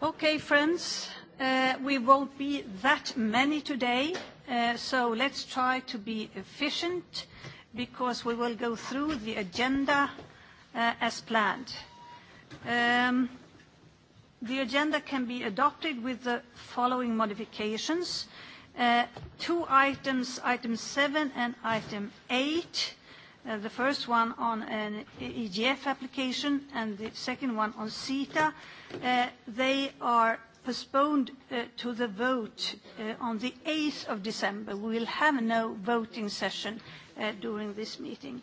Okay, friends, uh, we won't be that many today, uh, so let's try to be efficient because we will go through the agenda uh, as planned. Um, the agenda can be adopted with the following modifications. Uh, two items, item seven and item eight, Uh, the first one on an EGF application and the second one on CETA. Uh, they are postponed uh, to the vote uh, on the 8th of December. We will have no voting session uh, during this meeting.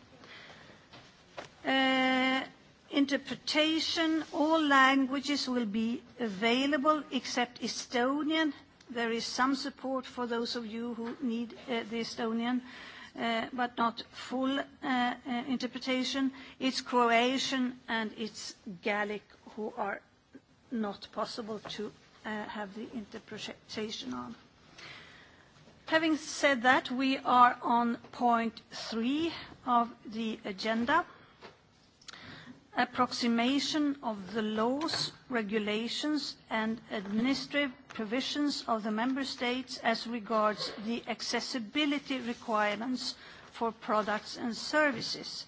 Uh, interpretation, all languages will be available except Estonian. There is some support for those of you who need the Estonian. Uh, uh, but not full uh, uh, interpretation. It's Croatian and it's Gaelic who are not possible to uh, have the interpretation on. Having said that, we are on point three of the agenda approximation of the laws, regulations, and administrative provisions of the member states as regards the accessibility requirements for products and services.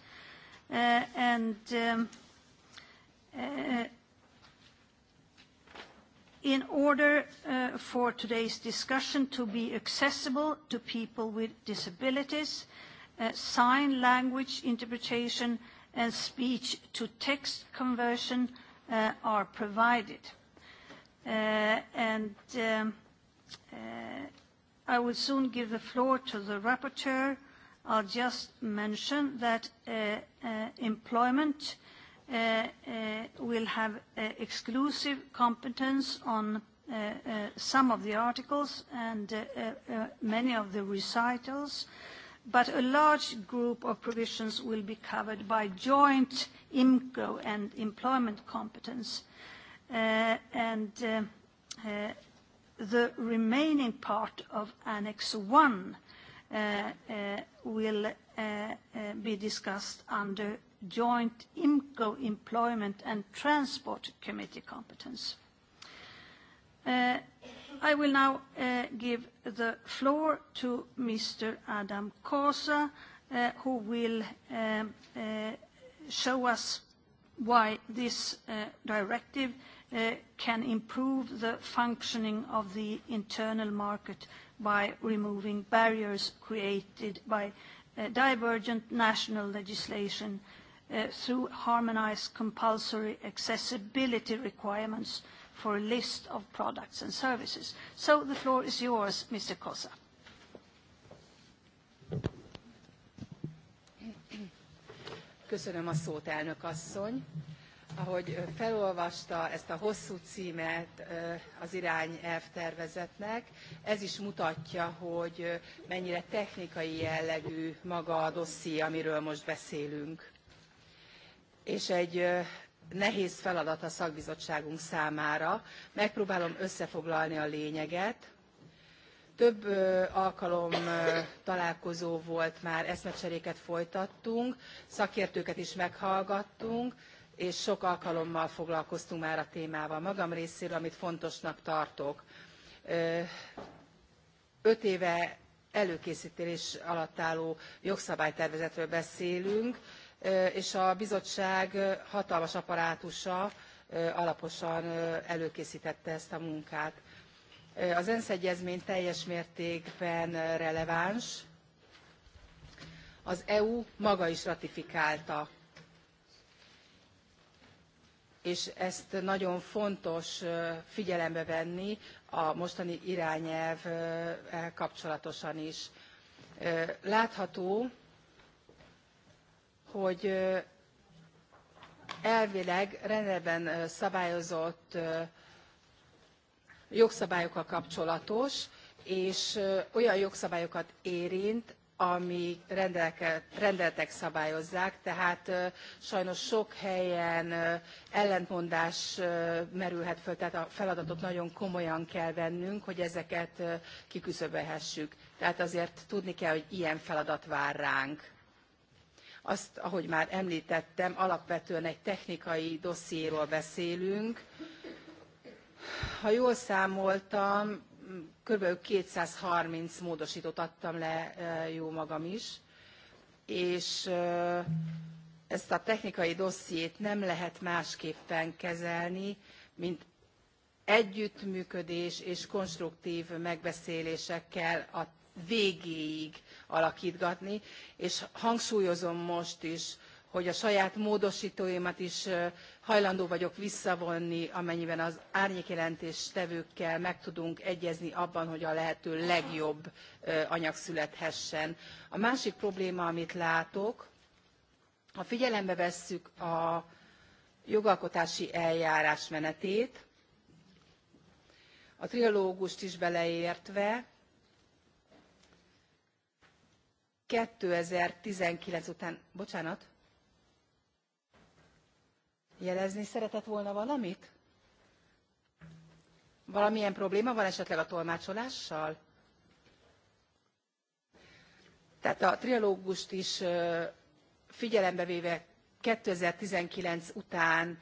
Uh, and um, uh, in order uh, for today's discussion to be accessible to people with disabilities, uh, sign language interpretation and speech-to-text conversion uh, are provided. Uh, and um, uh, I will soon give the floor to the rapporteur. I'll just mention that uh, uh, employment uh, uh, will have uh, exclusive competence on uh, uh, some of the articles and uh, uh, uh many of the recitals. Uh, but a large group of provisions will be covered by joint IMCO and employment competence. Uh, and uh, uh, the remaining part of Annex 1 uh, uh, will uh, be discussed under joint IMCO employment and transport committee competence. I will now uh, give the floor to Mr. Adam Casa, uh, who will um, uh, show us why this uh, directive uh, can improve the functioning of the internal market by removing barriers created by uh, divergent national legislation through harmonized compulsory accessibility requirements uh, for a list of products and services. So the floor is yours, Mr. Kosa. Köszönöm a szót, elnök asszony. Ahogy felolvasta ezt a hosszú címet az irányelv tervezetnek, ez is mutatja, hogy mennyire technikai jellegű maga a dosszié, amiről most beszélünk. És egy nehéz feladat a szakbizottságunk számára. Megpróbálom összefoglalni a lényeget. Több ö, alkalom ö, találkozó volt már, eszmecseréket folytattunk, szakértőket is meghallgattunk, és sok alkalommal foglalkoztunk már a témával magam részéről, amit fontosnak tartok. Ö, öt éve előkészítés alatt álló jogszabálytervezetről beszélünk, és a bizottság hatalmas apparátusa alaposan előkészítette ezt a munkát. Az ENSZ egyezmény teljes mértékben releváns. Az EU maga is ratifikálta, és ezt nagyon fontos figyelembe venni a mostani irányelv kapcsolatosan is. Látható, hogy elvileg rendelben szabályozott jogszabályokkal kapcsolatos, és olyan jogszabályokat érint, ami rendeletek szabályozzák, tehát sajnos sok helyen ellentmondás merülhet föl, tehát a feladatot nagyon komolyan kell vennünk, hogy ezeket kiküszöbölhessük. Tehát azért tudni kell, hogy ilyen feladat vár ránk. Azt, ahogy már említettem, alapvetően egy technikai dossziéról beszélünk. Ha jól számoltam, kb. 230 módosítót adtam le jó magam is, és ezt a technikai dossziét nem lehet másképpen kezelni, mint együttműködés és konstruktív megbeszélésekkel a végéig alakítgatni, és hangsúlyozom most is, hogy a saját módosítóimat is hajlandó vagyok visszavonni, amennyiben az árnyékjelentés tevőkkel meg tudunk egyezni abban, hogy a lehető legjobb anyag születhessen. A másik probléma, amit látok, ha figyelembe vesszük a jogalkotási eljárás menetét, a trilógust is beleértve, 2019 után, bocsánat, jelezni szeretett volna valamit? Valamilyen probléma van esetleg a tolmácsolással? Tehát a trialógust is figyelembe véve 2019 után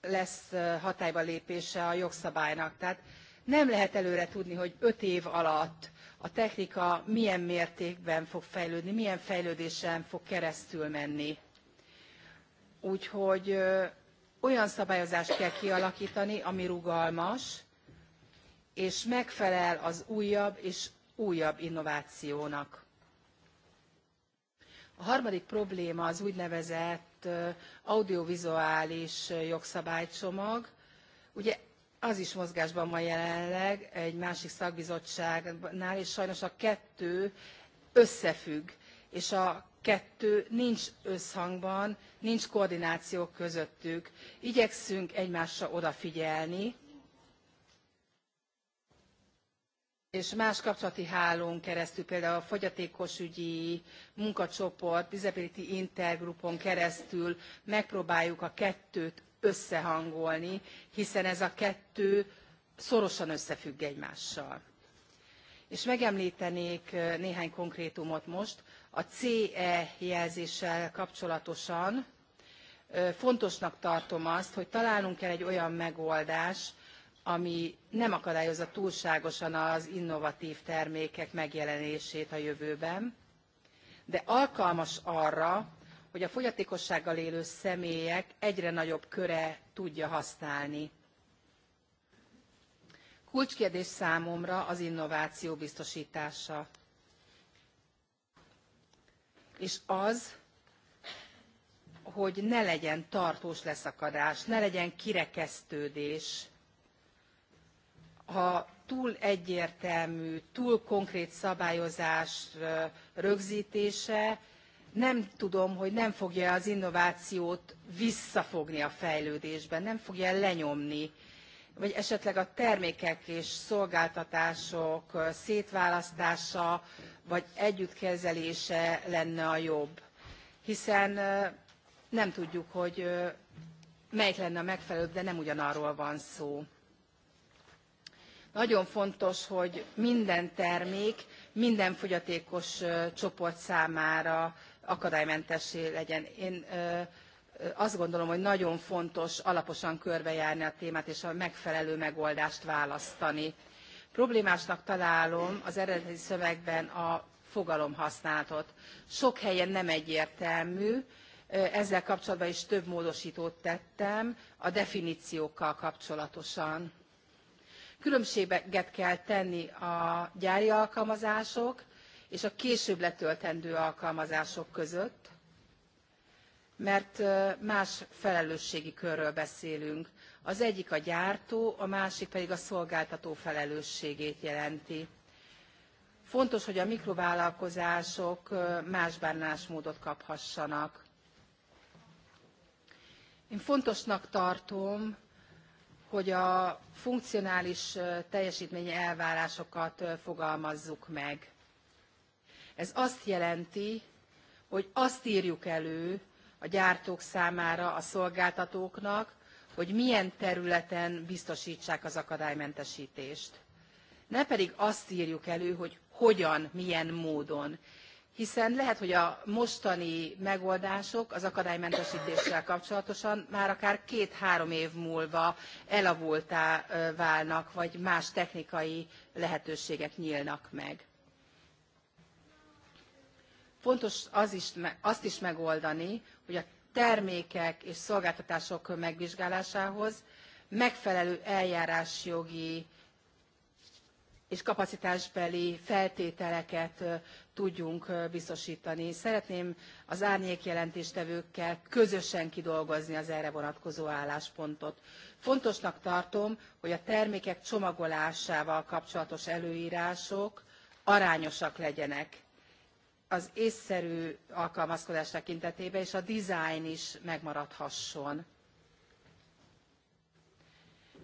lesz hatályba lépése a jogszabálynak. Tehát nem lehet előre tudni, hogy öt év alatt a technika milyen mértékben fog fejlődni, milyen fejlődésen fog keresztül menni. Úgyhogy olyan szabályozást kell kialakítani, ami rugalmas, és megfelel az újabb és újabb innovációnak. A harmadik probléma az úgynevezett audiovizuális jogszabálycsomag. Ugye az is mozgásban van jelenleg egy másik szakbizottságnál, és sajnos a kettő összefügg, és a kettő nincs összhangban, nincs koordináció közöttük. Igyekszünk egymásra odafigyelni, és más kapcsolati hálón keresztül, például a fogyatékosügyi munkacsoport, Disability Intergroupon keresztül megpróbáljuk a kettőt összehangolni, hiszen ez a kettő szorosan összefügg egymással. És megemlítenék néhány konkrétumot most. A CE jelzéssel kapcsolatosan fontosnak tartom azt, hogy találnunk kell egy olyan megoldást, ami nem akadályozza túlságosan az innovatív termékek megjelenését a jövőben, de alkalmas arra, hogy a fogyatékossággal élő személyek egyre nagyobb köre tudja használni. Kulcskérdés számomra az innováció biztosítása. És az, hogy ne legyen tartós leszakadás, ne legyen kirekesztődés. Ha túl egyértelmű, túl konkrét szabályozás rögzítése nem tudom, hogy nem fogja az innovációt visszafogni a fejlődésben, nem fogja lenyomni, vagy esetleg a termékek és szolgáltatások szétválasztása vagy együttkezelése lenne a jobb. Hiszen nem tudjuk, hogy melyik lenne a megfelelőbb, de nem ugyanarról van szó. Nagyon fontos, hogy minden termék minden fogyatékos csoport számára akadálymentessé legyen. Én ö, azt gondolom, hogy nagyon fontos alaposan körbejárni a témát és a megfelelő megoldást választani. Problémásnak találom az eredeti szövegben a fogalomhasználatot. Sok helyen nem egyértelmű, ezzel kapcsolatban is több módosítót tettem a definíciókkal kapcsolatosan. Különbséget kell tenni a gyári alkalmazások és a később letöltendő alkalmazások között, mert más felelősségi körről beszélünk. Az egyik a gyártó, a másik pedig a szolgáltató felelősségét jelenti. Fontos, hogy a mikrovállalkozások más bánásmódot kaphassanak. Én fontosnak tartom, hogy a funkcionális teljesítmény elvárásokat fogalmazzuk meg. Ez azt jelenti, hogy azt írjuk elő a gyártók számára, a szolgáltatóknak, hogy milyen területen biztosítsák az akadálymentesítést. Ne pedig azt írjuk elő, hogy hogyan, milyen módon. Hiszen lehet, hogy a mostani megoldások az akadálymentesítéssel kapcsolatosan már akár két-három év múlva elavultá válnak, vagy más technikai lehetőségek nyílnak meg. Fontos az is, azt is megoldani, hogy a termékek és szolgáltatások megvizsgálásához megfelelő eljárásjogi és kapacitásbeli feltételeket tudjunk biztosítani. Szeretném az árnyék jelentéstevőkkel közösen kidolgozni az erre vonatkozó álláspontot. Fontosnak tartom, hogy a termékek csomagolásával kapcsolatos előírások arányosak legyenek az észszerű alkalmazkodás tekintetében, és a design is megmaradhasson.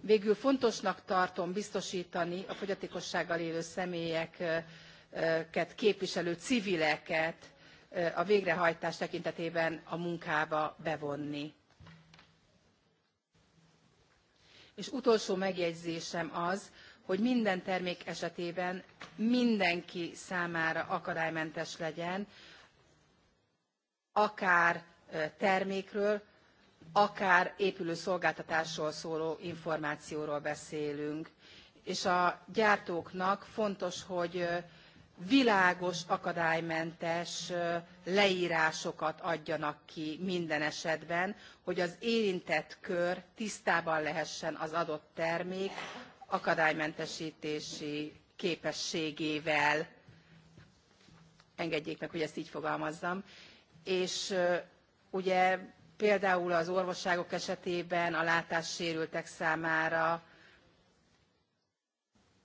Végül fontosnak tartom biztosítani a fogyatékossággal élő személyeket képviselő civileket eh, a végrehajtás tekintetében a munkába bevonni. És utolsó megjegyzésem az, hogy minden termék esetében mindenki számára akadálymentes legyen, akár termékről, akár épülő szolgáltatásról szóló információról beszélünk. És a gyártóknak fontos, hogy világos, akadálymentes leírásokat adjanak ki minden esetben, hogy az érintett kör tisztában lehessen az adott termék, akadálymentesítési képességével, engedjék meg, hogy ezt így fogalmazzam, és ugye például az orvosságok esetében a látássérültek számára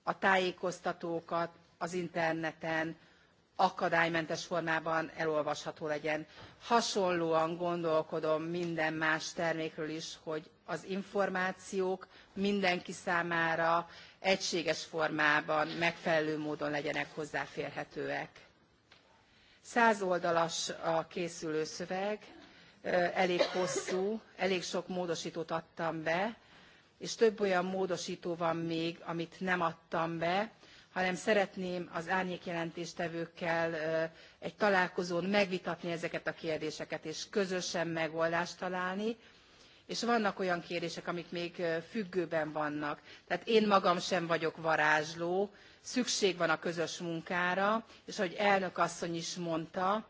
a tájékoztatókat az interneten akadálymentes formában elolvasható legyen. Hasonlóan gondolkodom minden más termékről is, hogy az információk mindenki számára egységes formában, megfelelő módon legyenek hozzáférhetőek. Száz oldalas a készülő szöveg, elég hosszú, elég sok módosítót adtam be, és több olyan módosító van még, amit nem adtam be, hanem szeretném az árnyékjelentéstevőkkel egy találkozón megvitatni ezeket a kérdéseket, és közösen megoldást találni és vannak olyan kérések, amik még függőben vannak. Tehát én magam sem vagyok varázsló, szükség van a közös munkára, és ahogy elnök asszony is mondta,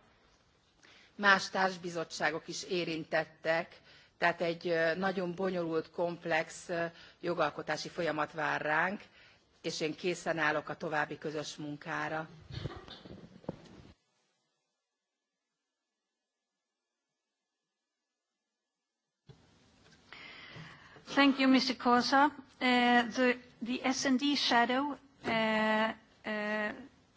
más társbizottságok is érintettek, tehát egy nagyon bonyolult, komplex jogalkotási folyamat vár ránk, és én készen állok a további közös munkára. Thank you, Mr. Kosa. Uh, the the S&D shadow, uh, uh,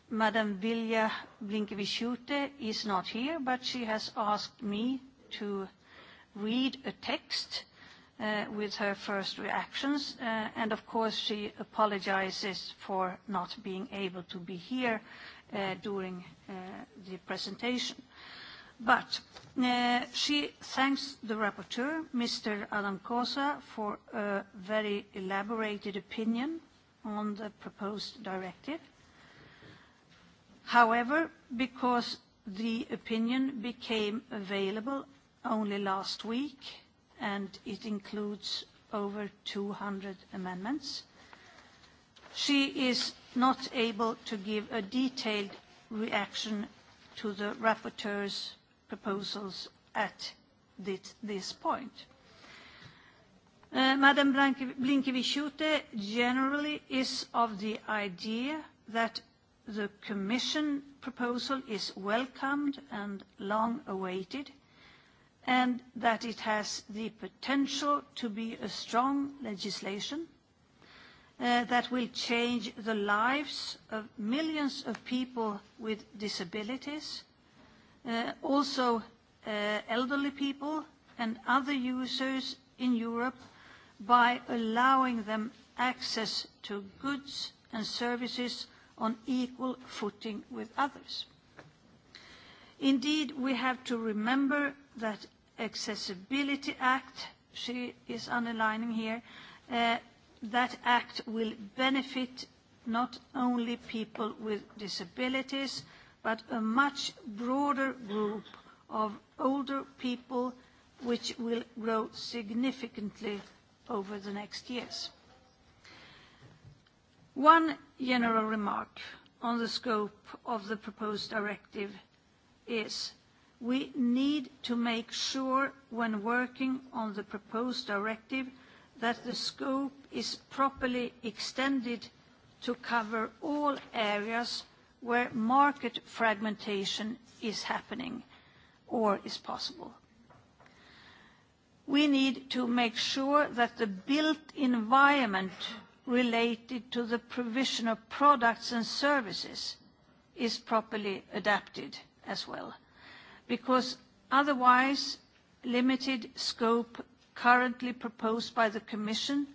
Madam Vilja Blinkevichute, is not here, but she has asked me to read a text uh, with her first reactions. Uh, and of course, she apologizes for not being able to be here uh, during uh, the presentation. But uh, she thanks the rapporteur, Mr. Adam Cosa, for a very elaborated opinion on the proposed directive. However, because the opinion became available only last week, and it includes over 200 amendments. She is not able to give a detailed reaction to the rapporteur's proposals at this, this point. Uh, Madam Blinkevichute generally is of the idea that the Commission proposal is welcomed and long awaited and that it has the potential to be a strong legislation uh, that will change the lives of millions of people with disabilities, uh, also uh, elderly people and other users in Europe by allowing them access to goods and services on equal footing with others. Indeed, we have to remember that Accessibility Act, she is underlining here, uh, that act will benefit not only people with disabilities, but a much broader group of older people, which will grow significantly over the next years. One general remark on the scope of the proposed directive is we need to make sure when working on the proposed directive that the scope is properly extended to cover all areas where market fragmentation is happening or is possible. We need to make sure that the built environment related to the provision of products and services is properly adapted as well, because otherwise, limited scope currently proposed by the Commission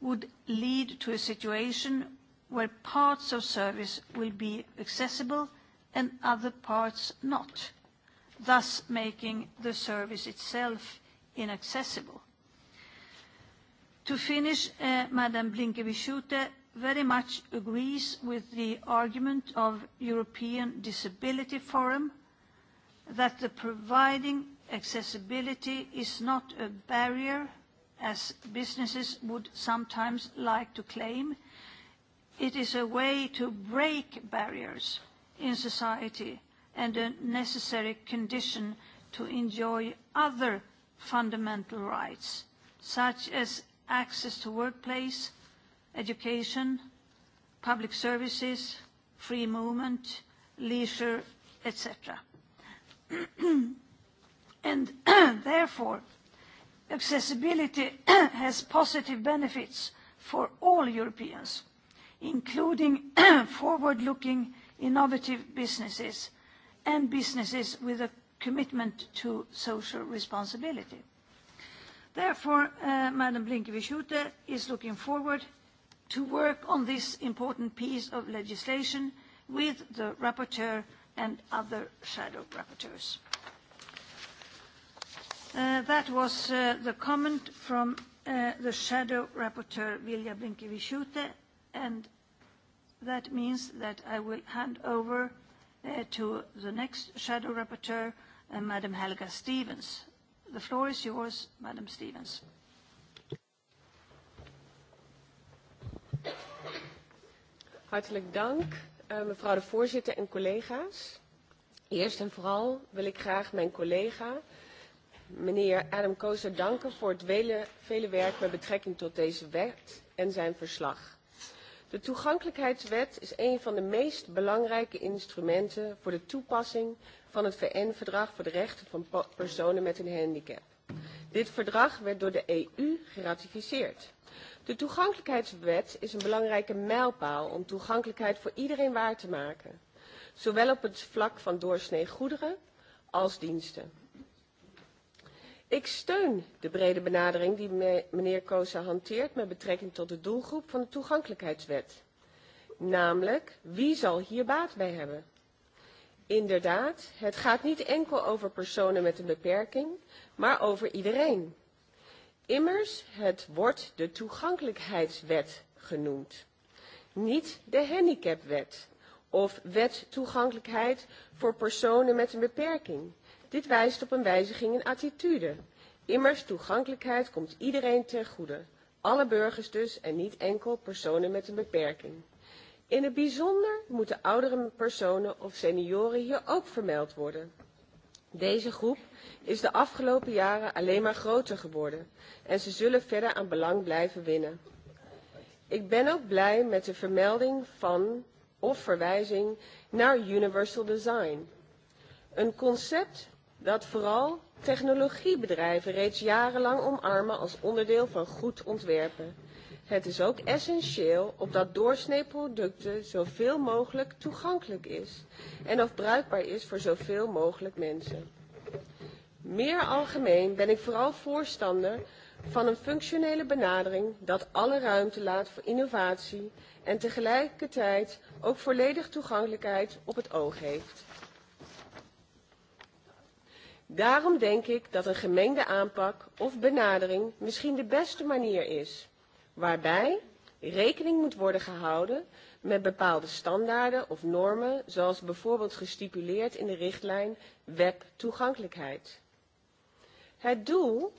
would lead to a situation where parts of service will be accessible and other parts not, thus making the service itself inaccessible. To finish, uh, Madam Blinkevichute very much agrees with the argument of European Disability Forum that the providing accessibility is not a barrier as businesses would sometimes like to claim. It is a way to break barriers in society and a necessary condition to enjoy other fundamental rights, such as access to workplace, education, public services, free movement, leisure, etc. and therefore, accessibility has positive benefits for all Europeans, including forward-looking innovative businesses and businesses with a commitment to social responsibility. Therefore, uh, Madam Blinkevi-Schulte is looking forward to work on this important piece of legislation with the rapporteur and other shadow rapporteurs. Uh, that was uh, the comment from uh, the shadow rapporteur, Vilja Blinkevichute, and that means that I will hand over uh, to the next shadow rapporteur, uh, Madam Helga Stevens. The floor is yours, Madam Stevens. Hartelijk dank, uh, mevrouw de voorzitter en collega's. Eerst en vooral wil ik graag mijn collega, meneer Adam Kozer, danken voor het vele, vele werk met betrekking tot deze wet en zijn verslag. De toegankelijkheidswet is een van de meest belangrijke instrumenten voor de toepassing van het VN-verdrag voor de rechten van personen met een handicap. Dit verdrag werd door de EU geratificeerd. De toegankelijkheidswet is een belangrijke mijlpaal om toegankelijkheid voor iedereen waar te maken, zowel op het vlak van doorsnee goederen als diensten. Ik steun de brede benadering die meneer Kosa hanteert met betrekking tot de doelgroep van de toegankelijkheidswet. Namelijk, wie zal hier baat bij hebben? Inderdaad, het gaat niet enkel over personen met een beperking, maar over iedereen. Immers, het wordt de toegankelijkheidswet genoemd, niet de handicapwet of wet toegankelijkheid voor personen met een beperking. Dit wijst op een wijziging in attitude. Immers, toegankelijkheid komt iedereen ten goede. Alle burgers dus en niet enkel personen met een beperking. In het bijzonder moeten oudere personen of senioren hier ook vermeld worden. Deze groep is de afgelopen jaren alleen maar groter geworden en ze zullen verder aan belang blijven winnen. Ik ben ook blij met de vermelding van of verwijzing naar Universal Design. Een concept dat vooral technologiebedrijven reeds jarenlang omarmen als onderdeel van goed ontwerpen. Het is ook essentieel opdat doorsnee producten zoveel mogelijk toegankelijk is en of bruikbaar is voor zoveel mogelijk mensen. Meer algemeen ben ik vooral voorstander van een functionele benadering dat alle ruimte laat voor innovatie en tegelijkertijd ook volledig toegankelijkheid op het oog heeft. Daarom denk ik dat een gemengde aanpak of benadering misschien de beste manier is waarbij rekening moet worden gehouden met bepaalde standaarden of normen, zoals bijvoorbeeld gestipuleerd in de richtlijn webtoegankelijkheid. Het doel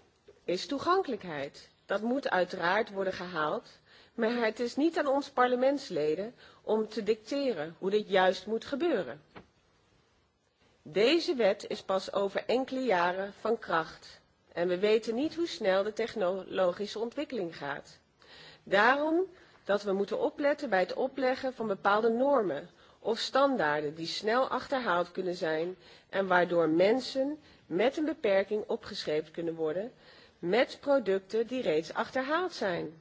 is toegankelijkheid. Dat moet uiteraard worden gehaald, maar het is niet aan ons parlementsleden om te dicteren hoe dit juist moet gebeuren. Deze wet is pas over enkele jaren van kracht en we weten niet hoe snel de technologische ontwikkeling gaat. Daarom dat we moeten opletten bij het opleggen van bepaalde normen of standaarden die snel achterhaald kunnen zijn en waardoor mensen met een beperking opgescheept kunnen worden met producten die reeds achterhaald zijn.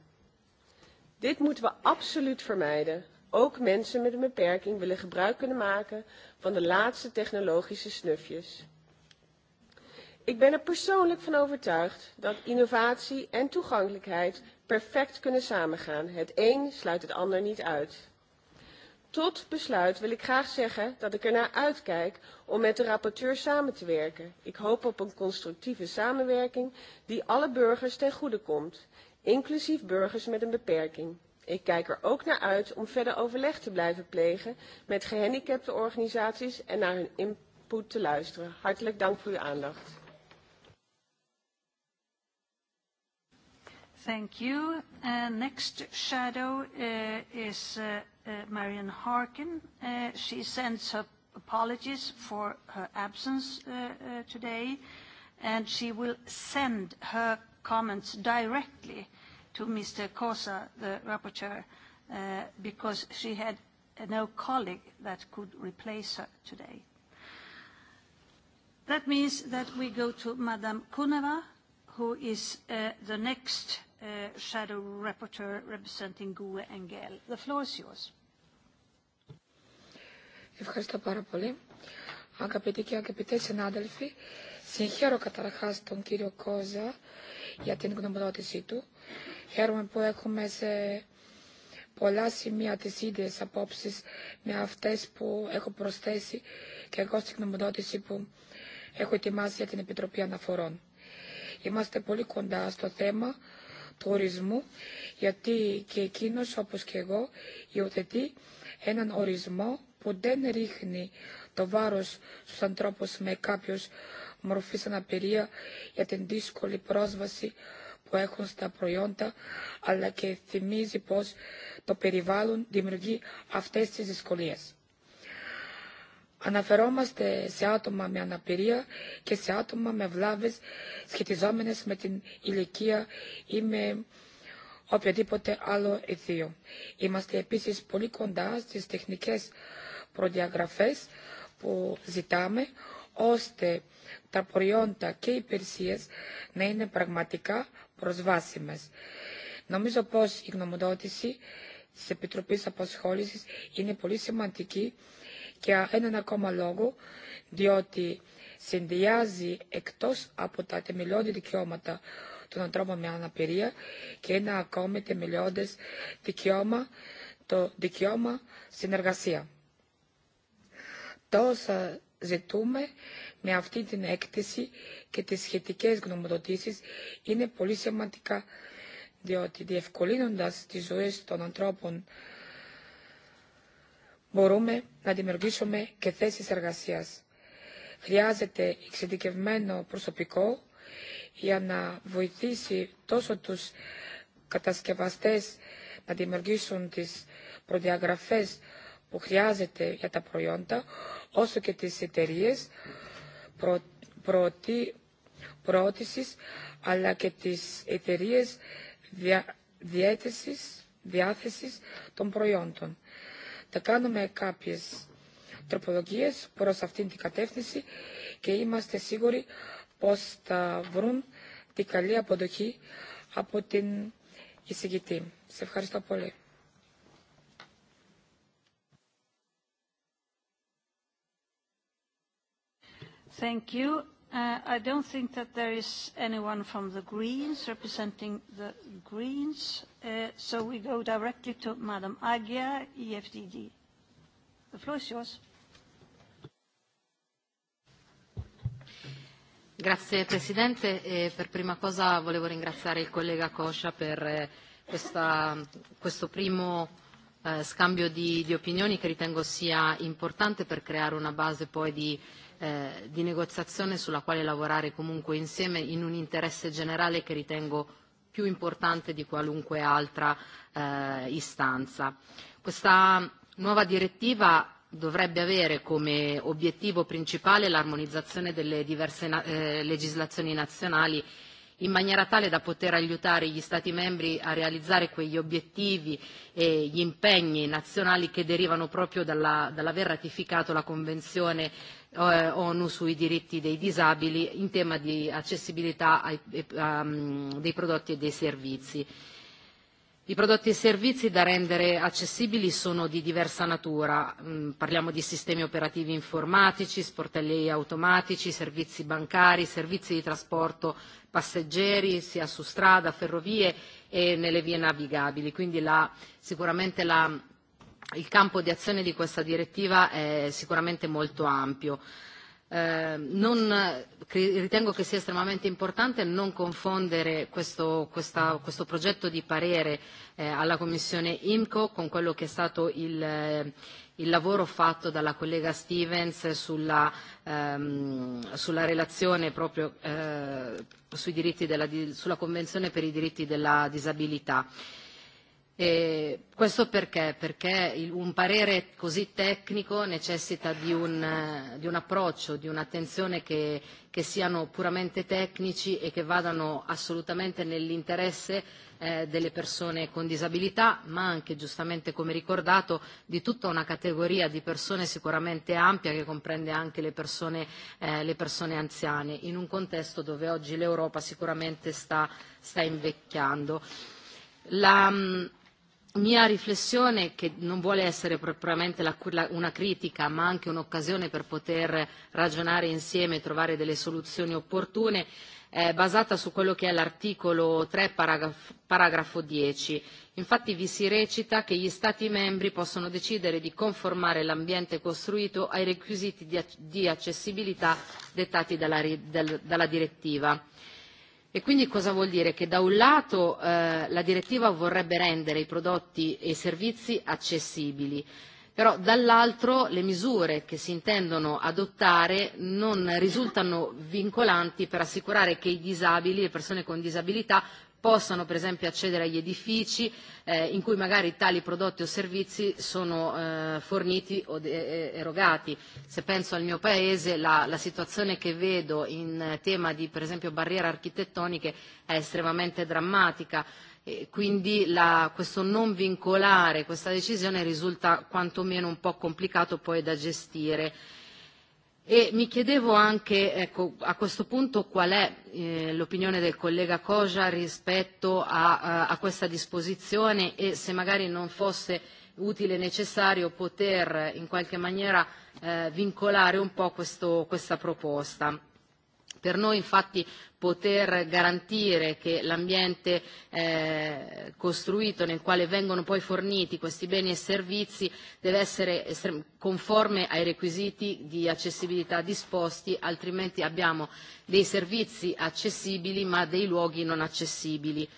Dit moeten we absoluut vermijden. Ook mensen met een beperking willen gebruik kunnen maken van de laatste technologische snufjes. Ik ben er persoonlijk van overtuigd dat innovatie en toegankelijkheid perfect kunnen samengaan. Het een sluit het ander niet uit. Tot besluit wil ik graag zeggen dat ik ernaar uitkijk om met de rapporteur samen te werken. Ik hoop op een constructieve samenwerking die alle burgers ten goede komt, inclusief burgers met een beperking. Ik kijk er ook naar uit om verder overleg te blijven plegen met gehandicapte organisaties en naar hun input te luisteren. Hartelijk dank voor uw aandacht. Thank you. Uh, next shadow uh, is uh, uh Marian Harkin. Uh, she sends her apologies for her absence uh, today, and she will send her comments directly to Mr. Kosa, the rapporteur, because she had no colleague that could replace her today. That means that we go to Madame Kuneva, who is the next uh, Shadow Rapporteur representing GUE NGL. The floor is yours. Ευχαριστώ πάρα πολύ. Αγαπητοί και αγαπητές συνάδελφοι, συγχαίρω καταρχάς τον κύριο Κόζα για την γνωμοδότησή του. Χαίρομαι που έχουμε σε πολλά σημεία τις ίδιες απόψεις με αυτές που έχω προσθέσει και εγώ στην γνωμοδότηση που έχω ετοιμάσει για την Επιτροπή Αναφορών. Είμαστε πολύ κοντά στο θέμα του ορισμού, γιατί και εκείνος όπως και εγώ υιοθετεί έναν ορισμό που δεν ρίχνει το βάρος στους ανθρώπους με κάποιους μορφής αναπηρία για την δύσκολη πρόσβαση που έχουν στα προϊόντα, αλλά και θυμίζει πως το περιβάλλον δημιουργεί αυτές τις δυσκολίες. Αναφερόμαστε σε άτομα με αναπηρία και σε άτομα με βλάβες σχετιζόμενες με την ηλικία ή με οποιοδήποτε άλλο αιτίο. Είμαστε επίσης πολύ κοντά στις τεχνικές προδιαγραφές που ζητάμε ώστε τα προϊόντα και οι υπηρεσίες να είναι πραγματικά προσβάσιμες. Νομίζω πως η γνωμοδότηση της Επιτροπής Απασχόλησης είναι πολύ σημαντική για έναν ακόμα λόγο, διότι συνδυάζει εκτός από τα θεμελιώδη δικαιώματα των ανθρώπων με αναπηρία και ένα ακόμη θεμελιώδες δικαιώμα, το δικαιώμα συνεργασία. Τόσα ζητούμε με αυτή την έκθεση και τις σχετικές γνωμοδοτήσεις είναι πολύ σημαντικά διότι διευκολύνοντας τις ζωές των ανθρώπων μπορούμε να δημιουργήσουμε και θέσεις εργασίας. Χρειάζεται εξειδικευμένο προσωπικό για να βοηθήσει τόσο τους κατασκευαστές να δημιουργήσουν τις προδιαγραφές που χρειάζεται για τα προϊόντα, όσο και τις εταιρείες προ, προώτη, προώθησης, αλλά και τις εταιρείες δια, διέθεσης, διάθεσης των προϊόντων θα κάνουμε κάποιες τροπολογίες προς αυτήν την κατεύθυνση και είμαστε σίγουροι πως θα βρουν την καλή αποδοχή από την εισηγητή. Σε ευχαριστώ πολύ. Thank you. Uh, I don't think that there is anyone from the Greens representing the Greens, uh, so we go directly to Madam Agia, EFDD. The floor is yours. Grazie Presidente e per prima cosa volevo ringraziare il collega Coscia per eh, questa, questo primo eh, scambio di, di opinioni che ritengo sia importante per creare una base poi di eh, eh, di negoziazione sulla quale lavorare comunque insieme in un interesse generale che ritengo più importante di qualunque altra eh, istanza. Questa nuova direttiva dovrebbe avere come obiettivo principale l'armonizzazione delle diverse na- eh, legislazioni nazionali in maniera tale da poter aiutare gli Stati membri a realizzare quegli obiettivi e gli impegni nazionali che derivano proprio dalla, dall'aver ratificato la Convenzione eh, ONU sui diritti dei disabili in tema di accessibilità ai, um, dei prodotti e dei servizi. I prodotti e servizi da rendere accessibili sono di diversa natura, mm, parliamo di sistemi operativi informatici, sportelli automatici, servizi bancari, servizi di trasporto passeggeri, sia su strada, ferrovie e nelle vie navigabili. Quindi la, sicuramente la il campo di azione di questa direttiva è sicuramente molto ampio. Eh, non, ritengo che sia estremamente importante non confondere questo, questa, questo progetto di parere eh, alla Commissione IMCO con quello che è stato il, eh, il lavoro fatto dalla collega Stevens sulla, ehm, sulla relazione proprio eh, sui diritti della, sulla Convenzione per i diritti della disabilità. Eh, E questo perché? Perché il, un parere così tecnico necessita di un, di un approccio, di un'attenzione che, che siano puramente tecnici e che vadano assolutamente nell'interesse eh, delle persone con disabilità, ma anche, giustamente come ricordato, di tutta una categoria di persone sicuramente ampia che comprende anche le persone, eh, le persone anziane, in un contesto dove oggi l'Europa sicuramente sta, sta invecchiando. La, mia riflessione, che non vuole essere propriamente la, la, una critica, ma anche un'occasione per poter ragionare insieme e trovare delle soluzioni opportune, eh, basata su quello che è l'articolo 3, paragrafo, paragrafo 10. Infatti vi si recita che gli Stati membri possono decidere di conformare l'ambiente costruito ai requisiti di, di accessibilità dettati dalla, del, dalla direttiva E quindi cosa vuol dire? Che da un lato eh, la direttiva vorrebbe rendere i prodotti e i servizi accessibili, però dall'altro le misure che si intendono adottare non risultano vincolanti per assicurare che i disabili, le persone con disabilità, possano per esempio accedere agli edifici eh, in cui magari tali prodotti o servizi sono eh, forniti o de- e-, e-, erogati. Se penso al mio paese, la, la situazione che vedo in tema di per esempio barriere architettoniche è estremamente drammatica. E quindi la, questo non vincolare questa decisione risulta quantomeno un po' complicato poi da gestire. E mi chiedevo anche, ecco, a questo punto qual è eh, l'opinione del collega Cosa rispetto a, a, eh, a questa disposizione e se magari non fosse utile e necessario poter in qualche maniera eh, vincolare un po' questo, questa proposta. Per noi infatti poter garantire che l'ambiente eh, costruito nel quale vengono poi forniti questi beni e servizi deve essere conforme ai requisiti di accessibilità disposti, altrimenti abbiamo dei servizi accessibili ma dei luoghi non accessibili.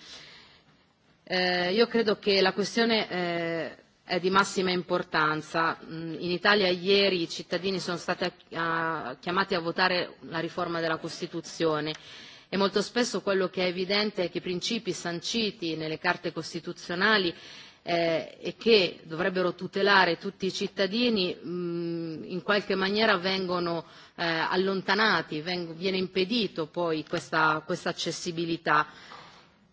Eh, io credo che la questione eh, è di massima importanza. Mm, in Italia ieri i cittadini sono stati a, a, chiamati a votare la riforma della Costituzione e molto spesso quello che è evidente è che i principi sanciti nelle carte costituzionali eh, e che dovrebbero tutelare tutti i cittadini mh, mm, in qualche maniera vengono eh, allontanati, veng- viene impedito poi questa, questa accessibilità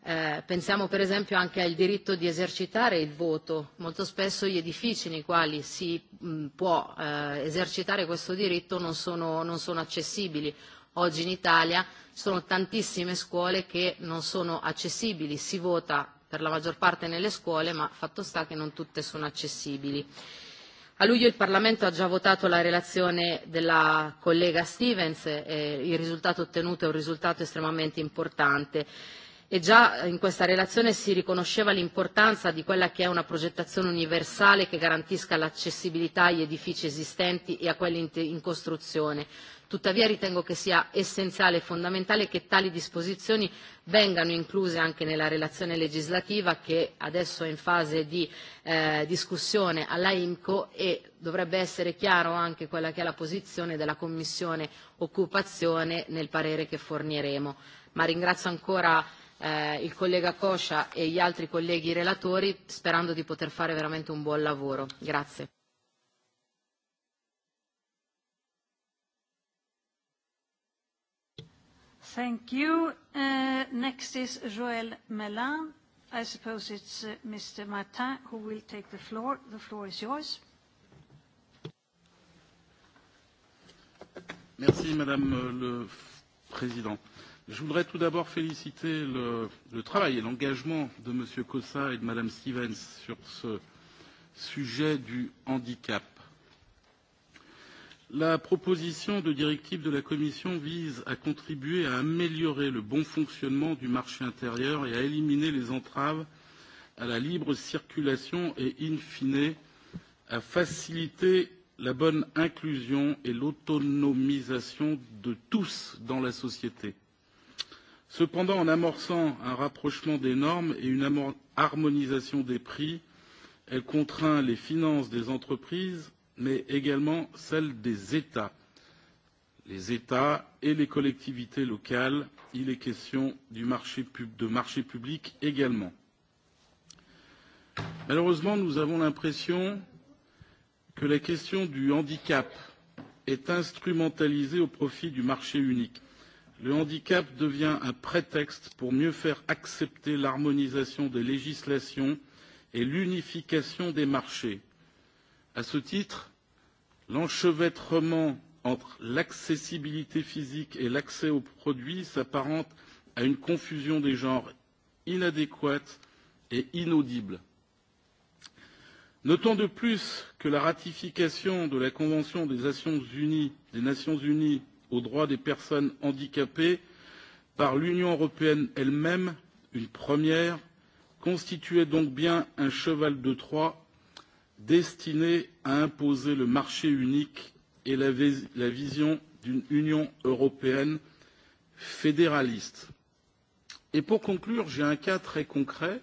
Eh, pensiamo per esempio anche al diritto di esercitare il voto. Molto spesso gli edifici nei quali si mh, mm, può eh, esercitare questo diritto non sono, non sono accessibili. Oggi in Italia sono tantissime scuole che non sono accessibili, si vota per la maggior parte nelle scuole, ma fatto sta che non tutte sono accessibili. A luglio il Parlamento ha già votato la relazione della collega Stevens e il risultato ottenuto è un risultato estremamente importante e già in questa relazione si riconosceva l'importanza di quella che è una progettazione universale che garantisca l'accessibilità agli edifici esistenti e a quelli in costruzione. Tuttavia ritengo che sia essenziale e fondamentale che tali disposizioni vengano incluse anche nella relazione legislativa che adesso è in fase di eh, discussione alla IMCO e dovrebbe essere chiaro anche quella che è la posizione della Commissione Occupazione nel parere che forniremo. Ma ringrazio ancora eh, il collega Coscia e gli altri colleghi relatori sperando di poter fare veramente un buon lavoro. Grazie. Thank you. Uh, next is Joël Melin. I suppose it's uh, Mr. Martin who will take the floor. The floor is yours. Merci, Madame euh, le Président. Je voudrais tout d'abord féliciter le, le travail et l'engagement de M. Cossa et de Mme Stevens sur ce sujet du handicap. La proposition de directive de la Commission vise à contribuer à améliorer le bon fonctionnement du marché intérieur et à éliminer les entraves à la libre circulation et, in fine, à faciliter la bonne inclusion et l'autonomisation de tous dans la société Cependant, en amorçant un rapprochement des normes et une harmonisation des prix, elle contraint les finances des entreprises, mais également celles des États. Les États et les collectivités locales, il est question du marché, de marché public également. Malheureusement, nous avons l'impression que la question du handicap est instrumentalisée au profit du marché unique Le handicap devient un prétexte pour mieux faire accepter l'harmonisation des législations et l'unification des marchés. À ce titre, l'enchevêtrement entre l'accessibilité physique et l'accès aux produits s'apparente à une confusion des genres inadéquate et inaudible. Notons de plus que la ratification de la Convention des Nations Unies, des Nations Unies aux droits des personnes handicapées par l'Union européenne elle-même, une première, constituait donc bien un cheval de Troie destiné à imposer le marché unique et la, vis la vision d'une Union européenne fédéraliste. Et pour conclure, j'ai un cas très concret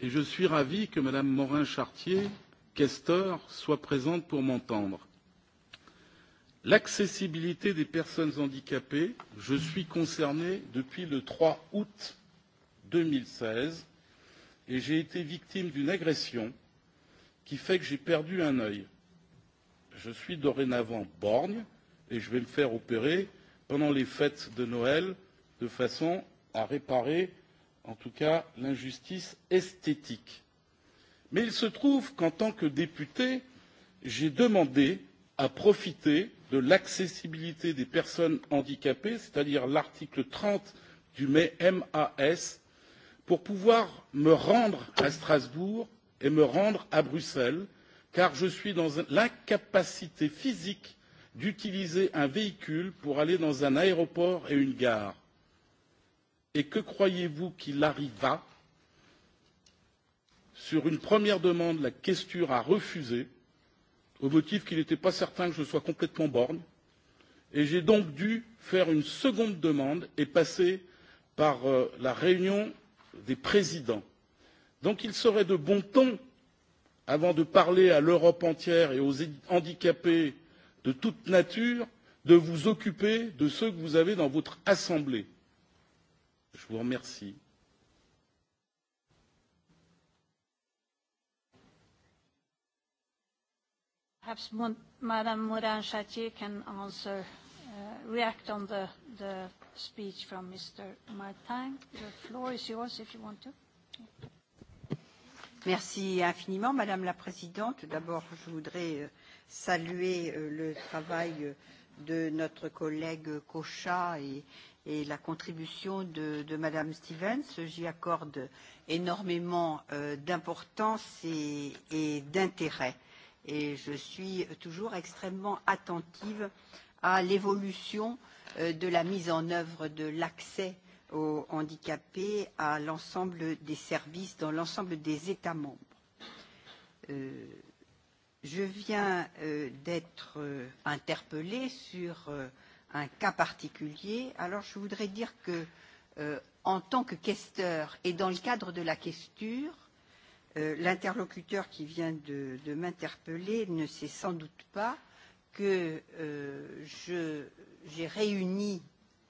et je suis ravi que Mme Morin Chartier, questeur, soit présente pour m'entendre l'accessibilité des personnes handicapées je suis concerné depuis le trois août deux mille seize et j'ai été victime d'une agression qui fait que j'ai perdu un œil. je suis dorénavant borgne et je vais me faire opérer pendant les fêtes de noël de façon à réparer en tout cas l'injustice esthétique. mais il se trouve qu'en tant que député j'ai demandé à profiter de l'accessibilité des personnes handicapées c'est à dire l'article trente du mas pour pouvoir me rendre à strasbourg et me rendre à bruxelles car je suis dans l'incapacité physique d'utiliser un véhicule pour aller dans un aéroport et une gare. et que croyez vous qu'il arriva? sur une première demande la questure a refusé au motif qu'il n'était pas certain que je sois complètement borgne et j'ai donc dû faire une seconde demande et passer par euh, la réunion des présidents. donc il serait de bon ton avant de parler à l'europe entière et aux handicapés de toute nature de vous occuper de ceux que vous avez dans votre assemblée. je vous remercie. Perhaps Madam Moran-Chartier can answer, uh, react on the, the speech from Mr. Martin. The floor is yours if you want to. Merci infiniment, Madame la Présidente. D'abord, je voudrais euh, saluer euh, le travail euh, de notre collègue Cochat et, et la contribution de, de Madame Stevens. J'y accorde énormément euh, d'importance et, et d'intérêt. Euh, et je suis toujours extrêmement attentive à l'évolution euh, de la mise en œuvre de l'accès aux handicapés à l'ensemble des services dans l'ensemble des États membres. Euh, je viens euh, d'être euh, interpellée sur euh, un cas particulier. Alors je voudrais dire que, euh, en tant que questeur et dans le cadre de la questure, Euh, L'interlocuteur qui vient de, de m'interpeller ne sait sans doute pas que euh, j'ai réuni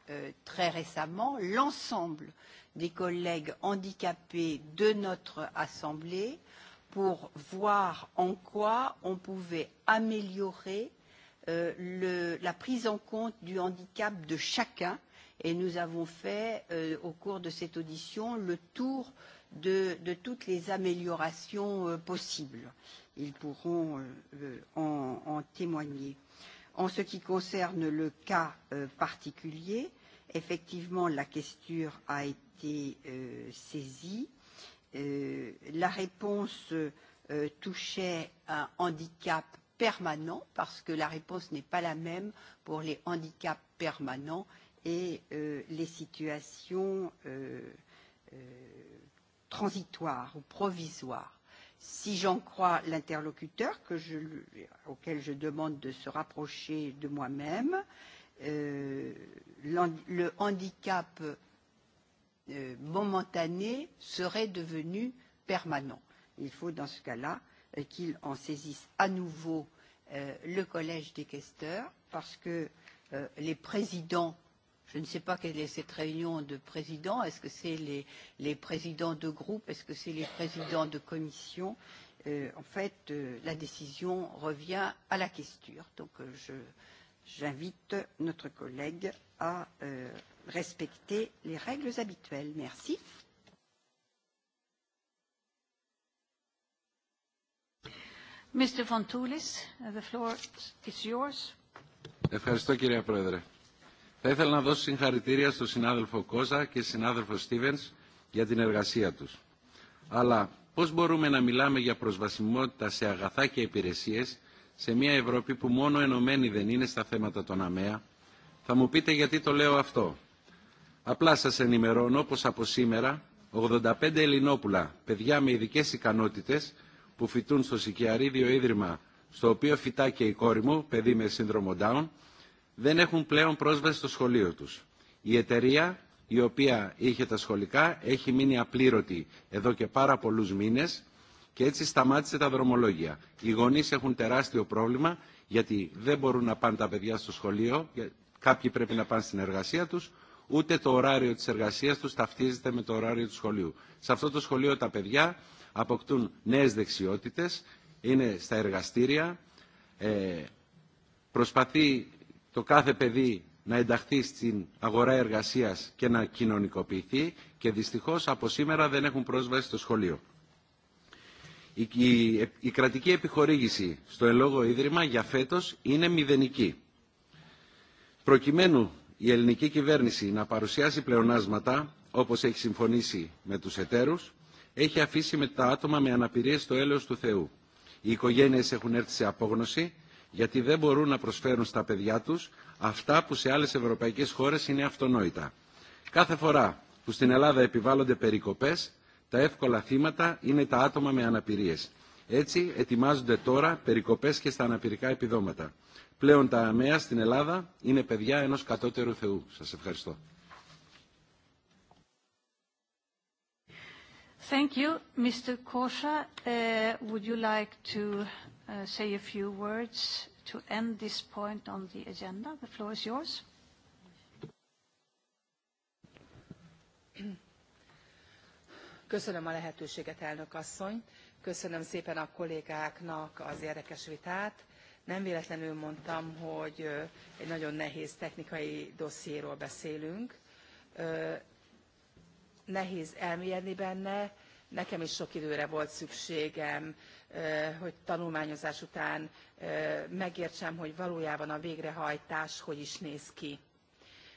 euh, très récemment l'ensemble des collègues handicapés de notre Assemblée pour voir en quoi on pouvait améliorer euh, le, la prise en compte du handicap de chacun. Et nous avons fait, euh, au cours de cette audition, le tour euh, de, de toutes les améliorations euh, possibles. Ils pourront euh, euh, en, en témoigner. En ce qui concerne le cas euh, particulier, effectivement, la question a été euh, saisie. Euh, la réponse euh, touchait un handicap permanent parce que la réponse n'est pas la même pour les handicaps permanents et euh, les situations euh, euh, transitoire ou provisoire. Si j'en crois l'interlocuteur je, auquel je demande de se rapprocher de moi-même, euh, le handicap euh, momentané serait devenu permanent. Il faut dans ce cas-là euh, qu'il en saisisse à nouveau euh, le collège des questeurs parce que euh, les présidents euh, Je ne sais pas quelle est cette réunion de présidents. Est-ce que c'est les, les présidents de groupe Est-ce que c'est les présidents de commission euh, En fait, euh, la décision revient à la question. Donc, euh, je, j'invite notre collègue à euh, respecter les règles habituelles. Merci. Mr. Fontoulis, the floor is yours. Ευχαριστώ, κυρία Πρόεδρε. Θα ήθελα να δώσω συγχαρητήρια στον συνάδελφο Κόζα και συνάδελφο Στίβενς για την εργασία τους. Αλλά πώς μπορούμε να μιλάμε για προσβασιμότητα σε αγαθά και υπηρεσίες σε μια Ευρώπη που μόνο ενωμένη δεν είναι στα θέματα των ΑΜΕΑ. Θα μου πείτε γιατί το λέω αυτό. Απλά σας ενημερώνω πως από σήμερα 85 Ελληνόπουλα, παιδιά με ειδικές ικανότητες που φοιτούν στο Σικιαρίδιο Ίδρυμα, στο οποίο φυτά και η κόρη μου, παιδί με σύνδρομο Down, δεν έχουν πλέον πρόσβαση στο σχολείο τους. Η εταιρεία η οποία είχε τα σχολικά έχει μείνει απλήρωτη εδώ και πάρα πολλούς μήνες και έτσι σταμάτησε τα δρομολόγια. Οι γονείς έχουν τεράστιο πρόβλημα γιατί δεν μπορούν να πάνε τα παιδιά στο σχολείο, κάποιοι πρέπει να πάνε στην εργασία τους, ούτε το ωράριο της εργασίας τους ταυτίζεται με το ωράριο του σχολείου. Σε αυτό το σχολείο τα παιδιά αποκτούν νέες δεξιότητες, είναι στα εργαστήρια, ε, προσπαθεί το κάθε παιδί να ενταχθεί στην αγορά εργασίας και να κοινωνικοποιηθεί και δυστυχώς από σήμερα δεν έχουν πρόσβαση στο σχολείο. Η, η, η κρατική επιχορήγηση στο ελόγο Ίδρυμα για φέτος είναι μηδενική. Προκειμένου η ελληνική κυβέρνηση να παρουσιάσει πλεονάσματα, όπως έχει συμφωνήσει με τους εταίρους, έχει αφήσει με τα άτομα με αναπηρίες στο έλεος του Θεού. Οι οικογένειες έχουν έρθει σε απόγνωση γιατί δεν μπορούν να προσφέρουν στα παιδιά τους αυτά που σε άλλες ευρωπαϊκές χώρες είναι αυτονόητα. Κάθε φορά που στην Ελλάδα επιβάλλονται περικοπές, τα εύκολα θύματα είναι τα άτομα με αναπηρίες. Έτσι ετοιμάζονται τώρα περικοπές και στα αναπηρικά επιδόματα. Πλέον τα αμαία στην Ελλάδα είναι παιδιά ενός κατώτερου Θεού. Σας ευχαριστώ. Thank you. Mr. Kosha, uh, would you like to uh, say a few words to end this point on the agenda. The floor is yours. Köszönöm a lehetőséget, elnök asszony. Köszönöm szépen a kollégáknak az érdekes vitát. Nem véletlenül mondtam, hogy egy nagyon nehéz technikai dossziéról beszélünk. Nehéz elmérni benne, nekem is sok időre volt szükségem hogy tanulmányozás után megértsem, hogy valójában a végrehajtás hogy is néz ki.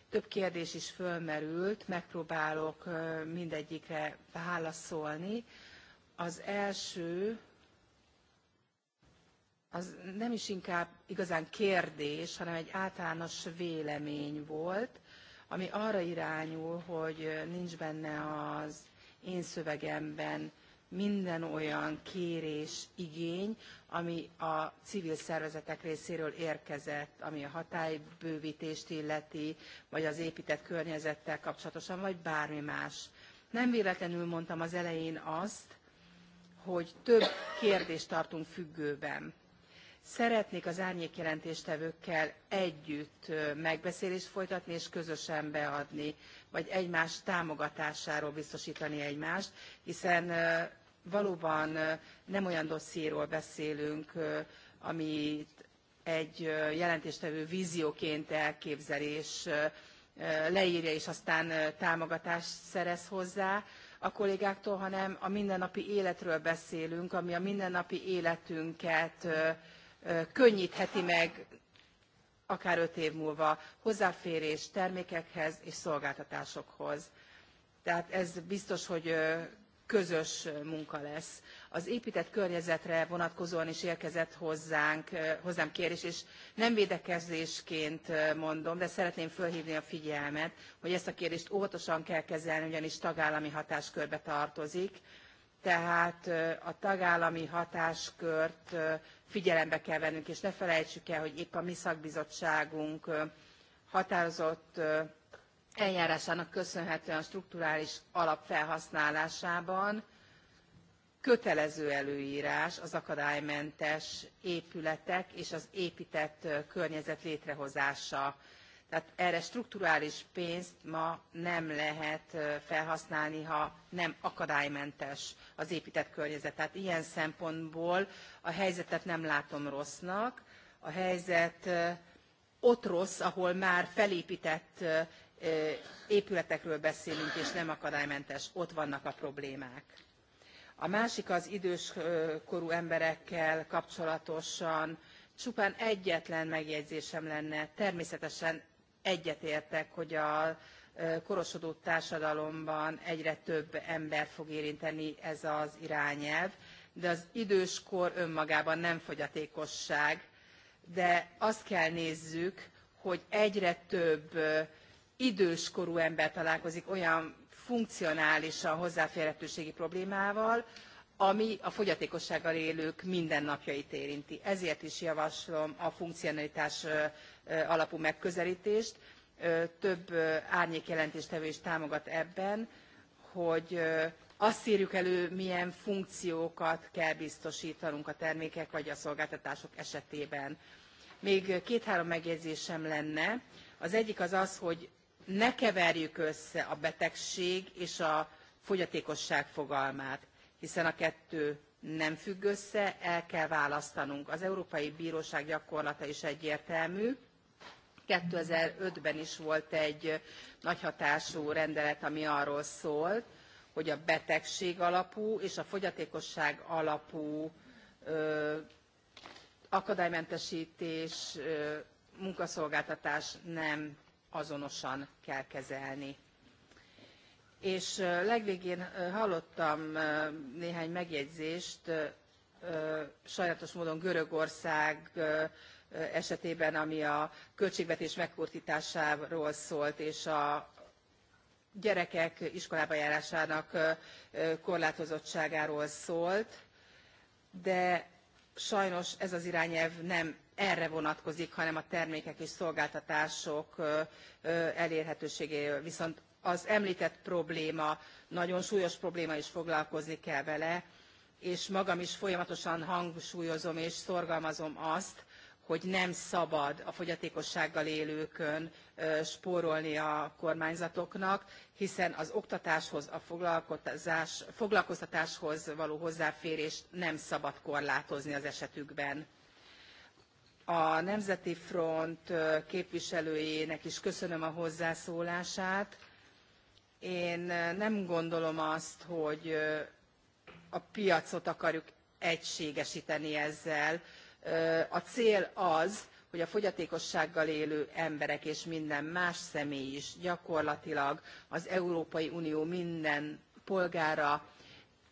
Több kérdés is fölmerült, megpróbálok mindegyikre válaszolni. Az első, az nem is inkább igazán kérdés, hanem egy általános vélemény volt, ami arra irányul, hogy nincs benne az én szövegemben minden olyan kérés, igény, ami a civil szervezetek részéről érkezett, ami a hatálybővítést illeti, vagy az épített környezettel kapcsolatosan, vagy bármi más. Nem véletlenül mondtam az elején azt, hogy több kérdést tartunk függőben. Szeretnék az árnyékjelentéstevőkkel együtt megbeszélést folytatni és közösen beadni, vagy egymás támogatásáról biztosítani egymást, hiszen valóban nem olyan dossziéról beszélünk, amit egy jelentéstevő vízióként elképzelés leírja, és aztán támogatást szerez hozzá a kollégáktól, hanem a mindennapi életről beszélünk, ami a mindennapi életünket könnyítheti meg akár öt év múlva hozzáférés termékekhez és szolgáltatásokhoz. Tehát ez biztos, hogy közös munka lesz. Az épített környezetre vonatkozóan is érkezett hozzánk, hozzám kérés, és nem védekezésként mondom, de szeretném fölhívni a figyelmet, hogy ezt a kérést óvatosan kell kezelni, ugyanis tagállami hatáskörbe tartozik, tehát a tagállami hatáskört figyelembe kell vennünk, és ne felejtsük el, hogy épp a mi szakbizottságunk határozott eljárásának köszönhetően strukturális alap felhasználásában kötelező előrás az akadálymentes épületek és az éptett környezet létrehozása. tehát erre strukturális pénzt ma nem lehet felhasználni ha nem akadálymentes az éptett környezet. tehát ilyen szempontból a helyzetet nem látom rossznak. a helyzet ott rossz ahol már feléptett épületekről beszélünk, és nem akadálymentes, ott vannak a problémák. A másik az időskorú emberekkel kapcsolatosan csupán egyetlen megjegyzésem lenne. Természetesen egyetértek, hogy a korosodó társadalomban egyre több ember fog érinteni ez az irányelv, de az időskor önmagában nem fogyatékosság, de azt kell nézzük, hogy egyre több időskorú ember találkozik olyan funkcionálisan hozzáférhetőségi problémával, ami a fogyatékossággal élők mindennapjait érinti. Ezért is javaslom a funkcionalitás alapú megközelítést. Több árnyékjelentéstevő is támogat ebben, hogy azt írjuk elő, milyen funkciókat kell biztosítanunk a termékek vagy a szolgáltatások esetében. Még két-három megjegyzésem lenne. Az egyik az az, hogy ne keverjük össze a betegség és a fogyatékosság fogalmát, hiszen a kettő nem függ össze, el kell választanunk. Az Európai Bíróság gyakorlata is egyértelmű. 2005-ben is volt egy nagyhatású rendelet, ami arról szólt, hogy a betegség alapú és a fogyatékosság alapú ö, akadálymentesítés, ö, munkaszolgáltatás nem azonosan kell kezelni. És legvégén hallottam néhány megjegyzést, sajátos módon Görögország esetében, ami a költségvetés megkurtításáról szólt, és a gyerekek iskolába járásának korlátozottságáról szólt, de sajnos ez az irányelv nem erre vonatkozik, hanem a termékek és szolgáltatások elérhetőségéről. Viszont az említett probléma, nagyon súlyos probléma is foglalkozni kell vele, és magam is folyamatosan hangsúlyozom és szorgalmazom azt, hogy nem szabad a fogyatékossággal élőkön spórolni a kormányzatoknak, hiszen az oktatáshoz, a foglalkoztatáshoz való hozzáférést nem szabad korlátozni az esetükben. A Nemzeti Front képviselőjének is köszönöm a hozzászólását. Én nem gondolom azt, hogy a piacot akarjuk egységesíteni ezzel. A cél az, hogy a fogyatékossággal élő emberek és minden más személy is gyakorlatilag az Európai Unió minden polgára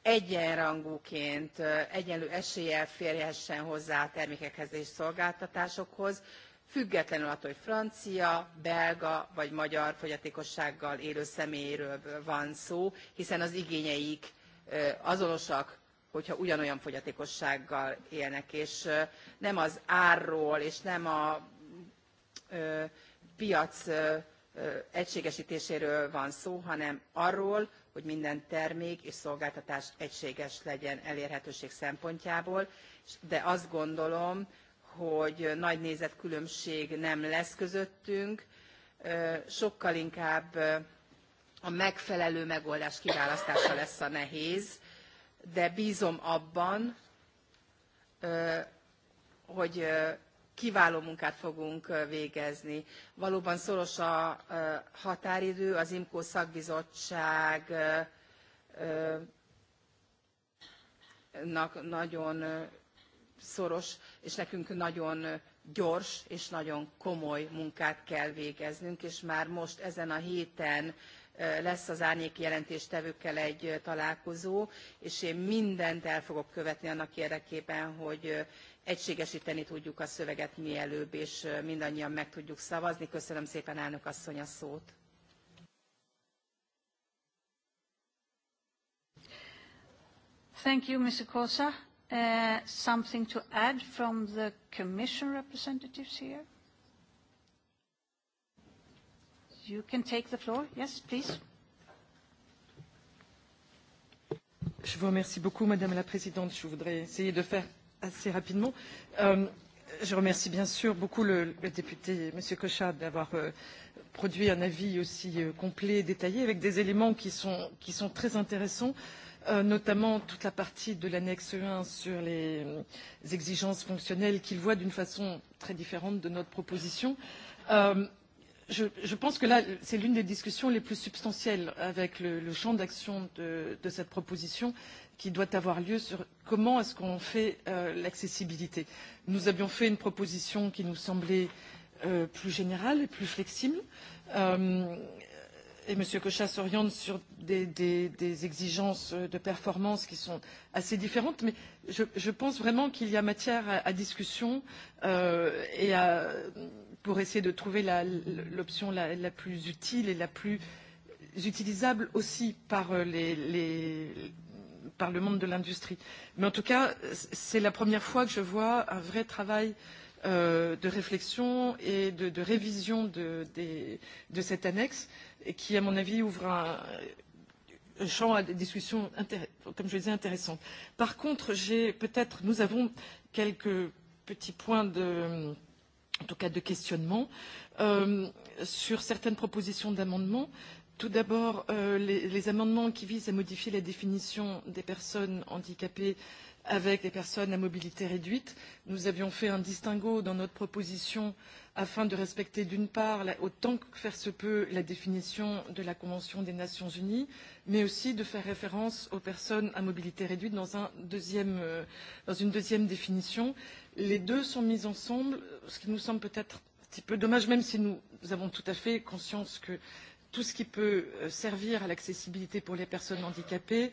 egyenrangúként egyenlő eséllyel férhessen hozzá a termékekhez és szolgáltatásokhoz függetlenül attól, hogy francia, belga vagy magyar fogyatékossággal élő személyről van szó, hiszen az igényeik azonosak, hogyha ugyanolyan fogyatékossággal élnek, és nem az árról, és nem a piac egységesítéséről van szó, hanem arról, hogy minden termék és szolgáltatás egységes legyen elérhetőség szempontjából, de azt gondolom, hogy nagy nézetkülönbség nem lesz közöttünk, sokkal inkább a megfelelő megoldás kiválasztása lesz a nehéz, de bízom abban, hogy kiváló munkát fogunk végezni. Valóban szoros a határidő, az IMKO szakbizottság nagyon szoros, és nekünk nagyon gyors és nagyon komoly munkát kell végeznünk, és már most ezen a héten lesz az árnyék jelentéstevőkkel egy találkozó, és én mindent el fogok követni annak érdekében, hogy egységesíteni tudjuk a szöveget mielőbb, és mindannyian meg tudjuk szavazni. Köszönöm szépen elnök asszony a szót. Thank you, Mr. Kosa. Uh, something to add from the Commission representatives here? You can take the floor. Yes, please. Je vous remercie beaucoup, Madame la Présidente. Je voudrais essayer de faire assez rapidement. Euh, je remercie bien sûr beaucoup le, le député M. Cochat d'avoir euh, produit un avis aussi euh, complet et détaillé avec des éléments qui sont, qui sont très intéressants, euh, notamment toute la partie de l'annexe 1 sur les, les euh, exigences fonctionnelles qu'il voit d'une façon très différente de notre proposition. Euh, je, je pense que là, c'est l'une des discussions les plus substantielles avec le, le champ d'action de, de cette proposition qui doit avoir lieu sur comment est-ce qu'on fait euh, l'accessibilité. Nous avions fait une proposition qui nous semblait euh, plus générale et plus flexible. Euh, et M. Cochat s'oriente sur des, des, des exigences de performance qui sont assez différentes, mais je, je pense vraiment qu'il y a matière à, à discussion euh, et à, pour essayer de trouver l'option la, la, la plus utile et la plus utilisable aussi par euh, les, les, par le monde de l'industrie. Mais en tout cas, c'est la première fois que je vois un vrai travail euh, de réflexion et de, de révision de, de, de cette annexe, et qui, à mon avis, ouvre un, un champ à des discussions, comme je disais, intéressantes. Par contre, j'ai peut-être, nous avons quelques petits points de en tout cas de questionnement euh, sur certaines propositions d'amendements. Tout d'abord, euh, les, les amendements qui visent à modifier la définition des personnes handicapées avec les personnes à mobilité réduite. Nous avions fait un distinguo dans notre proposition afin de respecter d'une part, la, autant que faire se peut, la définition de la Convention des Nations Unies, mais aussi de faire référence aux personnes à mobilité réduite dans, un deuxième, euh, dans une deuxième définition. Les deux sont mis ensemble, ce qui nous semble peut-être un petit peu dommage, même si nous, nous avons tout à fait conscience que euh, tout ce qui peut euh, servir à l'accessibilité pour les personnes handicapées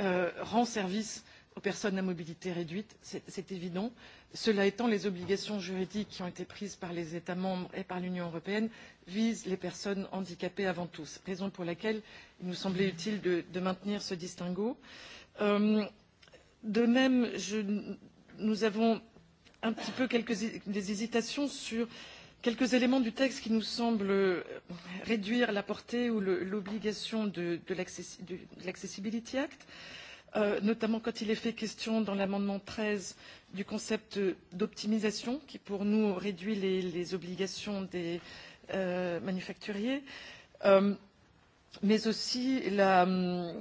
euh, rend service aux personnes à mobilité réduite, c'est évident. Cela étant, les obligations juridiques qui ont été prises par les États membres et par l'Union européenne visent les personnes handicapées avant tout, raison pour laquelle il nous semblait utile de, de maintenir ce distinguo. Euh, de même, je, nous avons un petit peu quelques des hésitations sur euh, quelques éléments du texte qui nous semblent euh, réduire la portée ou l'obligation de, de l'Accessibility Act, euh, notamment quand il est fait question dans l'amendement 13 du concept d'optimisation qui pour nous réduit les, les obligations des euh, manufacturiers, euh, mais aussi la. Hum,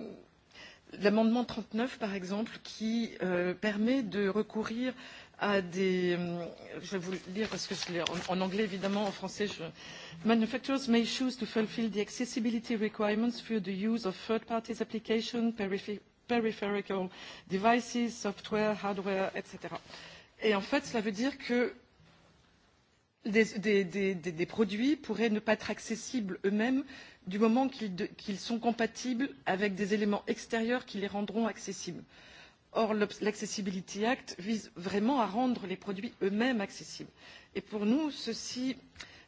L'amendement 39, par exemple, qui euh, permet de recourir à des euh, je vais vous lire parce que je l'ai en, en anglais évidemment en français je manufacturers may choose to fulfill the accessibility requirements through the use of third parties application peripher peripheral devices software hardware etc et en fait cela veut dire que des, des, des, des, des produits pourraient ne pas être accessibles eux-mêmes du moment qu'ils qu sont compatibles avec des éléments extérieurs qui les rendront accessibles. Euh, Or, l'Accessibility Act vise vraiment à rendre les produits eux-mêmes accessibles. Et pour nous, ceci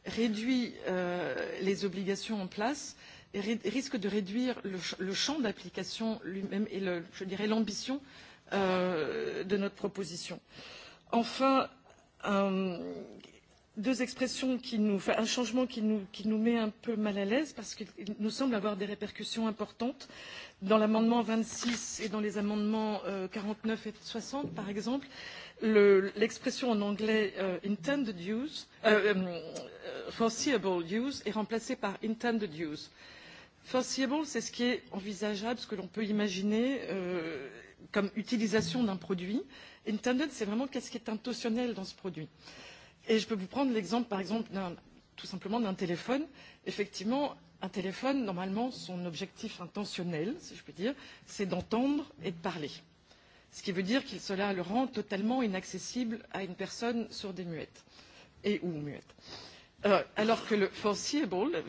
réduit euh, les obligations en place et risque de réduire le, ch le champ d'application lui-même et, le, je dirais, l'ambition euh, de notre proposition. Enfin, euh, deux expressions qui nous, enfin, un changement qui nous, qui nous met un peu mal à l'aise parce qu'il nous semble avoir des répercussions importantes dans l'amendement 26 et dans les amendements euh, 49 et 60 par exemple. L'expression le, en anglais euh, intended use, euh, um, foreseeable use est remplacée par intended use. Foreseeable, c'est ce qui est envisageable, ce que l'on peut imaginer euh, comme utilisation d'un produit. Intended, c'est vraiment qu'est-ce qui est intentionnel dans ce produit. Euh, Et je peux vous prendre l'exemple, par exemple, tout simplement d'un téléphone. Effectivement, un téléphone, normalement, son objectif intentionnel, si je puis dire, c'est d'entendre et de parler. Ce qui veut dire que cela le rend totalement inaccessible à une personne sourde et muette, et ou muette. Euh, alors que le foreseeable,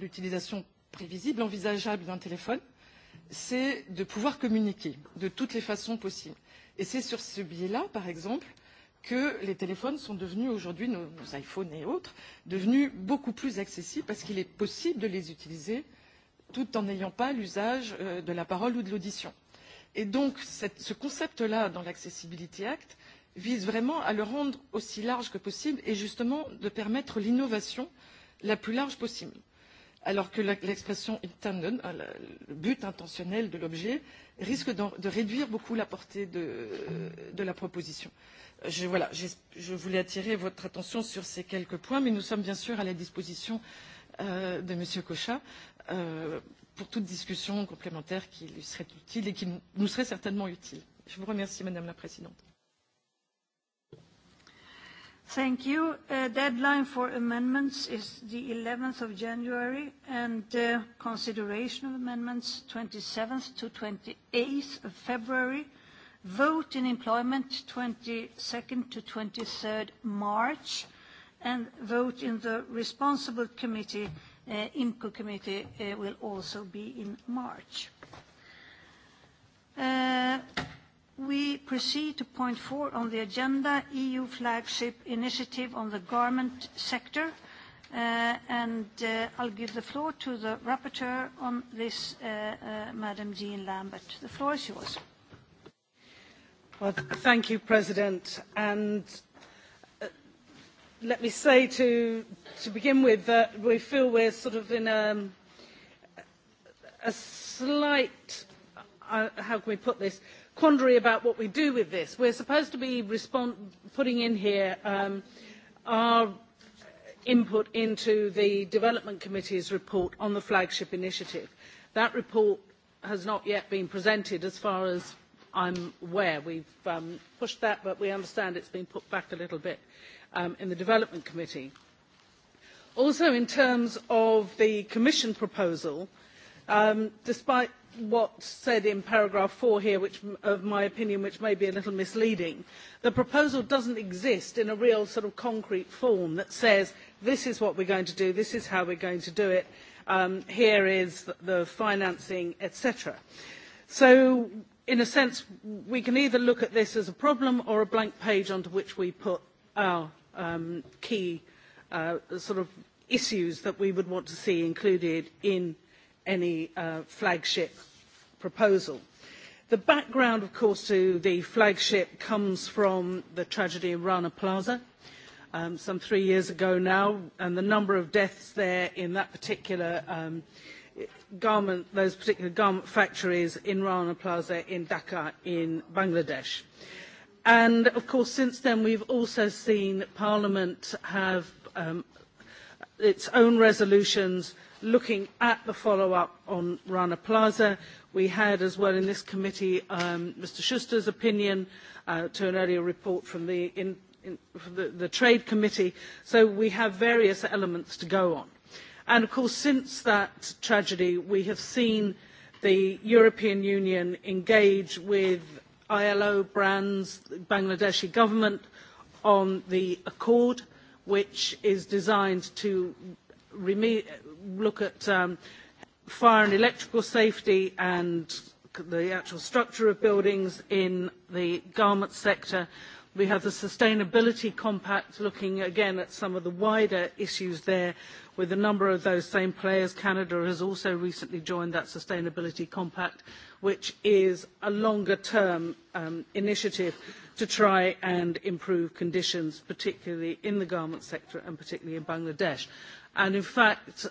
l'utilisation prévisible, envisageable d'un téléphone, c'est de pouvoir communiquer de toutes les façons possibles. Et c'est sur ce biais-là, par exemple, que les téléphones sont devenus aujourd'hui, nos, nos iPhones et autres, devenus beaucoup plus accessibles parce qu'il est possible de les utiliser tout en n'ayant pas l'usage euh, de la parole ou de l'audition. Et donc, cette, ce concept-là dans l'Accessibility Act vise vraiment à le rendre aussi large que possible et justement de permettre l'innovation la plus large possible alors que l'expression intended, euh, le but intentionnel de l'objet, risque de réduire beaucoup la portée de, de la proposition. Euh, je, voilà, je, je voulais attirer votre attention sur ces quelques points, mais nous sommes bien sûr à la disposition euh, de M. Cochat euh, pour toute discussion complémentaire qui lui serait utile et qui nous serait certainement utile. Je vous remercie, Madame la Présidente. Thank you. Uh, deadline for amendments is the 11th of January, and uh, consideration of amendments 27th to 28th of February. Vote in employment 22nd to 23rd March, and vote in the responsible committee, uh, IMCO committee, uh, will also be in March. Uh, we proceed to point four on the agenda, EU flagship initiative on the garment sector. Uh, and uh, I'll give the floor to the rapporteur on this, uh, uh Madam Jean Lambert. The floor is yours. Well, thank you, President. And uh, let me say to, to begin with that we feel we're sort of in a, um, a slight, uh, how can we put this? quandary about what we do with this. We're supposed to be respond, putting in here um, our input into the Development Committee's report on the flagship initiative. That report has not yet been presented as far as I'm aware. We've um, pushed that, but we understand it's been put back a little bit um, in the Development Committee. Also, in terms of the Commission proposal, um, despite what's said in paragraph four here, which, of my opinion, which may be a little misleading. The proposal doesn't exist in a real sort of concrete form that says, this is what we're going to do, this is how we're going to do it, um, here is the financing, etc. So, in a sense, we can either look at this as a problem or a blank page onto which we put our um, key uh, sort of issues that we would want to see included in any uh, flagship proposal. The background, of course, to the flagship comes from the tragedy in Rana Plaza um, some three years ago now, and the number of deaths there in that particular um, garment, those particular garment factories in Rana Plaza in Dhaka in Bangladesh. And of course, since then, we've also seen Parliament have um, its own resolutions looking at the follow-up on Rana Plaza. We had as well in this committee um, Mr Schuster's opinion uh, to an earlier report from the, in, in, from the, the Trade Committee. So we have various elements to go on. And of course, since that tragedy, we have seen the European Union engage with ILO brands, the Bangladeshi government, on the accord, which is designed to look at um, fire and electrical safety and the actual structure of buildings in the garment sector. We have the Sustainability Compact looking again at some of the wider issues there with a number of those same players. Canada has also recently joined that Sustainability Compact, which is a longer term um, initiative to try and improve conditions, particularly in the garment sector and particularly in Bangladesh. And in fact,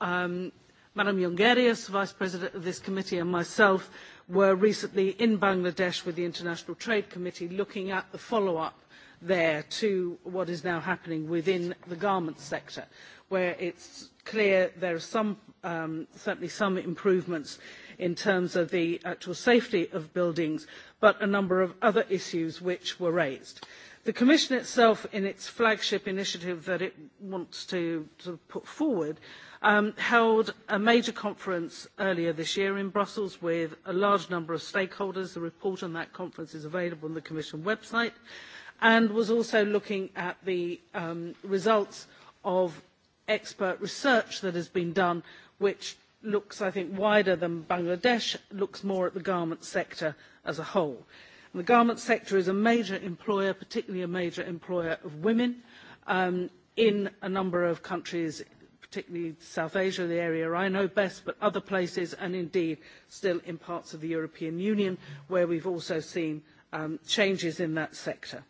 Um, Madam Jongerius, Vice President of this committee, and myself were recently in Bangladesh with the International Trade Committee looking at the follow-up there to what is now happening within the garment sector, where it's clear there are some, um, certainly some improvements in terms of the actual safety of buildings, but a number of other issues which were raised. The Commission itself, in its flagship initiative that it wants to, to put forward, uh, um, held a major conference earlier this year in Brussels with a large number of stakeholders. The report on that conference is available on the Commission website and was also looking at the um, results of expert research that has been done, which looks, I think, wider than Bangladesh, looks more at the garment sector as a whole. And the garment sector is a major employer, particularly a major employer of women um, in a number of countries particularly South Asia, the area I know best, but other places and indeed still in parts of the European Union where we've also seen um, changes in that sector.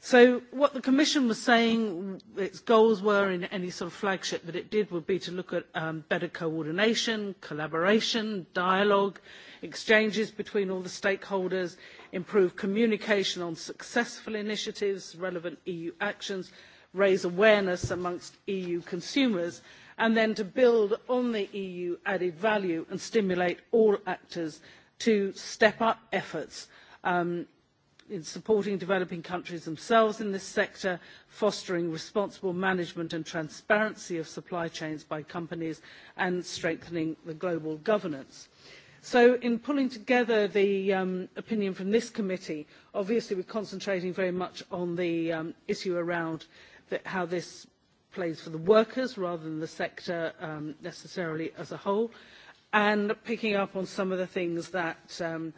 So what the Commission was saying its goals were in any sort of flagship that it did would be to look at um, better coordination, collaboration, dialogue, exchanges between all the stakeholders, improve communication on successful initiatives, relevant EU actions, raise awareness amongst EU consumers, and then to build on the EU added value and stimulate all actors to step up efforts um, in supporting developing countries themselves in this sector, fostering responsible management and transparency of supply chains by companies, and strengthening the global governance. So in pulling together the um, opinion from this committee, obviously we're concentrating very much on the um, issue around uh, that how this plays for the workers rather than the sector um, necessarily as a whole, and picking up on some of the things that, um,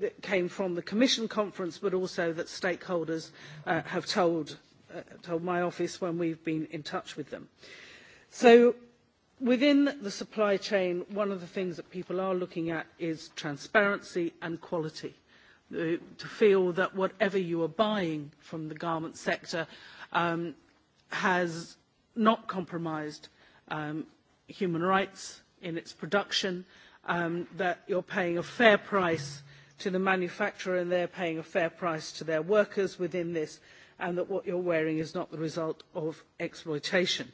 that came from the Commission conference, but also that stakeholders uh, have told, uh, told my office when we've been in touch with them. So within the supply chain, one of the things that people are looking at is transparency and quality uh, to feel that whatever you are buying from the garment sector um, has not compromised um, human rights in its production, um, that you're paying a fair price to the manufacturer and they're paying a fair price to their workers within this, and that what you're wearing is not the result of exploitation.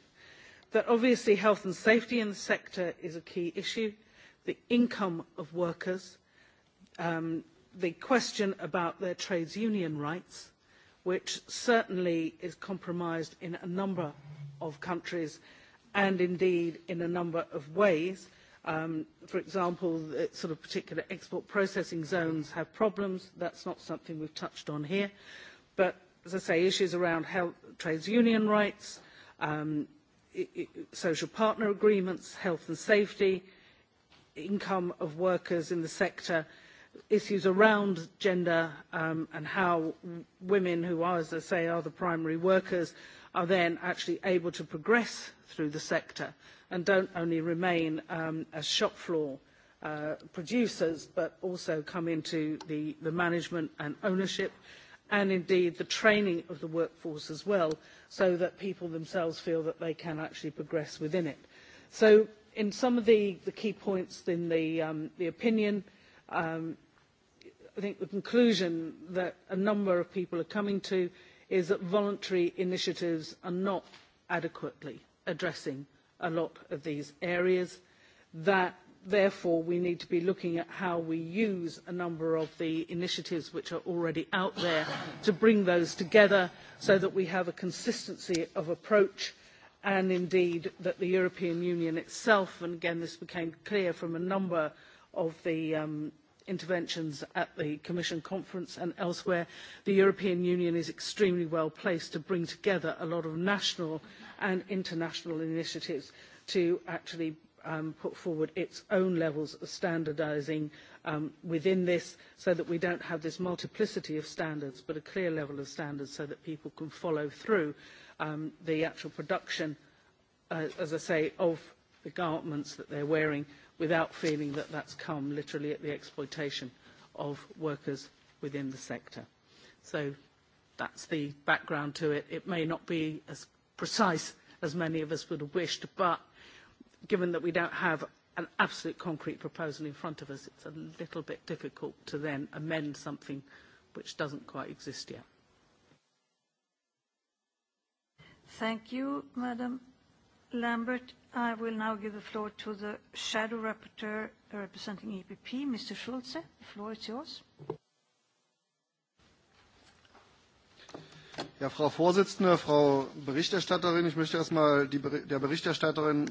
That obviously health and safety in the sector is a key issue, the income of workers, um, the question about their trades union rights, which certainly is compromised in a number of countries and indeed in a number of ways. Um, for example, sort of particular export processing zones have problems. That's not something we've touched on here. But as I say, issues around health, trades union rights, um, i, i, social partner agreements, health and safety, income of workers in the sector, issues around gender um, and how women who are, as I say, are the primary workers are then actually able to progress through the sector and don't only remain um, as shop floor uh, producers but also come into the, the management and ownership and indeed the training of the workforce as well so that people themselves feel that they can actually progress within it. So in some of the, the key points in the, um, the opinion, uh, um, I think the conclusion that a number of people are coming to is that voluntary initiatives are not adequately addressing a lot of these areas, that therefore we need to be looking at how we use a number of the initiatives which are already out there to bring those together so that we have a consistency of approach and indeed that the European Union itself, and again this became clear from a number of the um, interventions at the Commission conference and elsewhere, the European Union is extremely well placed to bring together a lot of national and international initiatives to actually um, put forward its own levels of standardising um, within this so that we don't have this multiplicity of standards but a clear level of standards so that people can follow through um, the actual production, uh, as I say, of the garments that they're wearing without feeling that that's come literally at the exploitation of workers within the sector. So that's the background to it. It may not be as precise as many of us would have wished, but given that we don't have an absolute concrete proposal in front of us, it's a little bit difficult to then amend something which doesn't quite exist yet. Thank you, Madam Lambert. I will now give the floor to the Shadow Rapporteur representing EPP, Mr. Schulze. The floor is yours. Ja, Frau Vorsitzende, Frau Berichterstatterin, ich möchte erstmal die, der Berichterstatterin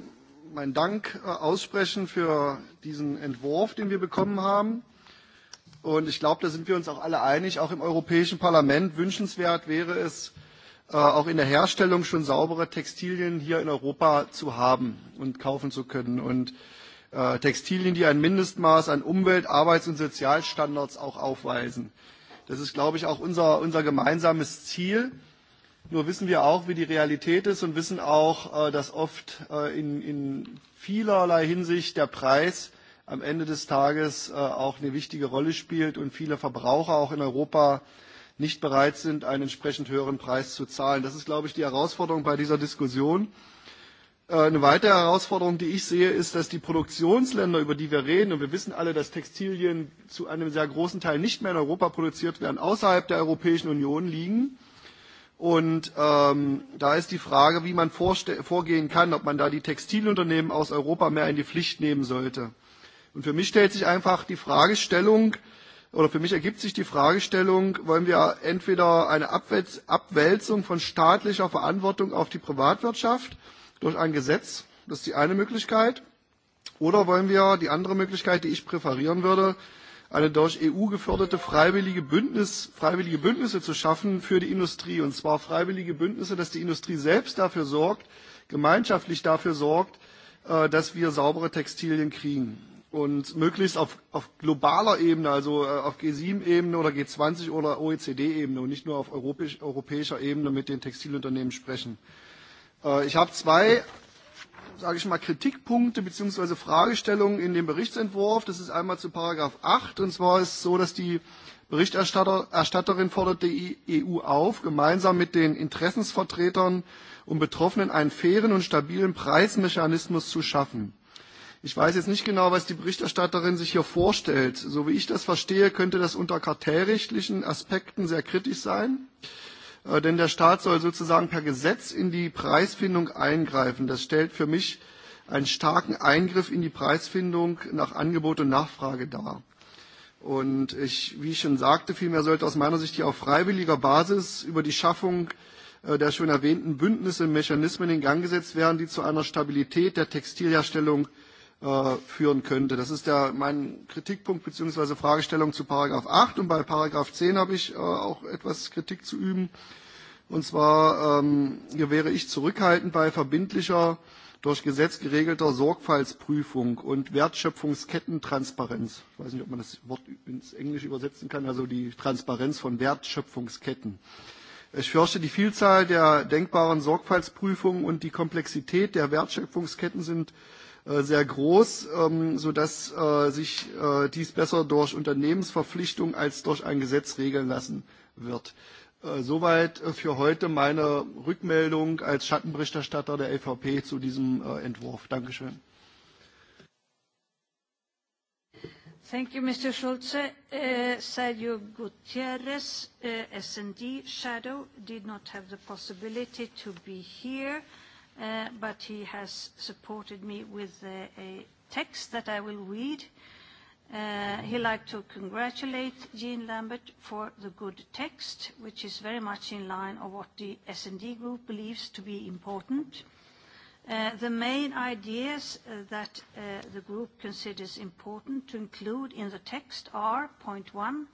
meinen Dank äh, aussprechen für diesen Entwurf, den wir bekommen haben. Und ich glaube, da sind wir uns auch alle einig, auch im Europäischen Parlament wünschenswert wäre es, äh, Äh, auch in der Herstellung schon saubere Textilien hier in Europa zu haben und kaufen zu können. Und äh, Textilien, die ein Mindestmaß an Umwelt-, Arbeits- und Sozialstandards auch aufweisen. Das ist, glaube ich, auch unser, unser gemeinsames Ziel. Nur wissen wir auch, wie die Realität ist und wissen auch, äh, dass oft äh, in, in vielerlei Hinsicht der Preis am Ende des Tages äh, auch eine wichtige Rolle spielt und viele Verbraucher auch in Europa äh, nicht bereit sind, einen entsprechend höheren Preis zu zahlen. Das ist, glaube ich, die Herausforderung bei dieser Diskussion. Äh, eine weitere Herausforderung, die ich sehe, ist, dass die Produktionsländer, über die wir reden, und wir wissen alle, dass Textilien zu einem sehr großen Teil nicht mehr in Europa produziert werden, außerhalb der Europäischen Union liegen. Und ähm, da ist die Frage, wie man vorgehen kann, ob man da die Textilunternehmen aus Europa mehr in die Pflicht nehmen sollte. Und für mich stellt sich einfach die Fragestellung, äh, oder für mich ergibt sich die Fragestellung, wollen wir entweder eine Abwälz Abwälzung von staatlicher Verantwortung auf die Privatwirtschaft durch ein Gesetz, das ist die eine Möglichkeit, oder wollen wir die andere Möglichkeit, die ich präferieren würde, eine durch EU geförderte freiwillige, Bündnis, freiwillige Bündnisse zu schaffen für die Industrie, und zwar freiwillige Bündnisse, dass die Industrie selbst dafür sorgt, gemeinschaftlich dafür sorgt, äh, dass wir saubere Textilien kriegen und möglichst auf, auf globaler Ebene, also äh, auf G7-Ebene oder G20 oder OECD-Ebene und nicht nur auf europäisch, europäischer Ebene mit den Textilunternehmen sprechen. Äh, ich habe zwei, sage ich mal, Kritikpunkte bzw. Fragestellungen in dem Berichtsentwurf. Das ist einmal zu Paragraph 8 und zwar ist es so, dass die Berichterstatterin fordert die EU auf, gemeinsam mit den Interessensvertretern und Betroffenen einen fairen und stabilen Preismechanismus zu schaffen. Ich weiß jetzt nicht genau, was die Berichterstatterin sich hier vorstellt. So wie ich das verstehe, könnte das unter kartellrechtlichen Aspekten sehr kritisch sein. Äh, denn der Staat soll sozusagen per Gesetz in die Preisfindung eingreifen. Das stellt für mich einen starken Eingriff in die Preisfindung nach Angebot und Nachfrage dar. Und ich, wie ich schon sagte, vielmehr sollte aus meiner Sicht hier auf freiwilliger Basis über die Schaffung äh, der schon erwähnten Bündnisse und Mechanismen in Gang gesetzt werden, die zu einer Stabilität der Textilherstellung äh, äh, führen könnte. Das ist ja mein Kritikpunkt bzw. Fragestellung zu Paragraph 8 und bei Paragraph 10 habe ich äh, auch etwas Kritik zu üben. Und zwar ähm, hier wäre ich zurückhaltend bei verbindlicher durch Gesetz geregelter Sorgfaltsprüfung und Wertschöpfungskettentransparenz. Ich weiß nicht, ob man das Wort ins Englische übersetzen kann, also die Transparenz von Wertschöpfungsketten. Ich fürchte, die Vielzahl der denkbaren Sorgfaltsprüfungen und die Komplexität der Wertschöpfungsketten sind äh, Äh, sehr groß, ähm, sodass äh, sich äh, dies besser durch Unternehmensverpflichtung als durch ein Gesetz regeln lassen wird. Soweit für heute meine Rückmeldung als Schattenberichterstatter der LVP zu diesem Entwurf. Dankeschön. Thank you, Mr. Schulze. Uh, Sergio Gutierrez, uh, S&D Shadow, did not have the possibility to be here uh, but he has supported me with a, uh, a text that I will read. Uh, he liked to congratulate Jean Lambert for the good text, which is very much in line of what the S&D Group believes to be important. Uh, the main ideas uh, that uh, the group considers important to include in the text are, point one,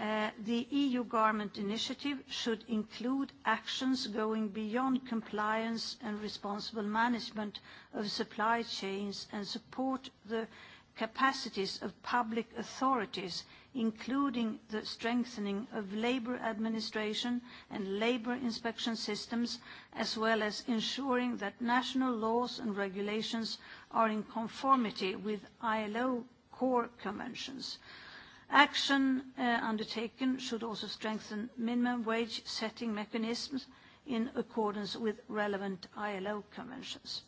Uh, the EU Garment Initiative should include actions going beyond compliance and responsible management of supply chains and support the capacities of public authorities, including the strengthening of labor administration and labor inspection systems, as well as ensuring that national laws and regulations are in conformity with ILO core conventions. Uh, Action uh, undertaken should also strengthen minimum wage setting mechanisms in accordance with relevant ILO conventions.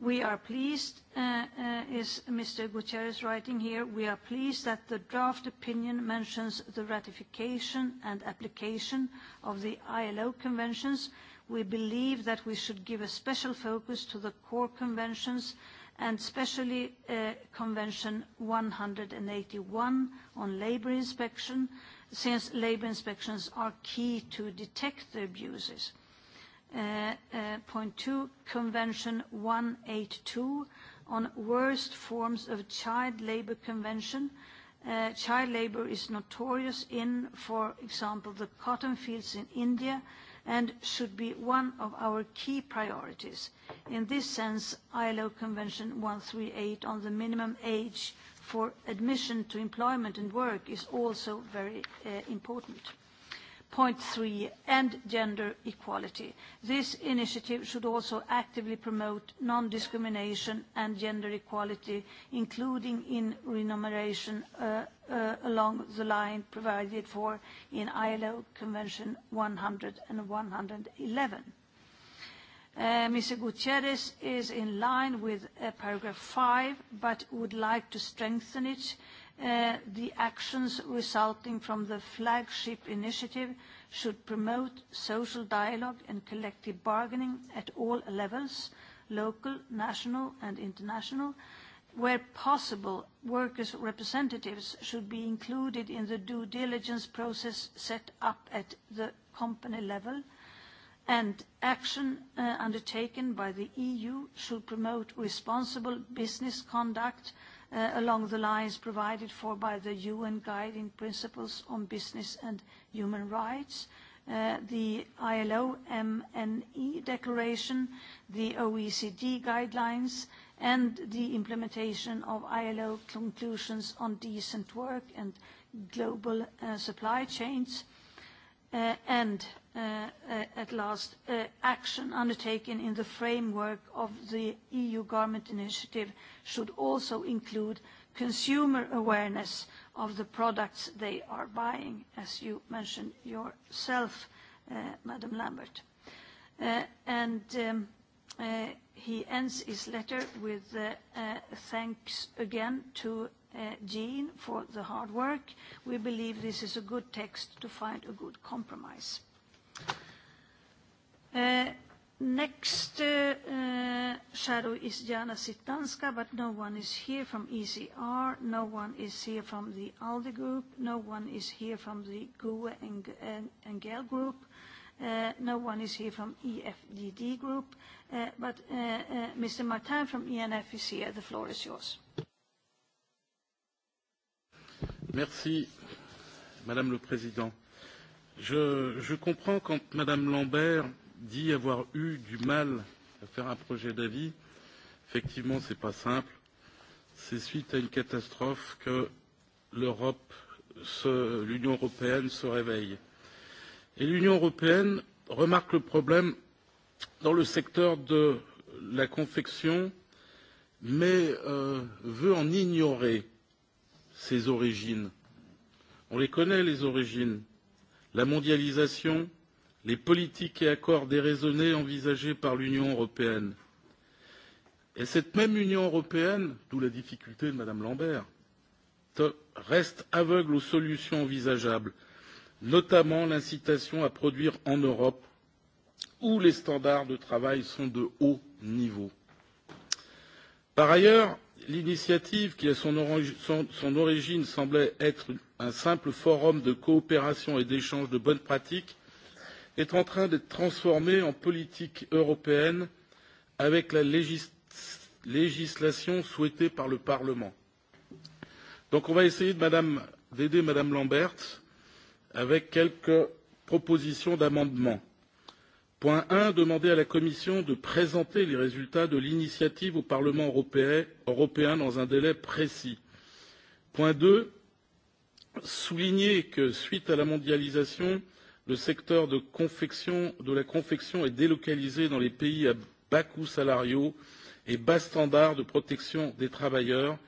We are pleased, uh, uh, is Mr. Gutierrez writing here, we are pleased that the draft opinion mentions the ratification and application of the ILO conventions. We believe that we should give a special focus to the core conventions and especially uh, Convention 181 on labor inspection, since labor inspections are key to detect the abuses. Uh, uh, point two, Convention 182 on worst forms of child labor convention. Uh, child labor is notorious in, for example, the cotton fields in India, uh, and should be one of our key priorities. In this sense, ILO Convention 138 on the minimum age for admission to employment and work is also very uh, important. Point three, and gender equality. This initiative should also actively promote non-discrimination and gender equality, including in remuneration uh, uh, along the line provided for in ILO Convention 100 and 111. Uh, Mr. Gutierrez is in line with uh, paragraph five, but would like to strengthen it Uh, the actions resulting from the flagship initiative should promote social dialogue and collective bargaining at all levels, local, national, and international. Where possible, workers' representatives should be included in the due diligence process set up at the company level, and action uh, undertaken by the EU should promote responsible business conduct uh, along the lines provided for by the UN Guiding Principles on Business and Human Rights, uh, the ILO MNE Declaration, the OECD guidelines, and the implementation of ILO conclusions on decent work and global uh, supply chains, uh, and Uh, uh, at last uh, action undertaken in the framework of the EU Garment Initiative should also include consumer awareness of the products they are buying, as you mentioned yourself, uh, Madam Lambert. Uh, and um, uh, he ends his letter with uh, uh, thanks again to uh, Jean for the hard work. We believe this is a good text to find a good compromise. Uh, Uh, next uh, uh, shadow is Jana Sitnanska, but no one is here from ECR, no one is here from the ALDE group, no one is here from the GUE and, and, and GAL group, uh, no one is here from EFDD group, uh, but uh, uh, Mr. Martin from ENF is here. The floor is yours. Merci, Madame le Président. Je, je comprends quand Madame Lambert dit avoir eu du mal à faire un projet d'avis. Effectivement, ce n'est pas simple. C'est suite à une catastrophe que l'Europe, l'Union européenne se réveille. Et l'Union européenne remarque le problème dans le secteur de la confection, mais euh, veut en ignorer ses origines. On les connaît, les origines. La mondialisation, euh, les politiques et accords déraisonnés envisagés par l'union européenne et cette même union européenne d'où la difficulté de mme lambert reste aveugle aux solutions envisageables notamment l'incitation à produire en europe où les standards de travail sont de haut niveau. par ailleurs l'initiative qui à son, orig son, son origine semblait être un simple forum de coopération et d'échange de bonnes pratiques est en train d'être transformée en politique européenne avec la légis législation souhaitée par le Parlement. Donc on va essayer d'aider Madame Lambert avec quelques propositions d'amendements. Point 1, demander à la Commission de présenter les résultats de l'initiative au Parlement européen, européen dans un délai précis. Point 2, souligner que suite à la mondialisation, le secteur de, confection, de la confection est délocalisé dans les pays à bas coûts salariaux et bas standards de protection des travailleurs,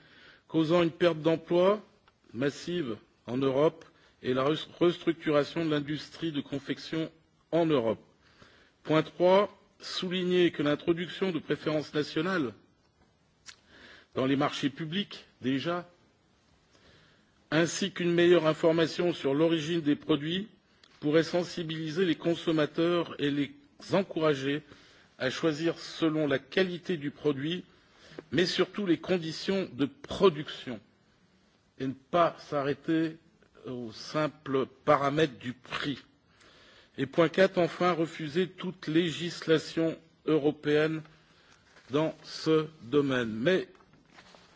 causant une perte d'emplois massive en Europe et la restructuration de l'industrie de confection en Europe. Point 3, souligner que l'introduction de préférences nationales dans les marchés publics déjà, ainsi qu'une meilleure information sur l'origine des produits pourrait sensibiliser les consommateurs et les encourager à choisir selon la qualité du produit mais surtout les conditions de production et ne pas s'arrêter aux simples paramètres du prix. et point quatre enfin refuser toute législation européenne dans ce domaine. mais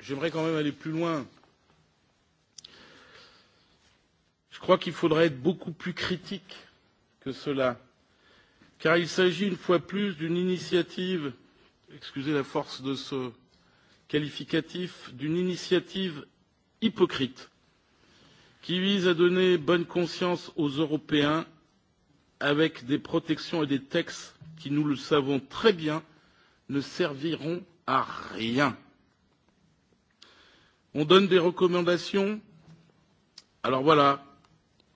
j'aimerais quand même aller plus loin Je crois qu'il faudrait être beaucoup plus critique que cela, car il s'agit une fois plus d'une initiative excusez la force de ce qualificatif d'une initiative hypocrite qui vise à donner bonne conscience aux Européens avec des protections et des textes qui, nous le savons très bien, ne serviront à rien. On donne des recommandations. Alors voilà,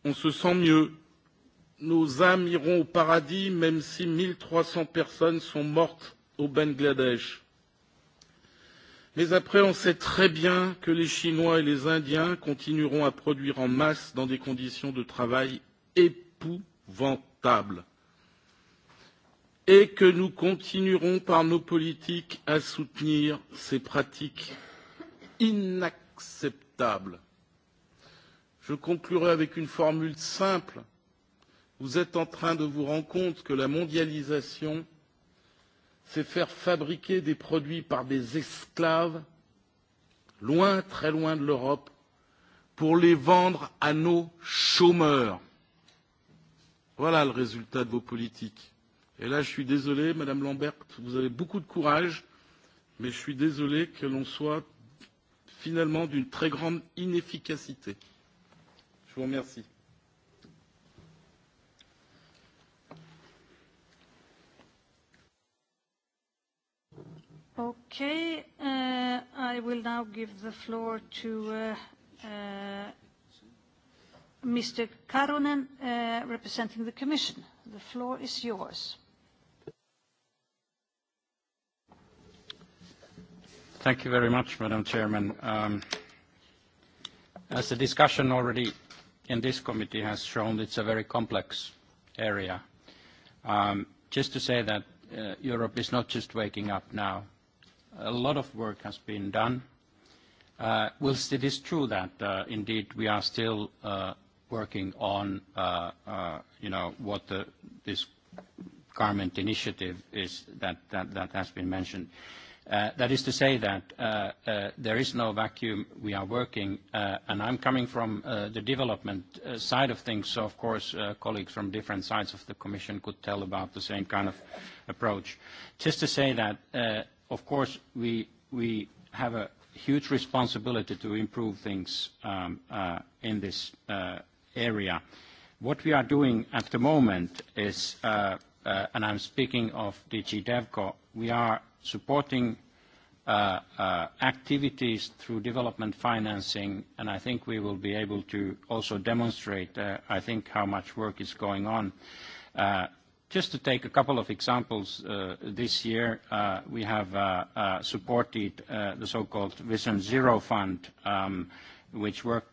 on se sent mieux. Nos âmes iront au paradis même si 1300 personnes sont mortes au Bangladesh. Mais après, on sait très bien que les Chinois et les Indiens continueront à produire en masse dans des conditions de travail épouvantables et que nous continuerons par nos politiques à soutenir ces pratiques inacceptables. Je conclurai avec une formule simple. Vous êtes en train de vous rendre compte que la mondialisation, c'est faire fabriquer des produits par des esclaves, loin, très loin de l'Europe, pour les vendre à nos chômeurs. Voilà le résultat de vos politiques. Et là, je suis désolé, Madame Lambert, vous avez beaucoup de courage, mais je suis désolé que l'on soit finalement d'une très grande inefficacité. Je vous remercie. Okay. Uh, I will now give the floor to uh, uh, Mr. Karunen, uh, representing the Commission. The floor is yours. Thank you very much, Madam Chairman. Um, as the discussion already in this committee has shown it's a very complex area. Um, just to say that uh, Europe is not just waking up now. A lot of work has been done. Uh, whilst it is true that uh, indeed we are still uh, working on, uh, uh, you know, what the, this garment initiative is that, that, that has been mentioned. Uh, that is to say that uh, uh, there is no vacuum. We are working, uh, and I'm coming from uh, the development uh, side of things, so of course, colleagues from different sides of the commission could tell about the same kind of approach. Just to say that, of course, we, we have a huge responsibility to improve things um, in this area. What we are doing at the moment is, and I'm speaking of DG DevCo, we are supporting uh, uh, activities through development financing, and I think we will be able to also demonstrate, uh, I think, how much work is going on. Uh, just to take a couple of examples, uh, this year, uh, we have supported the so-called Vision Zero Fund, um, which work,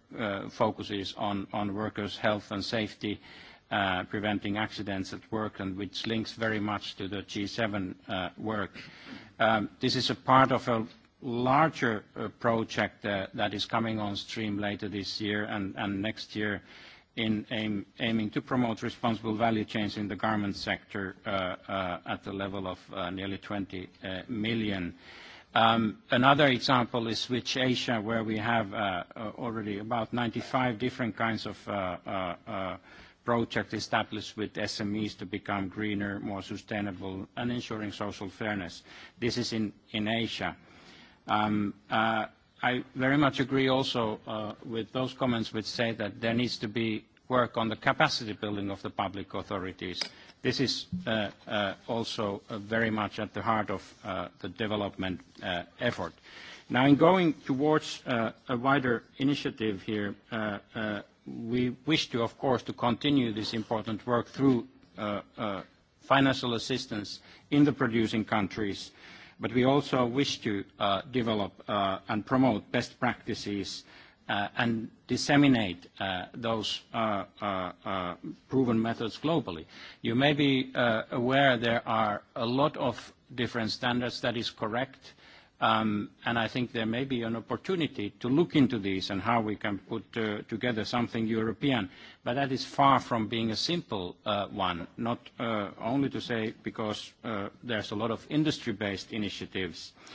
focuses on, on workers' health and safety uh, preventing accidents at work, and which links very much to the G7 uh, work. Um, this is a part of a larger uh, project uh, that is coming on stream later this year and, and next year in aim, aiming to promote responsible value chains in the garment sector uh, uh at the level of uh, nearly 20 uh, million. Um, another example is Switch Asia, where we have already about 95 different kinds of project established with SMEs to become greener, more sustainable, and ensuring social fairness. This is in, in Asia. Um, uh, I very much agree also uh, with those comments which say that there needs to be work on the capacity building of the public authorities. This is uh, uh, also uh, very much at the heart of uh, the development uh, effort. Now, in going towards uh, a wider initiative here, uh, uh, we wish to, of course, to continue this important work through uh, uh, financial assistance in the producing countries, but we also wish to uh, develop uh, and promote best practices uh, and disseminate uh, those uh, uh, uh, proven methods globally. You may be uh, aware there are a lot of different standards. That is correct. Uh, Um, and I think there may be an opportunity to look into this and how we can put uh, together something European. But that is far from being a simple uh, one, not uh, only to say because uh, there's a lot of industry-based initiatives. Uh,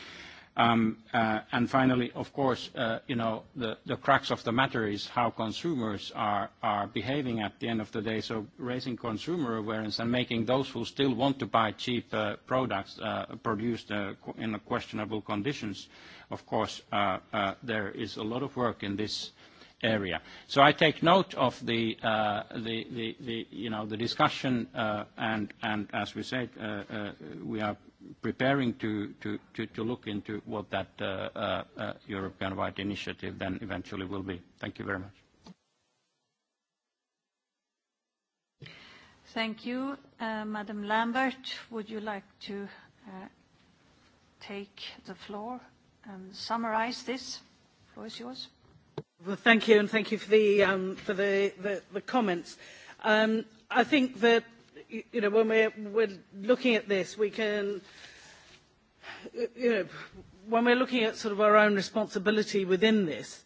Um, uh, and finally, of course, uh, you know, the, the crux of the matter is how consumers are, are behaving at the end of the day. So raising consumer awareness and making those who still want to buy cheap uh, products uh, produced uh, in questionable conditions, of course, uh, there is a lot of work in this area. So I take note of the, the, the, the you know, discussion, and, and as we said, we are preparing to, to, to, to look into what that uh, uh, uh European-wide initiative then eventually will be. Thank you very much. Thank you. Uh, Madam Lambert, would you like to uh, take the floor and summarize this? The floor is yours. Well, thank you, and thank you for the, um, for the, the, the comments. Um, I think that you know, when we're, we're looking at this, we can, you know, when we're looking at sort of our own responsibility within this,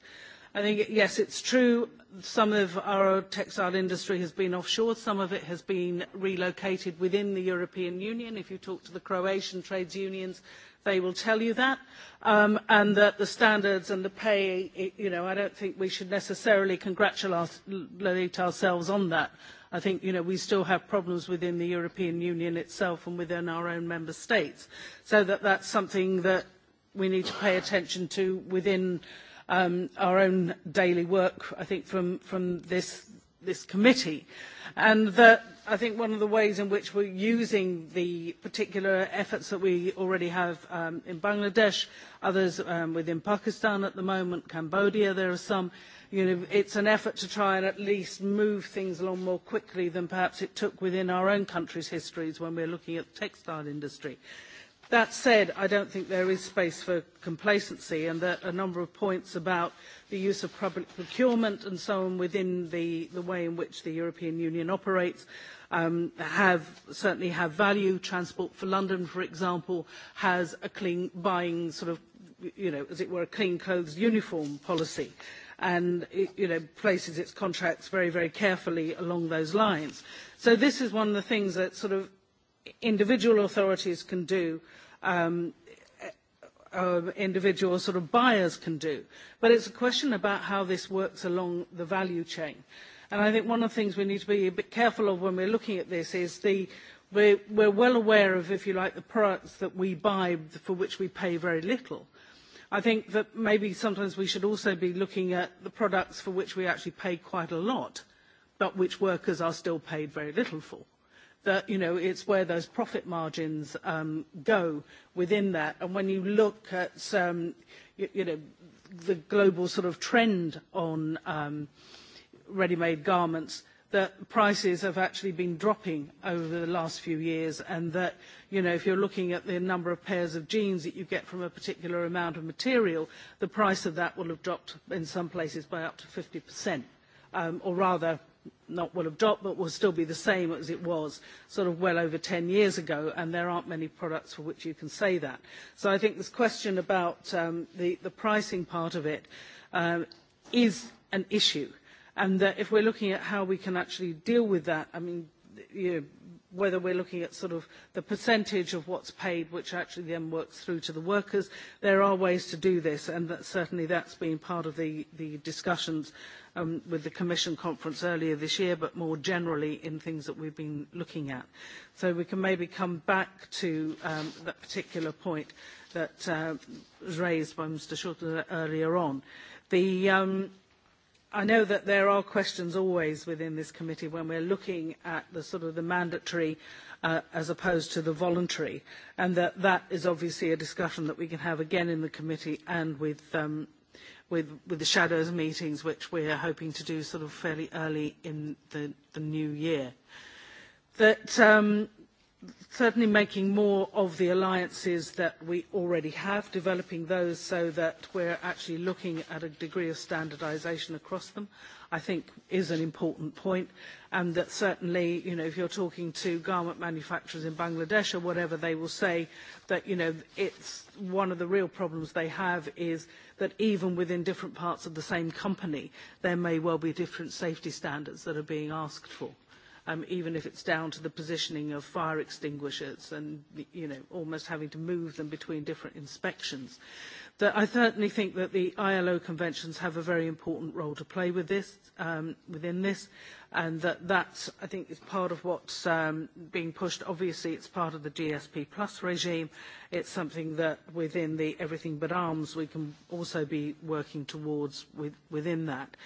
I think, yes, it's true, some of our textile industry has been offshore, some of it has been relocated within the European Union. If you talk to the Croatian trades unions, they will tell you that, um, and that the standards and the pay, you know, I don't think we should necessarily congratulate ourselves on that. I think you know, we still have problems within the European Union itself and within our own member states. So that that's something that we need to pay attention to within um, our own daily work, I think, from, from this, this committee. And that I think one of the ways in which we're using the particular efforts that we already have um, in Bangladesh, others um, within Pakistan at the moment, Cambodia, there are some, uh, you know, it's an effort to try and at least move things along more quickly than perhaps it took within our own country's histories when we're looking at the textile industry. That said, I don't think there is space for complacency and that a number of points about the use of public procurement and so on within the, the way in which the European Union operates um, have, certainly have value. Transport for London, for example, has a clean buying sort of, you know, as it were, a clean clothes uniform policy. Uh, and you know, places its contracts very, very carefully along those lines. So this is one of the things that sort of individual authorities can do, um, uh, individual sort of buyers can do. But it's a question about how this works along the value chain. And I think one of the things we need to be a bit careful of when we're looking at this is the we're, we're well aware of, if you like, the products that we buy for which we pay very little. I think that maybe sometimes we should also be looking at the products for which we actually pay quite a lot, but which workers are still paid very little for. That, you know, it's where those profit margins um, go within that. And when you look at, um, you, you know, the global sort of trend on um, ready-made garments, that prices have actually been dropping over the last few years and that, you know, if you're looking at the number of pairs of jeans that you get from a particular amount of material, the price of that will have dropped in some places by up to 50%, um, or rather not will have dropped but will still be the same as it was sort of well over 10 years ago and there aren't many products for which you can say that. So I think this question about um, the, the pricing part of it um, is an issue. Uh, And that if we're looking at how we can actually deal with that, I mean, you know, whether we're looking at sort of the percentage of what's paid, which actually then works through to the workers. There are ways to do this, and that certainly that's been part of the, the discussions um, with the Commission conference earlier this year, but more generally in things that we've been looking at. So we can maybe come back to um, that particular point that uh, was raised by Mr. Schultz earlier on. The, um, I know that there are questions always within this committee when we're looking at the sort of the mandatory uh, as opposed to the voluntary, and that that is obviously a discussion that we can have again in the committee and with um, with with the shadows meetings, which we are hoping to do sort of fairly early in the the new year. That um, certainly making more of the alliances that we already have, developing those so that we're actually looking at a degree of standardization across them, I think is an important point. And that certainly, you know, if you're talking to garment manufacturers in Bangladesh or whatever, they will say that, you know, it's one of the real problems they have is that even within different parts of the same company, there may well be different safety standards that are being asked for um, even if it's down to the positioning of fire extinguishers and, you know, almost having to move them between different inspections that uh, I certainly think that the ILO conventions have a very important role to play with this, um, within this, and that that, I think, is part of what's um, being pushed. Obviously, it's part of the GSP Plus regime. It's something that within the Everything But Arms we can also be working towards with, within that.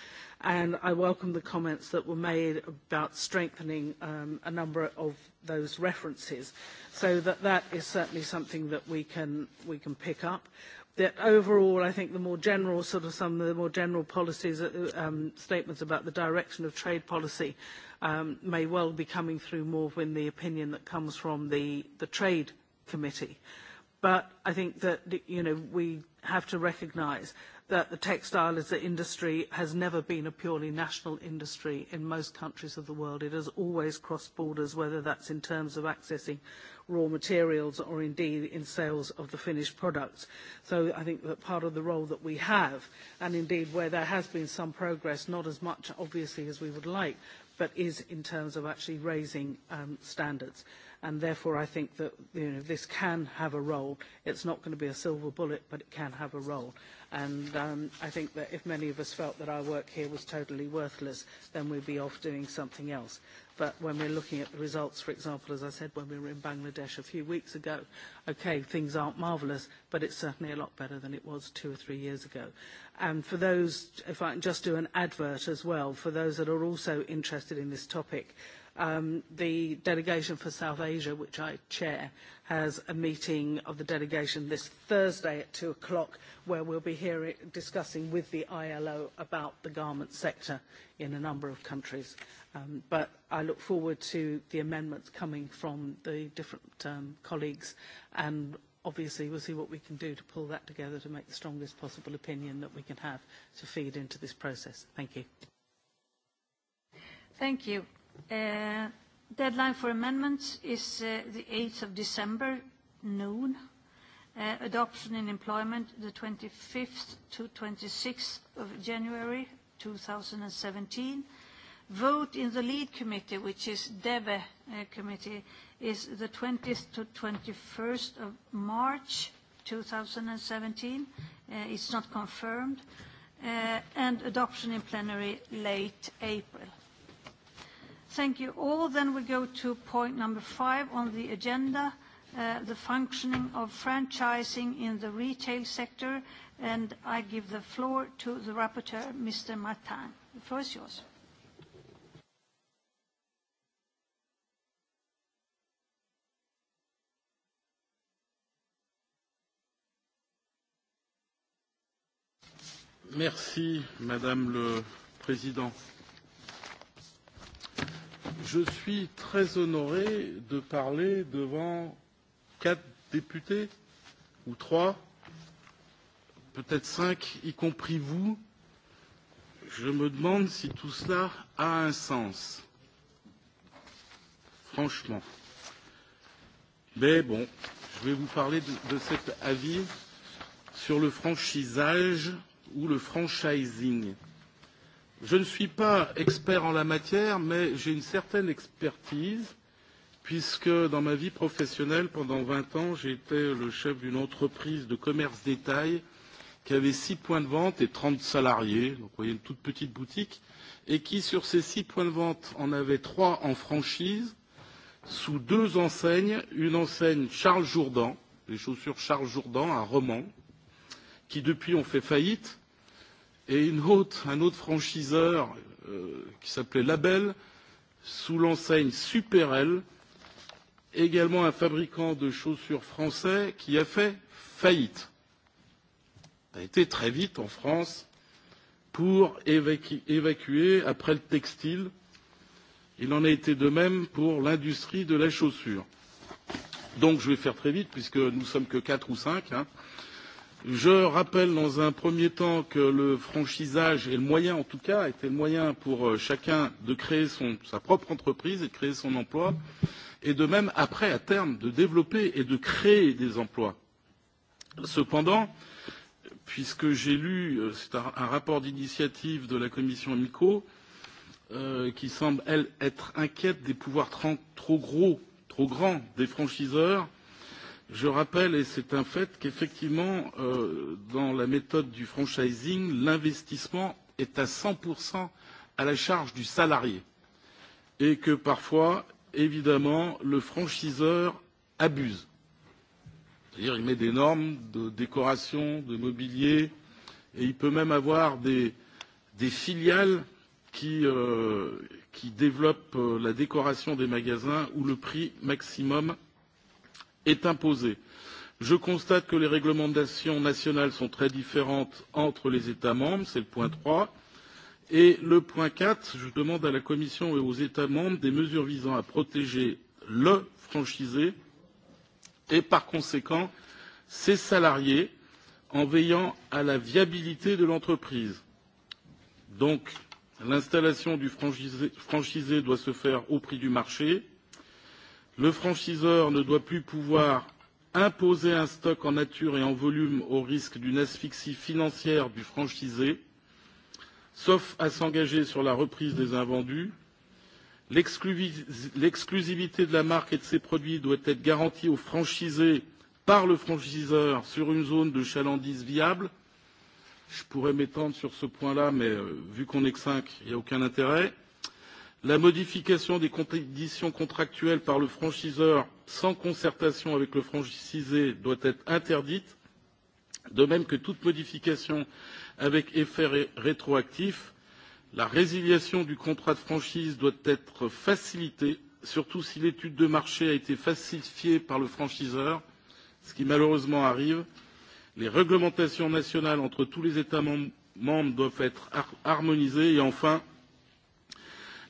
And I welcome the comments that were made about strengthening um, a number of those references, so that that is certainly something that we can, we can pick up that overall, I think the more general sort of some of the more general policies, uh, um, statements about the direction of trade policy um, may well be coming through more in the opinion that comes from the, the trade committee. But I think that, you know, we have to recognize that the textile as an industry has never been a purely national industry in most countries of the world. It has always crossed borders, whether that's in terms of accessing raw materials or indeed in sales of the finished product. So I think that part of the role that we have, and indeed where there has been some progress, not as much obviously as we would like, but is in terms of actually raising um, standards and therefore I think that you know, this can have a role. It's not going to be a silver bullet, but it can have a role. And um, I think that if many of us felt that our work here was totally worthless, then we'd be off doing something else. But when we're looking at the results, for example, as I said, when we were in Bangladesh a few weeks ago, okay, things aren't marvellous, but it's certainly a lot better than it was two or three years ago. And for those, if I can just do an advert as well, for those that are also interested in this topic, Um, the delegation for South Asia, which I chair, has a meeting of the delegation this Thursday at 2 o'clock, where we'll be here discussing with the ILO about the garment sector in a number of countries. Um, but I look forward to the amendments coming from the different um, colleagues, and obviously we'll see what we can do to pull that together to make the strongest possible opinion that we can have to feed into this process. Thank you. Thank you. Uh, deadline for amendments is uh, the 8th of December, noon. Uh, adoption in employment, the 25th to 26th of January 2017. Vote in the lead committee, which is DEVE uh, committee, is the 20th to 21st of March 2017. Uh, it's not confirmed. Uh, and adoption in plenary late April. Thank you all. Then we go to point number five on the agenda, uh, the functioning of franchising in the retail sector, and I give the floor to the rapporteur, Mr. Martin. The floor is yours. Merci, Madame le Président je suis très honoré de parler devant quatre députés ou trois peut être cinq y compris vous je me demande si tout cela a un sens franchement. mais bon je vais vous parler de, de cet avis sur le franchisage ou le franchising. Euh, Je ne suis pas expert en la matière, mais j'ai une certaine expertise, puisque dans ma vie professionnelle, pendant 20 ans, j'ai été le chef d'une entreprise de commerce détail qui avait 6 points de vente et 30 salariés, donc vous voyez une toute petite boutique, et qui, sur ces 6 points de vente, en avait 3 en franchise, sous deux enseignes, une enseigne Charles Jourdan, les chaussures Charles Jourdan à Romans, qui depuis ont fait faillite, et une autre, un autre franchiseur euh, qui s'appelait Label sous l'enseigne Superel, également un fabricant de chaussures français qui a fait faillite. Ça a été très vite en France pour évacuer, évacuer après le textile. Il en a été de même pour l'industrie de la chaussure. Donc je vais faire très vite puisque nous sommes que quatre ou cinq. Hein. Euh, Je rappelle dans un premier temps que le franchisage est le moyen, en tout cas, était le moyen pour euh, chacun de créer son, sa propre entreprise et de créer son emploi, et de même, après, à terme, de développer et de créer des emplois. Cependant, puisque j'ai lu, euh, c'est un, un rapport d'initiative de la commission MICO, euh, qui semble, elle, être inquiète des pouvoirs trop gros, trop grands des franchiseurs, euh, Je rappelle, et c'est un fait, qu'effectivement, euh, dans la méthode du franchising, l'investissement est à 100% à la charge du salarié et que parfois, évidemment, le franchiseur abuse. C'est-à-dire il met des normes de décoration, de mobilier, et il peut même avoir des, des filiales qui, euh, qui développent euh, la décoration des magasins où le prix maximum est imposée. je constate que les réglementations nationales sont très différentes entre les états membres c'est le point trois et le point quatre je demande à la commission et aux états membres des mesures visant à protéger le franchisé et par conséquent ses salariés en veillant à la viabilité de l'entreprise. donc l'installation du franchisé doit se faire au prix du marché le franchiseur ne doit plus pouvoir imposer un stock en nature et en volume au risque d'une asphyxie financière du franchisé, sauf à s'engager sur la reprise des invendus. L'exclusivité de la marque et de ses produits doit être garantie aux franchisés par le franchiseur sur une zone de chalandise viable. Je pourrais m'étendre sur ce point-là, mais euh, vu qu'on n'est que cinq, il n'y a aucun intérêt la modification des conditions contractuelles par le franchiseur sans concertation avec le franchisé doit être interdite de même que toute modification avec effet rétroactif. la résiliation du contrat de franchise doit être facilitée surtout si l'étude de marché a été falsifiée par le franchiseur ce qui malheureusement arrive. les réglementations nationales entre tous les états membres doivent être harmonisées et enfin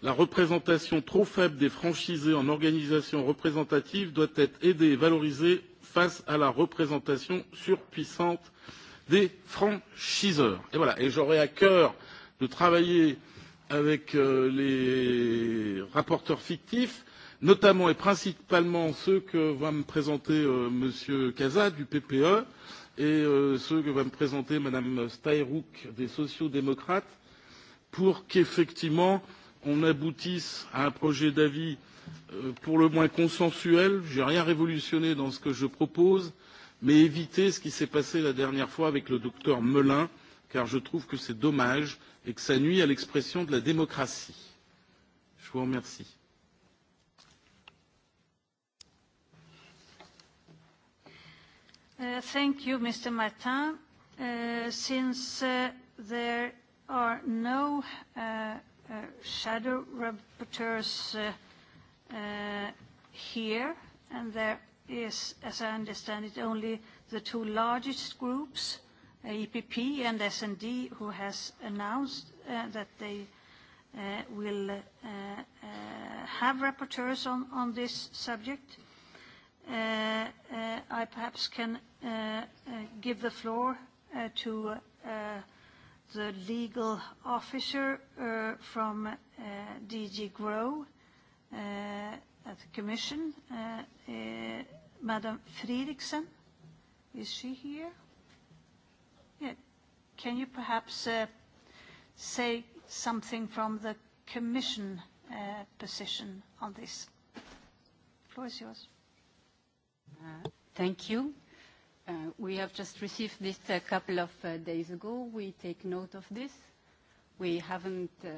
la représentation trop faible des franchisés en organisation représentative doit être aidée et valorisée face à la représentation surpuissante des franchiseurs. Et voilà. Et j'aurai à cœur de travailler avec euh, les rapporteurs fictifs, notamment et principalement ceux que va me présenter euh, M. Casa du PPE et euh, ceux que va me présenter Mme Steyrouk des sociaux démocrates pour qu'effectivement euh, on aboutisse à un projet d'avis euh, pour le moins consensuel. Je n'ai rien révolutionné dans ce que je propose, mais éviter ce qui s'est passé la dernière fois avec le docteur Melin, car je trouve que c'est dommage et que ça nuit à l'expression de la démocratie. Je vous remercie. Uh, thank you, Mr. Martin. Uh, since uh, there are no uh, uh, shadow rapporteurs uh, uh, here, and there is, as I understand it, only the two largest groups, uh, EPP and S&D, who has announced uh, that they uh, will uh, uh, have rapporteurs on, on this subject. Uh, uh, I perhaps can uh, uh, give the floor uh, to uh, the legal officer uh, from uh, DG GROW uh, at the Commission, uh, uh, Madam Fredriksen. Is she here? Yeah. Can you perhaps uh, say something from the Commission uh, position on this? The floor is yours. Uh, thank you. Uh, we have just received this a couple of uh, days ago. We take note of this. We haven't, uh,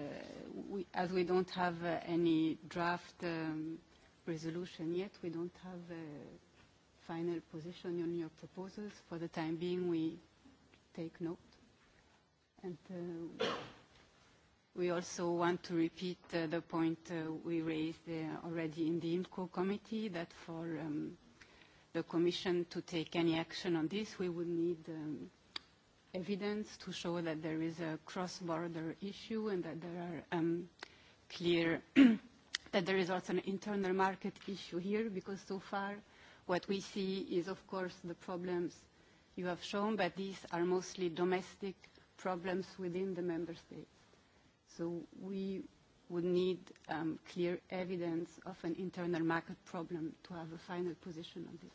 we, as we don't have uh, any draft um, resolution yet, we don't have a final position on your proposals. For the time being, we take note. And uh, we also want to repeat uh, the point uh, we raised uh, already in the IMCO committee that for um, the Commission to take any action on this, we would need um, evidence to show that there is a cross-border issue and that there are um, clear that there is also an internal market issue here, because so far what we see is, of course, the problems you have shown, but these are mostly domestic problems within the member states. So we would need um, clear evidence of an internal market problem to have a final position on this.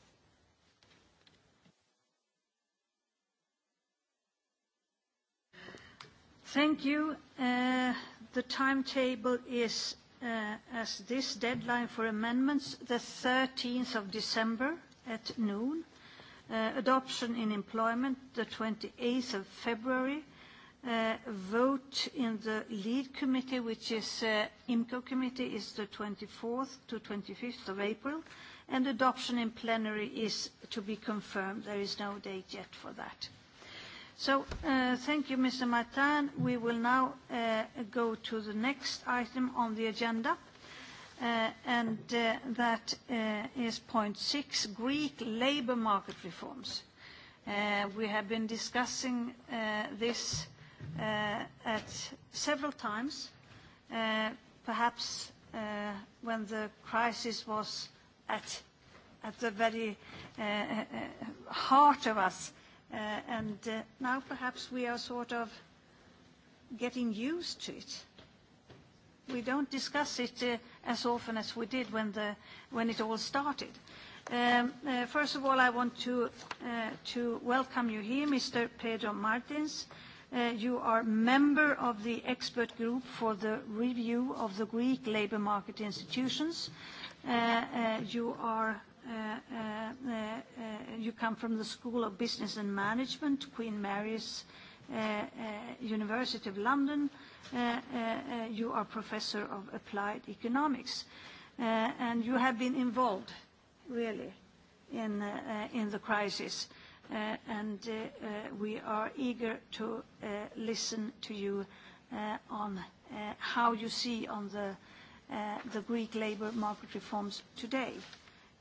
Thank you. Uh, the timetable is uh, as this deadline for amendments, the 13th of December at noon. Uh, adoption in employment, the 28th of February. Uh, vote in the lead committee, which is uh, IMCO committee, is the 24th to 25th of April, and adoption in plenary is to be confirmed. There is no date yet for that. So, uh, thank you, Mr. Martin. We will now uh, go to the next item on the agenda, uh, and uh, that uh, is point six, Greek labor market reforms. Uh, we have been discussing this at several times, perhaps when the crisis was at, at the very heart of us Uh, and uh, now perhaps we are sort of getting used to it. We don't discuss it uh, as often as we did when, the, when it all started. Um, uh, first of all, I want to, uh, to welcome you here, Mr. Pedro Martins. Uh, you are member of the expert group for the review of the Greek labor market institutions. You are Uh, uh, uh, you come from the School of Business and Management, Queen Mary's University of London. You are Professor of Applied Economics. And you have been involved, really, in, in the crisis. And we are eager to listen to you on how you see on the, the Greek labor market reforms today.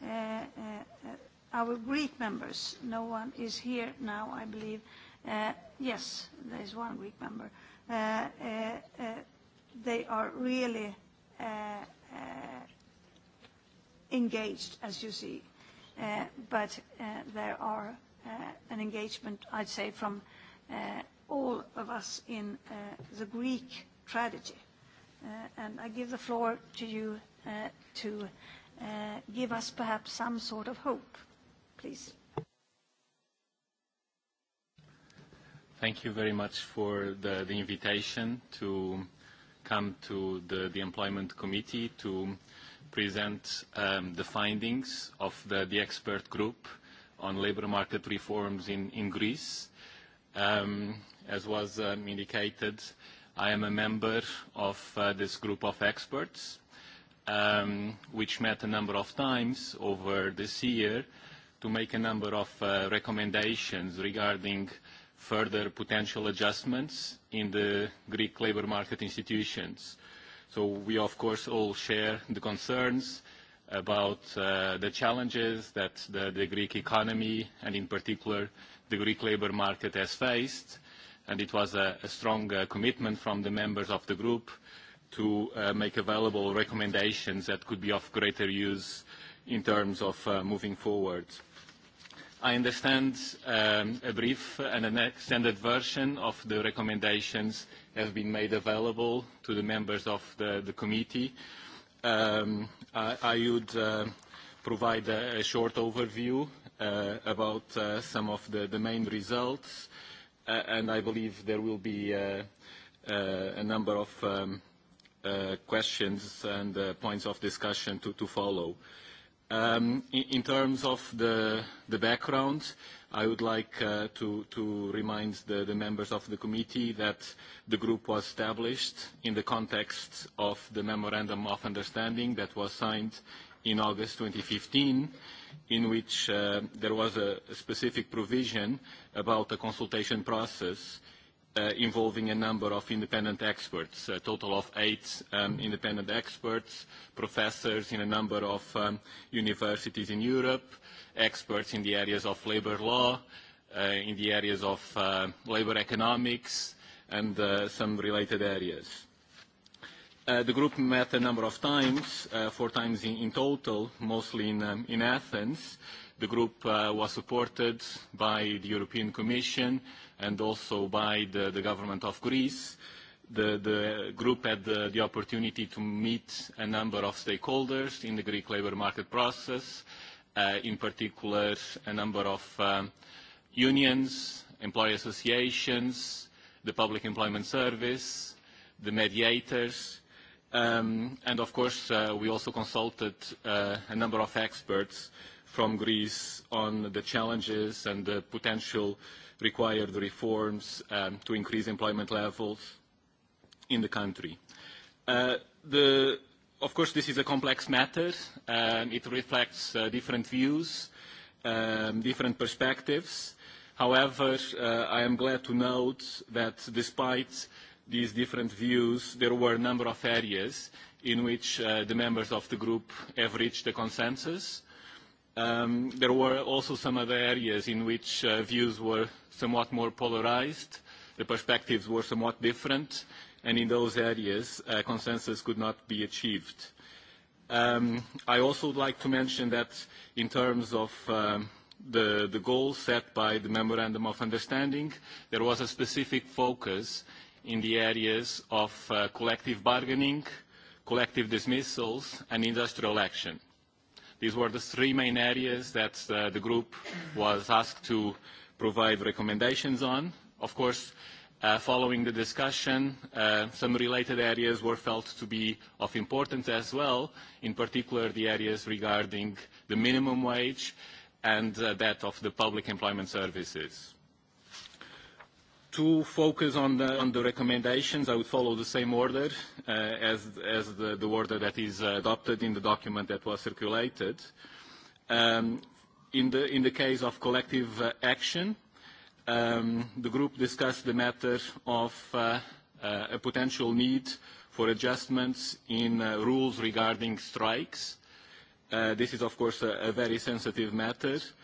Uh, uh, uh, our Greek members. No one is here now, I believe. Uh, yes, there is one Greek member. They are really engaged, as you see. But there are an engagement, I'd say, from all of us in the Greek tragedy. And I give the floor to you to Uh, give us perhaps some sort of hope, please? Thank you very much for the, the invitation to come to the, the Employment Committee to present um, the findings of the, the expert group on labor market reforms in, in Greece. Um, as was um, indicated, I am a member of uh, this group of experts um, which met a number of times over this year to make a number of uh, recommendations regarding further potential adjustments in the Greek labor market institutions. So we, of course, all share the concerns about uh, the challenges that the, the Greek economy and, in particular, the Greek labor market has faced. And it was a, a strong uh, commitment from the members of the group uh, to uh, make available recommendations that could be of greater use in terms of uh, moving forward. I understand um, a brief and an extended version of the recommendations have been made available to the members of the, the committee. Um, I, I would uh, provide a, a short overview uh, about uh, some of the, the main results, uh, and I believe there will be uh, uh, a number of um, uh, questions and uh, points of discussion to, to follow. Um, in, in terms of the, the background, I would like uh, to, to remind the, the members of the committee that the group was established in the context of the Memorandum of Understanding that was signed in August 2015, in which uh, there was a, a specific provision about the consultation process uh, uh, involving a number of independent experts, a total of eight um, independent experts, professors in a number of um, universities in Europe, experts in the areas of labor law, uh, in the areas of uh, labor economics, and uh, some related areas. Uh, the group met a number of times, uh, four times in, in total, mostly in, um, in Athens. The group uh, was supported by the European Commission, and also by the, the government of Greece. The, the group had the, the opportunity to meet a number of stakeholders in the Greek labour market process, uh, in particular a number of um, unions, employee associations, the Public Employment Service, the mediators, um, and of course uh, we also consulted uh, a number of experts from Greece on the challenges and the potential uh, required reforms um, to increase employment levels in the country. Uh, the, of course, this is a complex matter. Um, it reflects uh, different views, um, different perspectives. However, uh, I am glad to note that despite these different views, there were a number of areas in which uh, the members of the group have reached a consensus. Um, there were also some other areas in which uh, views were somewhat more polarized, the perspectives were somewhat different, and in those areas, uh, consensus could not be achieved. Um, I also would like to mention that in terms of um, the, the goals set by the Memorandum of Understanding, there was a specific focus in the areas of uh, collective bargaining, collective dismissals, and industrial action. These were the three main areas that uh, the group was asked to provide recommendations on. Of course, uh, following the discussion, uh, some related areas were felt to be of importance as well, in particular the areas regarding the minimum wage and uh, that of the public employment services to focus on the, on the recommendations, I would follow the same order uh, as, as the, the order that is uh, adopted in the document that was circulated. Um, in, the, in the case of collective uh, action, um, the group discussed the matter of uh, uh, a potential need for adjustments in uh, rules regarding strikes. Uh, this is, of course, a, a very sensitive matter. Uh,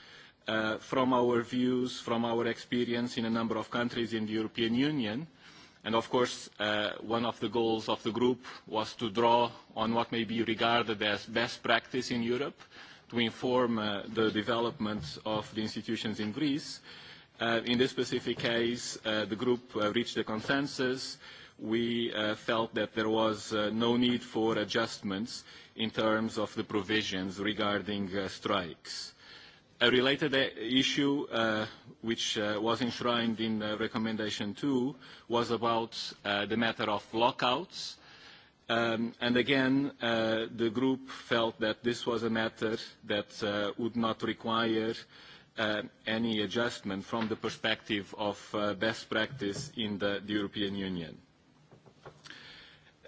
uh, from our views, from our experience in a number of countries in the European Union. And of course, uh, one of the goals of the group was to draw on what may be regarded as best practice in Europe to inform uh, the development of the institutions in Greece. Uh, in this specific case, uh, the group uh, reached a consensus. We uh, felt that there was uh, no need for adjustments in terms of the provisions regarding uh, strikes. A related uh, issue, uh, which uh, was enshrined in uh, recommendation two, was about uh, the matter of lockouts. Um, and again, uh, the group felt that this was a matter that uh, would not require uh, any adjustment from the perspective of uh, best practice in the, the European Union.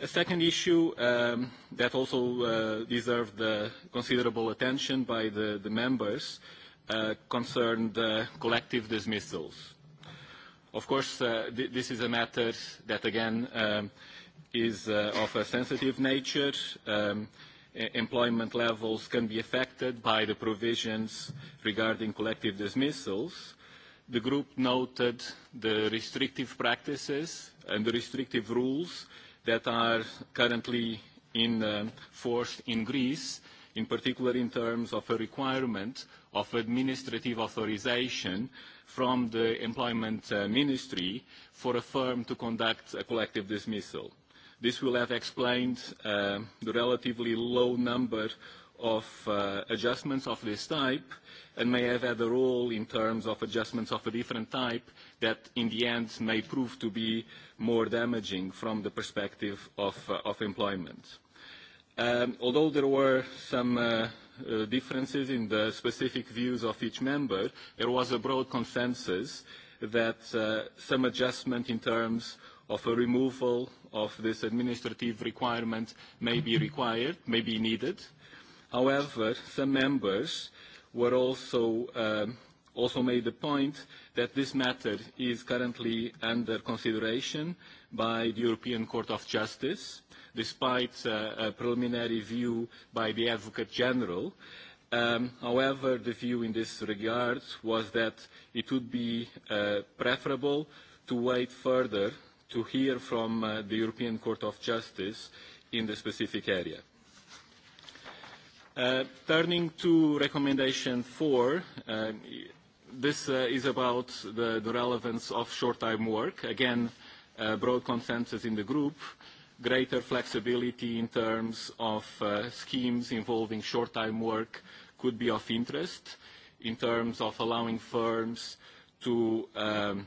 A second issue um, that also uh, deserved uh, considerable attention by the, the members uh, uh, concerned uh, collective dismissals. Of course, uh, th this is a matter that, again, um, is uh, of a sensitive nature. Um, e-, employment levels can be affected by the provisions regarding collective dismissals. The group noted the restrictive practices and the restrictive rules that are currently in um, force in Greece, in particular in terms of a requirement of administrative authorization from the Employment uh, Ministry for a firm to conduct a collective dismissal. This will have explained uh, the relatively low number of uh, adjustments of this type and may have had a role in terms of adjustments of a different type that in the end may prove to be more damaging from the perspective of, uh, of employment. Um, although there were some uh, uh, differences in the specific views of each member, there was a broad consensus that uh, some adjustment in terms of a removal of this administrative requirement may be required, may be needed. However, some members were also, um, also made the point that this matter is currently under consideration by the European Court of Justice, uh, despite uh, a preliminary view by the Advocate General. Um, however, the view in this regard was that it would be uh, preferable to wait further to hear from uh, the European Court of Justice in the specific area. Uh, turning to recommendation four, uh, this uh, is about the, the relevance of short-time work. Again, uh, broad consensus in the group. Uh, greater flexibility in terms of uh, schemes involving short-time work could be of interest in terms of allowing firms to, um,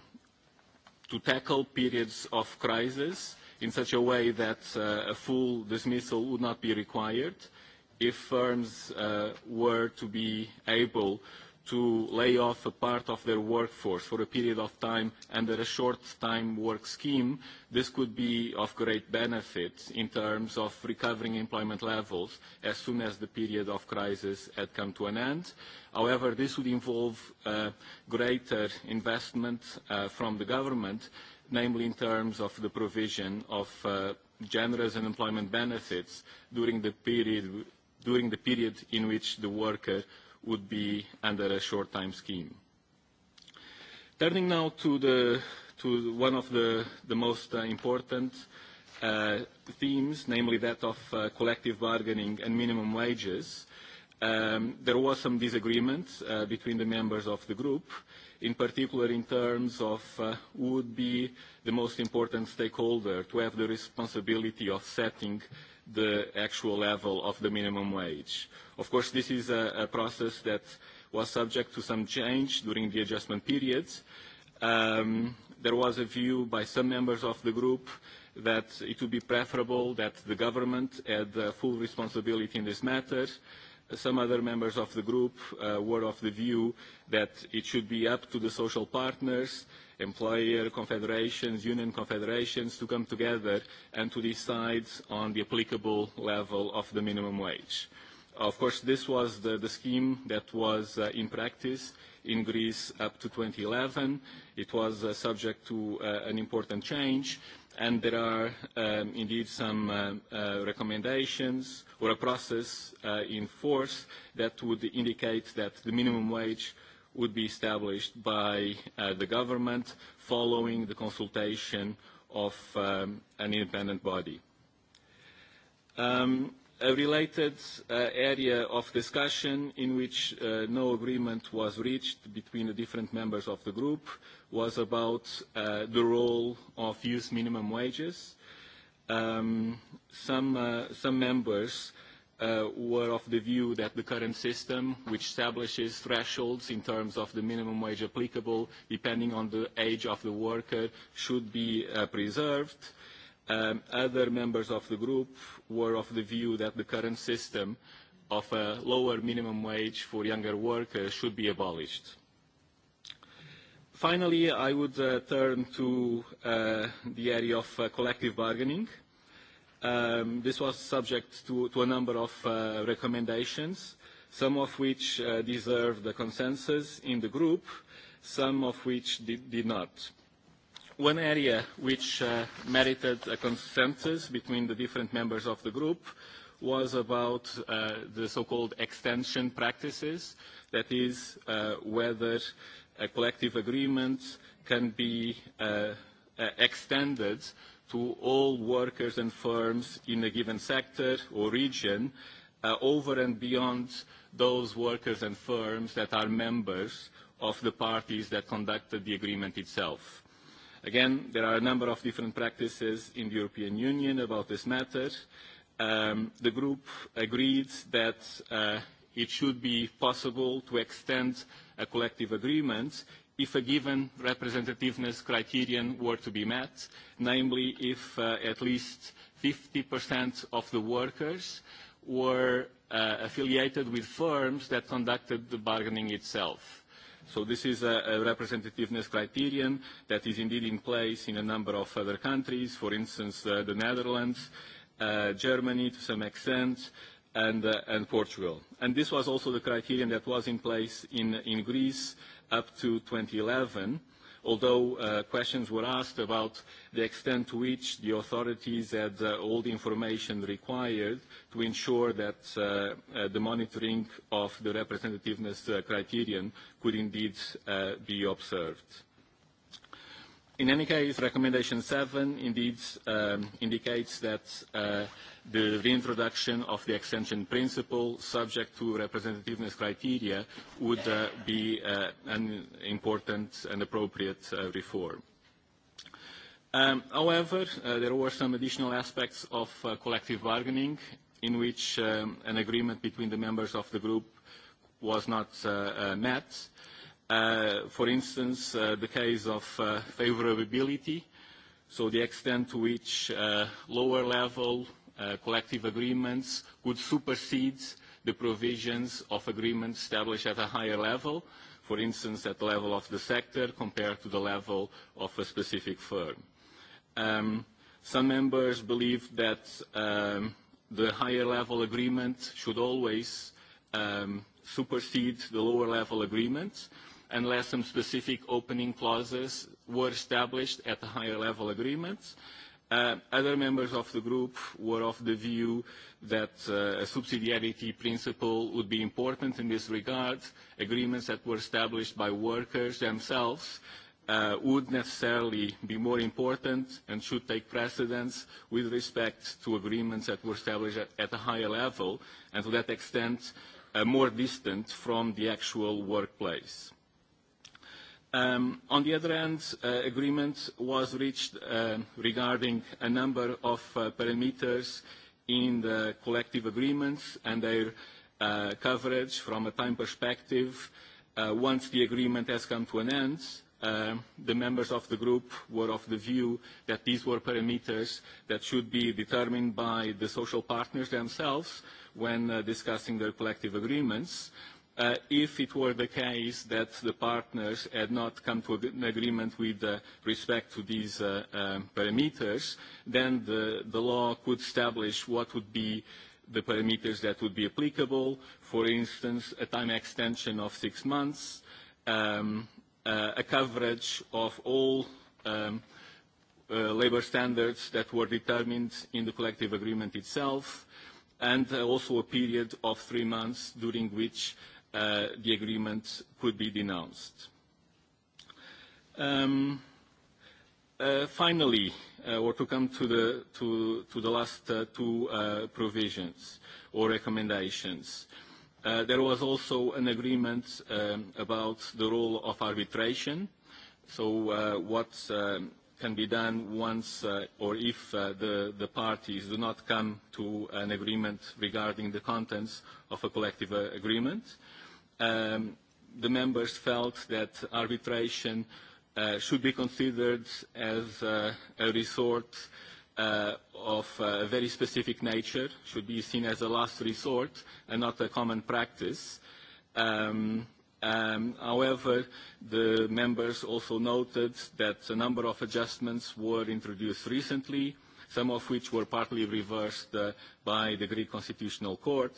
to tackle periods of crisis in such a way that uh, a full dismissal would not be required if firms uh, were to be able to lay off a part of their workforce for a period of time under a short-time work scheme, this could be of great benefit in terms of recovering employment levels as soon as the period of crisis had come to an end. However, this would involve uh, greater investment uh, from the government, namely in terms of the provision of uh, generous unemployment benefits during the period during the period in which the worker would be under a short-time scheme. Turning now to, the, to one of the, the most uh, important uh, themes, namely that of uh, collective bargaining and minimum wages, um, there was some disagreement uh, between the members of the group, in particular in terms of uh, who would be the most important stakeholder to have the responsibility of setting the actual level of the minimum wage. Of course, this is a, a process that was subject to some change during the adjustment periods. Um, there was a view by some members of the group that it would be preferable that the government had uh, full responsibility in this matter. Some other members of the group uh, were of the view that it should be up to the social partners employer confederations, union confederations to come together and to decide on the applicable level of the minimum wage. Of course, this was the, the scheme that was uh, in practice in Greece up to 2011. It was uh, subject to uh, an important change, and there are um, indeed some uh, uh, recommendations or a process uh, in force that would indicate that the minimum wage uh, would be established by uh, the government following the consultation of um, an independent body. Um, a related uh, area of discussion in which uh, no agreement was reached between the different members of the group was about uh, the role of youth minimum wages. Um, some, uh, some members uh, uh, were of the view that the current system, which establishes thresholds in terms of the minimum wage applicable depending on the age of the worker, should be uh, preserved. Um, other members of the group were of the view that the current system of a lower minimum wage for younger workers should be abolished. Finally, I would uh, turn to uh, the area of uh, collective bargaining. Uh, Um, this was subject to, to a number of uh, recommendations, some of which uh, deserved the consensus in the group, some of which did, did not. One area which uh, merited a consensus between the different members of the group was about uh, the so-called extension practices, that is, uh, whether a collective agreement can be uh, uh, extended uh, to all workers and firms in a given sector or region uh, over and beyond those workers and firms that are members of the parties that conducted the agreement itself. Again, there are a number of different practices in the European Union about this matter. Um, the group agreed that uh, it should be possible to extend a collective agreement if a given representativeness criterion were to be met, namely if uh, at least 50% of the workers were uh, affiliated with firms that conducted the bargaining itself. So this is a, a representativeness criterion that is indeed in place in a number of other countries, for instance, uh, the Netherlands, uh, Germany to some extent, and, uh, and Portugal. And this was also the criterion that was in place in, in Greece up to 2011, although uh, questions were asked about the extent to which the authorities had uh, all the information required to ensure that uh, uh, the monitoring of the representativeness uh, criterion could indeed uh, be observed. In any case, recommendation 7 indeed um, indicates that uh, the reintroduction of the exemption principle subject to representativeness criteria would uh, be uh, an important and appropriate uh, reform. Um, however, uh, there were some additional aspects of uh, collective bargaining in which um, an agreement between the members of the group was not uh, uh, met. Uh, for instance, uh, the case of uh, favorability, so the extent to which uh, lower level uh, collective agreements could supersede the provisions of agreements established at a higher level, for instance, at the level of the sector compared to the level of a specific firm. Um, some members believe that um, the higher level agreement should always um, supersede the lower level agreement unless some specific opening clauses were established at the higher level agreement Uh, other members of the group were of the view that uh, a subsidiarity principle would be important in this regard. Agreements that were established by workers themselves uh, would necessarily be more important and should take precedence with respect to agreements that were established at, at a higher level and to that extent uh, more distant from the actual workplace. Um, on the other hand, uh, agreement was reached uh, regarding a number of uh, parameters in the collective agreements and their uh, coverage from a time perspective. Uh, once the agreement has come to an end, uh, the members of the group were of the view that these were parameters that should be determined by the social partners themselves when uh, discussing their collective agreements. Uh, uh, if it were the case that the partners had not come to an agreement with uh, respect to these uh, um, parameters, then the, the law could establish what would be the parameters that would be applicable. For instance, a time extension of six months, um, uh, a coverage of all um, uh, labor standards that were determined in the collective agreement itself, and uh, also a period of three months during which uh, uh, the agreement could be denounced. Um, uh, finally, uh, or to come to the, to, to the last uh, two uh, provisions or recommendations, uh, there was also an agreement um, about the role of arbitration. So uh, what um, can be done once uh, or if uh, the, the parties do not come to an agreement regarding the contents of a collective uh, agreement. Uh, um, the members felt that arbitration uh, should be considered as uh, a resort uh, of a very specific nature, should be seen as a last resort and not a common practice. Um, Um, however, the members also noted that a number of adjustments were introduced recently, uh, some of which were partly reversed uh, by the Greek Constitutional Court,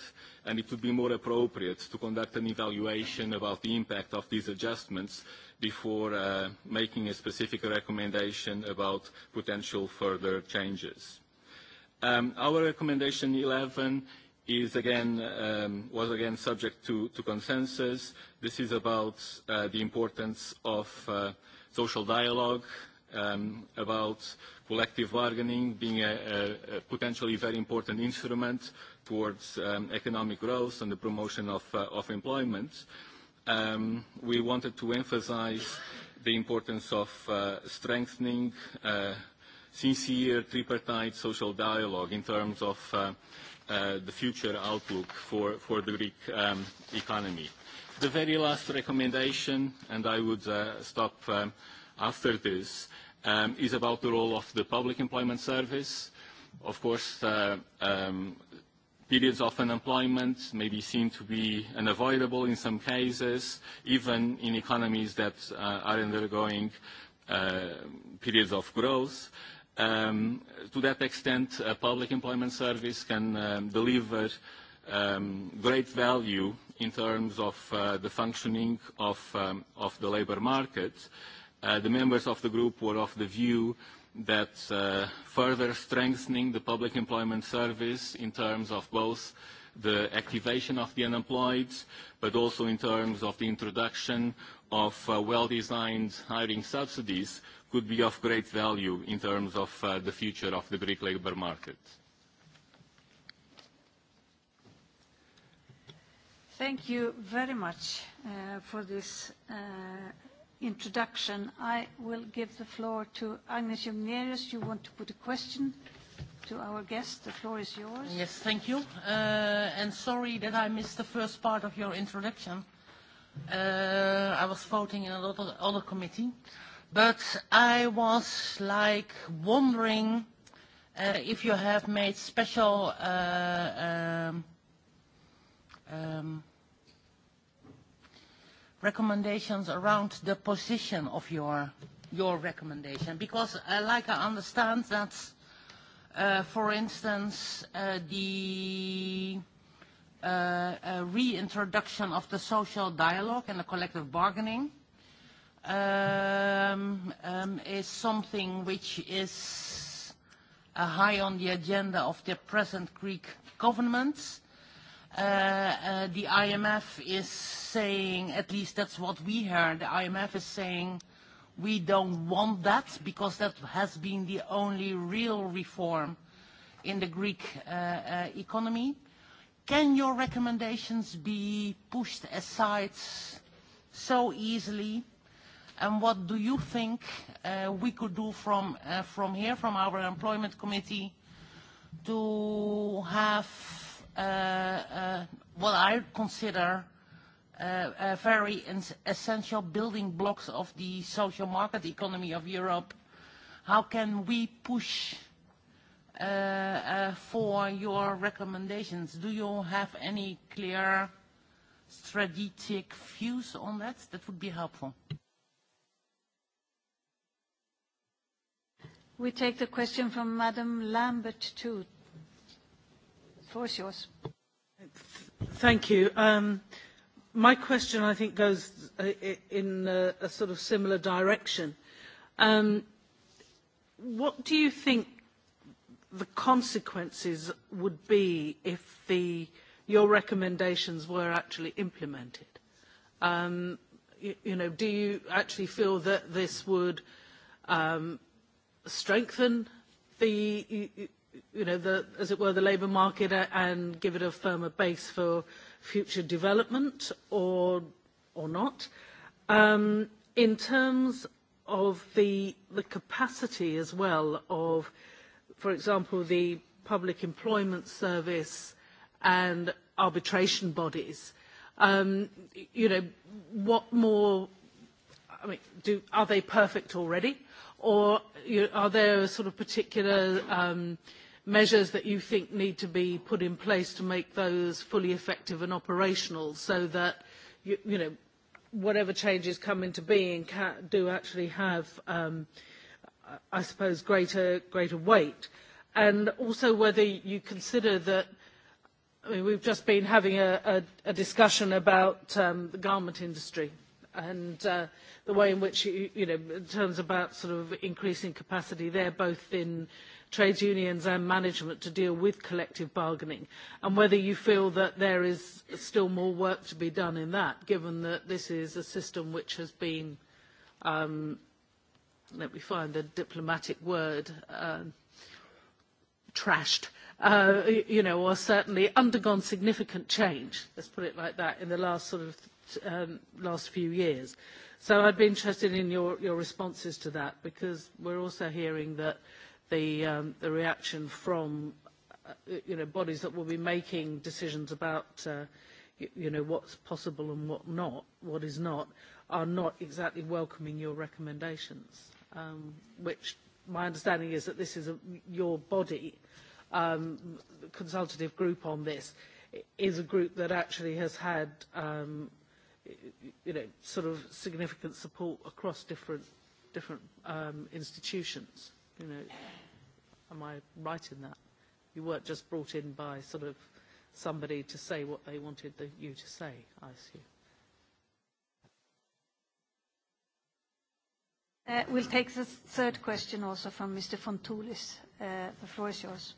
and it would be more appropriate to conduct an evaluation about the impact of these adjustments before uh, making a specific recommendation about potential further changes. Um, our recommendation 11 is again, um, was again subject to, to consensus. This is about uh, the importance of uh, social dialogue, um, about collective bargaining being a, a, a potentially very important instrument towards um, economic growth and the promotion of, uh, of employment. Um, we wanted to emphasize the importance of uh, strengthening uh, sincere tripartite social dialogue in terms of uh, uh, the future outlook for, for the Greek um, economy. The very last recommendation, and I would uh, stop um, uh, after this um, is about the role of the public employment service. Of course, uh, um, periods of unemployment may be seen to be unavoidable in some cases, even in economies that uh, are undergoing uh, periods of growth. Um, to that extent, a public employment service can um, deliver um, great value in terms of uh, the functioning of, um, of the labor market. Uh, Uh, the members of the group were of the view that uh, further strengthening the public employment service in terms of both the activation of the unemployed, but also in terms of the introduction of uh, well-designed hiring subsidies could be of great value in terms of uh, the future of the Greek labor market. Thank you very much uh, for this uh, introduction, I will give the floor to Agnes Jungerius. You want to put a question to our guest. The floor is yours. Yes, thank you. Uh, and sorry that I missed the first part of your introduction. Uh, I was voting in a lot of other committee, but I was like wondering uh, if you have made special uh, um, um, recommendations around the position of your, your recommendation? Because uh, like I understand that, uh, for instance, uh, the uh, uh, reintroduction of the social dialogue and the collective bargaining um, um, is something which is uh, high on the agenda of the present Greek government. Uh, uh, uh, the IMF is saying, at least that's what we heard, the IMF is saying we don't want that because that has been the only real reform in the Greek uh, uh, economy. Can your recommendations be pushed aside so easily? And what do you think uh, we could do from, uh, from here, from our employment committee, to have uh, uh, what I consider uh, uh, very essential building blocks of the social market economy of Europe. How can we push uh, uh, for your recommendations? Do you have any clear strategic views on that? That would be helpful. We take the question from Madam Lambert, too floor is yours. Thank you. Um, my question, I think, goes uh, in a, uh, a sort of similar direction. Um, what do you think the consequences would be if the, your recommendations were actually implemented? Um, you, you know, do you actually feel that this would um, strengthen the you know, the, as it were, the labour market uh, and give it a firmer base for future development or, or not. Um, in terms of the, the capacity as well of, for example, the Public Employment Service and arbitration bodies, um, you know, what more, I mean, do, are they perfect already? Or you know, are there sort of particular um, uh, measures that you think need to be put in place to make those fully effective and operational so that, you, you know, whatever changes come into being can, do actually have, um, I suppose, greater, greater weight? And also whether you consider that, I mean, we've just been having a, a, a discussion about um, the garment industry and uh, the way in which, you, you know, in terms about sort of increasing capacity there, both in trade unions and management to deal with collective bargaining, and whether you feel that there is still more work to be done in that, given that this is a system which has been, um, let me find the diplomatic word, uh, trashed, uh, you know, or certainly undergone significant change, let's put it like that, in the last sort of um, last few years. So I'd be interested in your, your responses to that because we're also hearing that the, um, the reaction from uh, you know, bodies that will be making decisions about uh, you, you know, what's possible and what not, what is not, are not exactly welcoming your recommendations, um, which my understanding is that this is a, your body, um, consultative group on this, is a group that actually has had um, you know, sort of significant support across different, different um, institutions. You know, am I right in that? You weren't just brought in by sort of somebody to say what they wanted the, you to say, I assume. Uh, we'll take the third question also from Mr. Fontoulis. Uh, the floor is yours.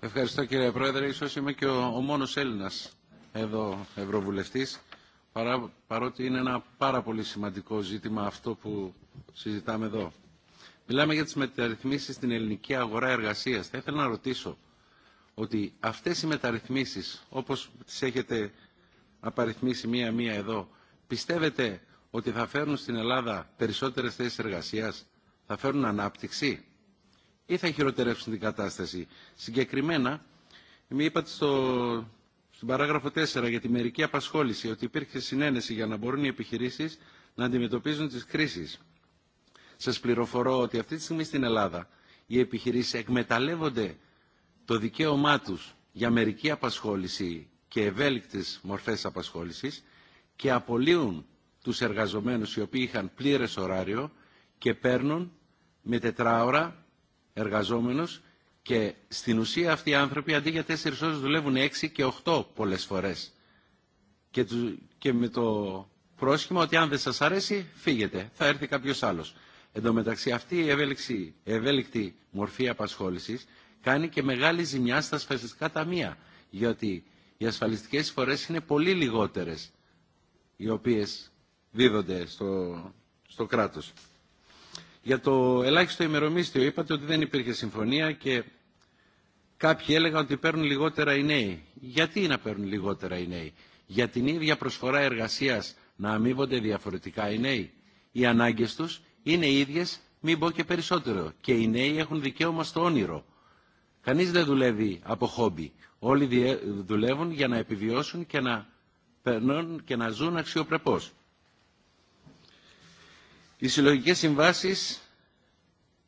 Ευχαριστώ κύριε Πρόεδρε. Ίσως είμαι και ο, ο μόνος Έλληνας εδώ Ευρωβουλευτής, παρά, παρότι είναι ένα πάρα πολύ σημαντικό ζήτημα αυτό που συζητάμε εδώ. Μιλάμε για τις μεταρρυθμίσεις στην ελληνική αγορά εργασίας. Θα ήθελα να ρωτήσω ότι αυτές οι μεταρρυθμίσεις, όπως τις έχετε απαριθμίσει μία-μία εδώ, πιστεύετε ότι θα φέρουν στην Ελλάδα περισσότερες θέσεις εργασίας, θα φέρουν ανάπτυξη ή θα χειροτερεύσουν την κατάσταση. Συγκεκριμένα, Εμείς είπατε στο Στην παράγραφο 4 για τη μερική απασχόληση, ότι υπήρξε συνένεση για να μπορούν οι επιχειρήσεις να αντιμετωπίζουν τις κρίσεις. Σας πληροφορώ ότι αυτή τη στιγμή στην Ελλάδα οι επιχειρήσεις εκμεταλλεύονται το δικαίωμά τους για μερική απασχόληση και ευέλικτες μορφές απασχόλησης και απολύουν τους εργαζομένους οι οποίοι είχαν πλήρες ωράριο και παίρνουν με τετράωρα εργαζόμενους Και στην ουσία αυτοί οι άνθρωποι αντί για τέσσερις ώρες δουλεύουν έξι και οχτώ πολλές φορές. Και, του, και με το πρόσχημα ότι αν δεν σας αρέσει φύγετε, θα έρθει κάποιος άλλος. Εν τω μεταξύ αυτή η ευέλικτη, ευέλικτη μορφή απασχόλησης κάνει και μεγάλη ζημιά στα ασφαλιστικά ταμεία. Γιατί οι ασφαλιστικές φορές είναι πολύ λιγότερες οι οποίες δίδονται στο, στο κράτος. Για το ελάχιστο ημερομίσθιο είπατε ότι δεν υπήρχε συμφωνία και Κάποιοι έλεγαν ότι παίρνουν λιγότερα οι νέοι. Γιατί να παίρνουν λιγότερα οι νέοι. Για την ίδια προσφορά εργασίας να αμείβονται διαφορετικά οι νέοι. Οι ανάγκες τους είναι οι ίδιες, μην πω και περισσότερο. Και οι νέοι έχουν δικαίωμα στο όνειρο. Κανείς δεν δουλεύει από χόμπι. Όλοι δουλεύουν για να επιβιώσουν και να περνούν και να ζουν αξιοπρεπώς. Οι συλλογικές συμβάσεις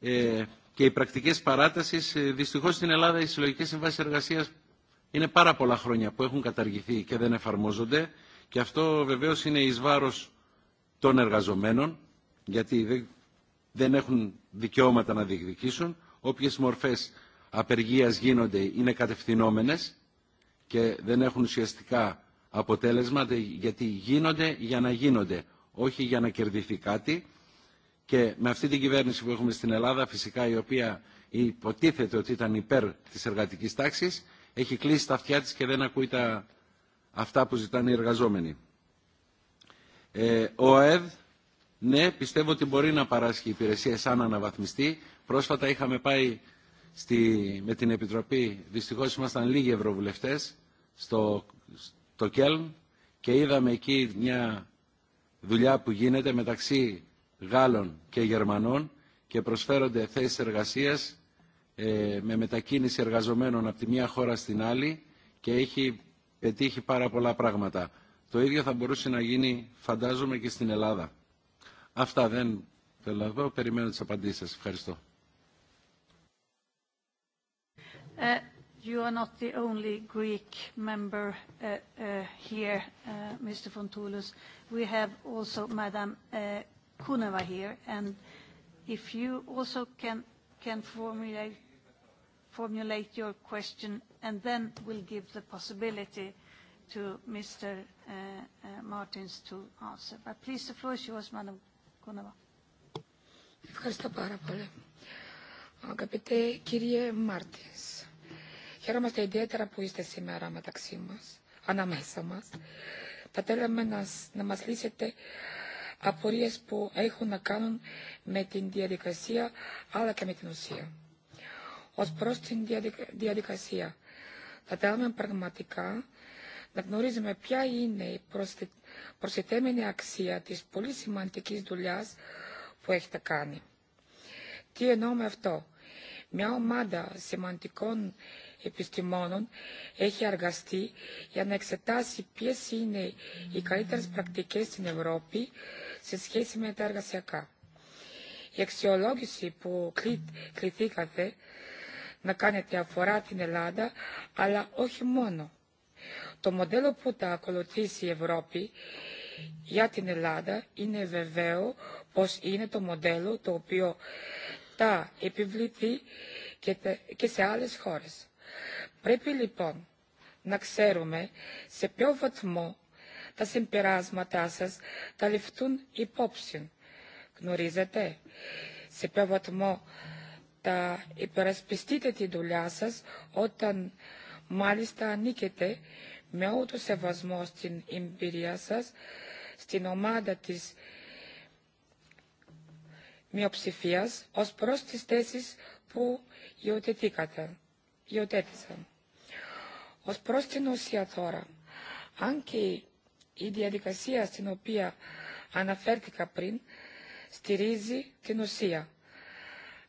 ε, και οι πρακτικές παράτασης. Δυστυχώς στην Ελλάδα οι συλλογικές συμβάσεις εργασίας είναι πάρα πολλά χρόνια που έχουν καταργηθεί και δεν εφαρμόζονται και αυτό βεβαίως είναι εις βάρος των εργαζομένων γιατί δεν έχουν δικαιώματα να διεκδικήσουν. Όποιες μορφές απεργίας γίνονται είναι κατευθυνόμενες και δεν έχουν ουσιαστικά αποτέλεσμα γιατί γίνονται για να γίνονται, όχι για να κερδιθεί κάτι και με αυτή την κυβέρνηση που έχουμε στην Ελλάδα φυσικά η οποία υποτίθεται ότι ήταν υπέρ της εργατικής τάξης έχει κλείσει τα αυτιά της και δεν ακούει τα, αυτά που ζητάνε οι εργαζόμενοι. Ε, ο ΑΕΔ, ναι, πιστεύω ότι μπορεί να παράσχει υπηρεσία σαν αναβαθμιστή. Πρόσφατα είχαμε πάει στη, με την Επιτροπή, δυστυχώς ήμασταν λίγοι ευρωβουλευτές, στο, στο ΚΕΛΜ και είδαμε εκεί μια δουλειά που γίνεται μεταξύ Γάλλων και Γερμανών και προσφέρονται θέσεις εργασίας ε, με μετακίνηση εργαζομένων από τη μία χώρα στην άλλη και έχει πετύχει πάρα πολλά πράγματα. Το ίδιο θα μπορούσε να γίνει, φαντάζομαι, και στην Ελλάδα. Αυτά δεν θέλω να πω. Περιμένω τις απαντήσεις σας. Ευχαριστώ. Uh, you are not the only Greek member uh, uh, here, uh, Mr. Fontoulis. We have also Madam uh, Kuneva here, and if you also can, can formulate, formulate your question, and then we'll give the possibility to Mr. Uh, uh, Martins to answer. But please, the floor is yours, Madam Kuneva. Ευχαριστώ πάρα πολύ. Αγαπητέ κύριε Μάρτινς, χαίρομαστε ιδιαίτερα που είστε σήμερα μεταξύ μας, ανάμεσα μας. Θα θέλαμε να, να μας λύσετε απορίες που έχουν να κάνουν με την διαδικασία αλλά και με την ουσία. Ως προς την διαδικασία, θα θέλουμε πραγματικά να γνωρίζουμε ποια είναι η προσιτέμενη αξία της πολύ σημαντικής δουλειάς που έχετε κάνει. Τι εννοώ με αυτό. Μια ομάδα σημαντικών επιστημόνων έχει εργαστεί για να εξετάσει ποιες είναι οι καλύτερες πρακτικές στην Ευρώπη σε σχέση με τα εργασιακά. Η αξιολόγηση που κληθήκατε να κάνετε αφορά την Ελλάδα, αλλά όχι μόνο. Το μοντέλο που θα ακολουθήσει η Ευρώπη για την Ελλάδα είναι βεβαίο πως είναι το μοντέλο το οποίο θα επιβληθεί και, και σε άλλες χώρες. Πρέπει λοιπόν να ξέρουμε σε ποιο βαθμό tasemperadas matasas taliftun υπόψη. Γνωρίζετε, σε ποιο βαθμό τα υπερασπιστείτε τη δουλειά σας όταν μάλιστα ανήκετε με όλο σεβασμό στην εμπειρία σας, στην ομάδα της μειοψηφίας ως προς τις θέσεις που υιοθέτησαν. Ως προς την ουσία τώρα, αν και η διαδικασία στην οποία αναφέρθηκα πριν στηρίζει την ουσία.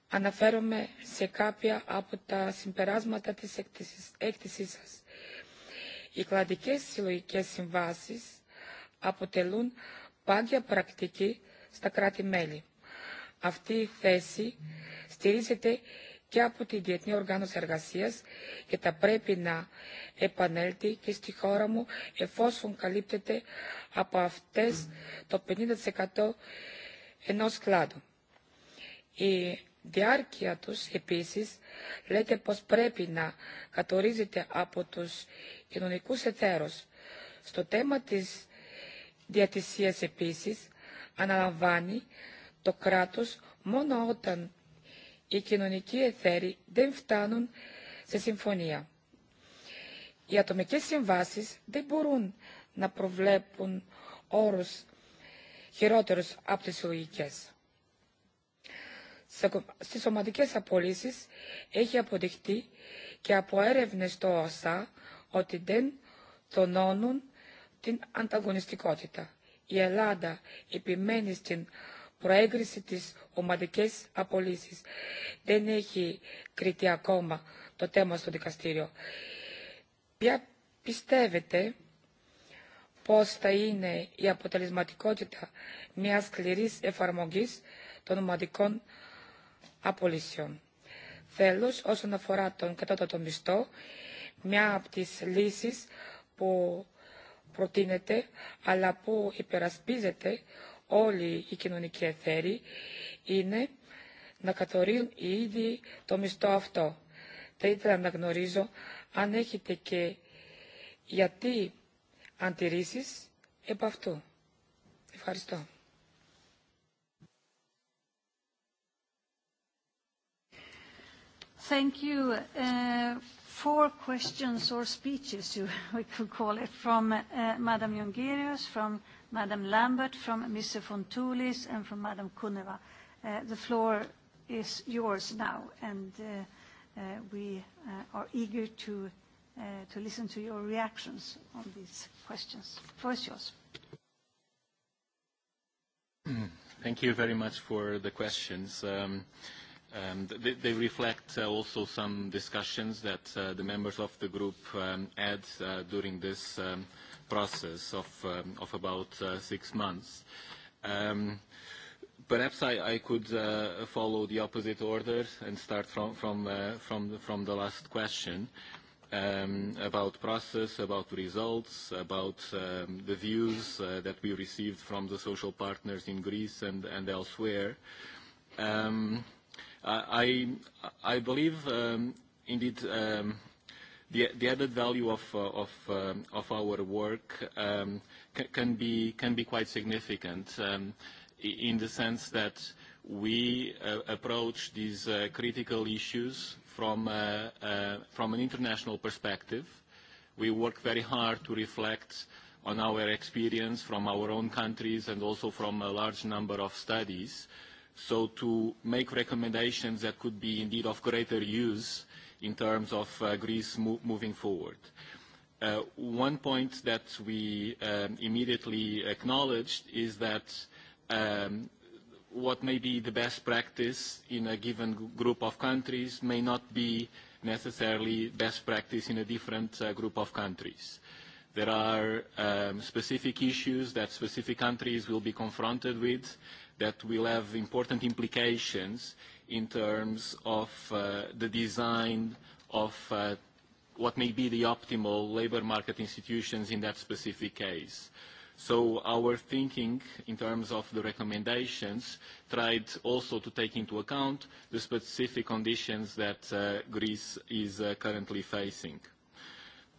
Αναφέρομαι σε κάποια από τα συμπεράσματα της έκθεσής σας. Οι κλαδικές συλλογικές συμβάσεις αποτελούν πάγια πρακτική στα κράτη-μέλη. Αυτή η θέση στηρίζεται και από τη Διεθνή Οργάνωση Εργασίας και θα πρέπει να επανέλθει και στη χώρα μου εφόσον καλύπτεται από αυτές το 50% ενός κλάδου. Η διάρκεια τους επίσης λέτε πως πρέπει να καθορίζεται από τους κοινωνικούς εταίρους. Στο θέμα της διατησίας επίσης αναλαμβάνει το κράτος μόνο όταν οι κοινωνικοί εταίροι δεν φτάνουν σε συμφωνία. Οι ατομικές συμβάσεις δεν μπορούν να προβλέπουν όρους χειρότερους από τις συλλογικές. Στις σωματικές απολύσεις έχει αποδειχτεί και από έρευνες στο ΩΣΑ ότι δεν τονώνουν την ανταγωνιστικότητα. Η Ελλάδα επιμένει στην προέγκριση της ομαδικής απολύσης. Δεν έχει κριθεί ακόμα το θέμα στο δικαστήριο. Ποια πιστεύετε πώς θα είναι η αποτελεσματικότητα μιας σκληρής εφαρμογής των ομαδικών απολύσεων. Τέλος, όσον αφορά τον κατώτατο μισθό, μια από τις λύσεις που προτείνεται αλλά που υπερασπίζεται όλοι οι κοινωνικοί εταίροι είναι να καθορίζουν οι ίδιοι το μισθό αυτό. Θα ήθελα να γνωρίζω αν έχετε και γιατί αντιρρήσεις επ' αυτού. Ευχαριστώ. Thank you. Uh, four questions or speeches, you, we could call it, from uh, Madame Jongerius, from Madam Lambert, from Mr. Fontoulis, and from Madam Kuneva. Uh, the floor is yours now, and uh, uh, we uh, are eager to, uh, to listen to your reactions on these questions. The floor is yours. Thank you very much for the questions. Um, um, they, they reflect uh, also some discussions that uh, the members of the group um, had uh, during this um, uh, process of, um, of about uh, six months. Um, perhaps I, I could uh, follow the opposite order and start from, from, uh, from, the, from the last question um, about process, about results, about um, the views uh, that we received from the social partners in Greece and, and elsewhere. Um, I, I believe, um, indeed, um, The, the added value of, uh, of, um, of our work um, can, be, can be quite significant um, in the sense that we uh, approach these uh, critical issues from, uh, uh, from an international perspective. We work very hard to reflect on our experience from our own countries and also from a large number of studies, so to make recommendations that could be indeed of greater use in terms of uh, Greece mo moving forward. Uh, one point that we um, immediately acknowledged is that um, what may be the best practice in a given group of countries may not be necessarily best practice in a different uh, group of countries. There are um, specific issues that specific countries will be confronted with that will have important implications in terms of uh, the design of uh, what may be the optimal labor market institutions in that specific case. So our thinking in terms of the recommendations tried also to take into account the specific conditions that uh, Greece is uh, currently facing.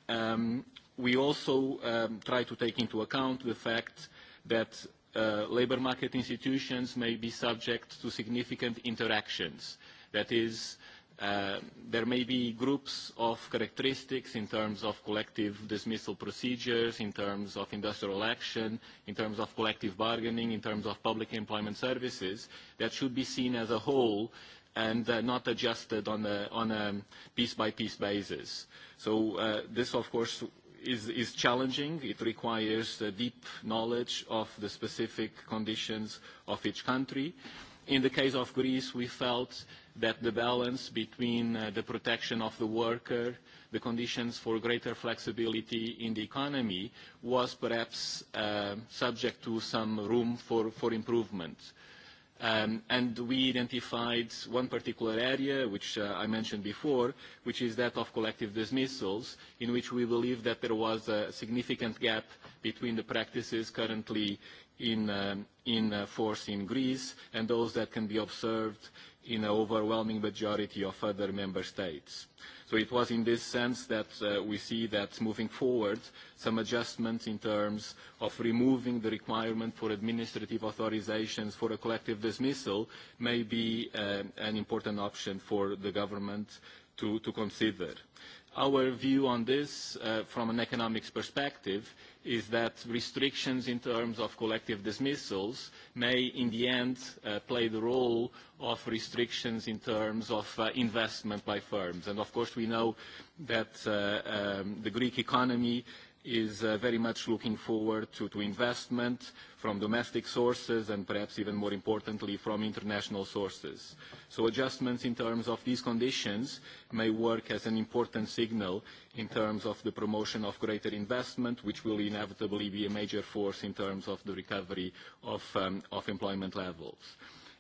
Um, we also um, try to take into account the fact that uh, labor market institutions may be subject to significant interactions. That is, uh, there may be groups of characteristics in terms of collective dismissal procedures, in terms of industrial action, in terms of collective bargaining, in terms of public employment services, that should be seen as a whole and uh, not adjusted on a piece-by-piece -piece basis. So uh, this, of course, is, is challenging. It requires a deep knowledge of the specific conditions of each country. In the case of Greece, we felt that the balance between uh, the protection of the worker, the conditions for greater flexibility in the economy was perhaps uh, subject to some room for, for improvement. Uh, Um, and we identified one particular area, which uh, I mentioned before, which is that of collective dismissals, in which we believe that there was a significant gap between the practices currently in, um, in uh, force in Greece and those that can be observed in an overwhelming majority of other member states. Uh, So it was in this sense that uh, we see that moving forward, some adjustments in terms of removing the requirement for administrative authorizations for a collective dismissal may be uh, an important option for the government to, to consider. Our view on this uh, from an economics perspective is that restrictions in terms of collective dismissals may, in the end, uh, play the role of restrictions in terms of uh, investment by firms. And of course, we know that uh, um, the Greek economy is uh, very much looking forward to, to investment from domestic sources and perhaps even more importantly from international sources. So adjustments in terms of these conditions may work as an important signal in terms of the promotion of greater investment, which will inevitably be a major force in terms of the recovery of, um, of employment levels.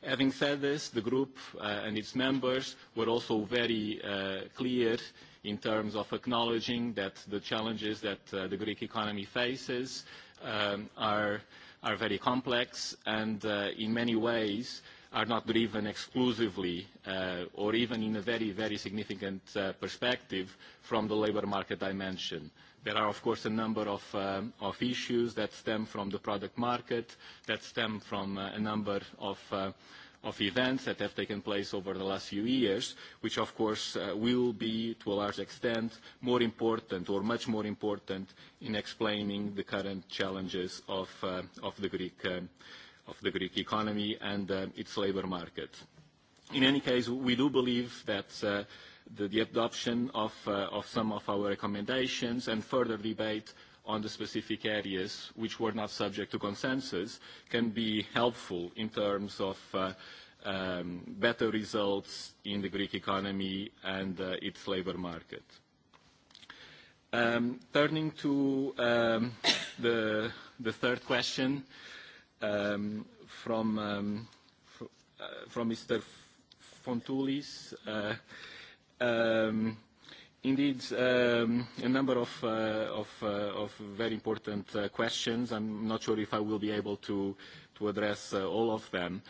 Having said this, the group uh, and its members were also very uh, clear uh, in terms of acknowledging that the challenges that uh, the Greek economy faces um, are, are very complex and uh, in many ways are not driven exclusively uh, or even in a very, very significant uh, perspective from the labor market dimension. There are, of course, a number of, um, of issues that stem from the product market, that stem from uh, a number of uh, of events that have taken place over the last few years, which of course uh, will be, to a large extent, more important or much more important in explaining the current challenges of, uh, of, the, Greek, uh, of the Greek economy and uh, its labor market. In any case, we do believe that uh, the, the adoption of, uh, of some of our recommendations and further debate on the specific areas which were not subject to consensus can be helpful in terms of uh, um, better results in the Greek economy and uh, its labor market. Um, turning to um, the, the third question um, from, um, fr uh, from Mr. Fontoulis, uh, um, Indeed, um, a number of, uh, of, uh, of very important uh, questions. I'm not sure if I will be able to, to address uh, all of them.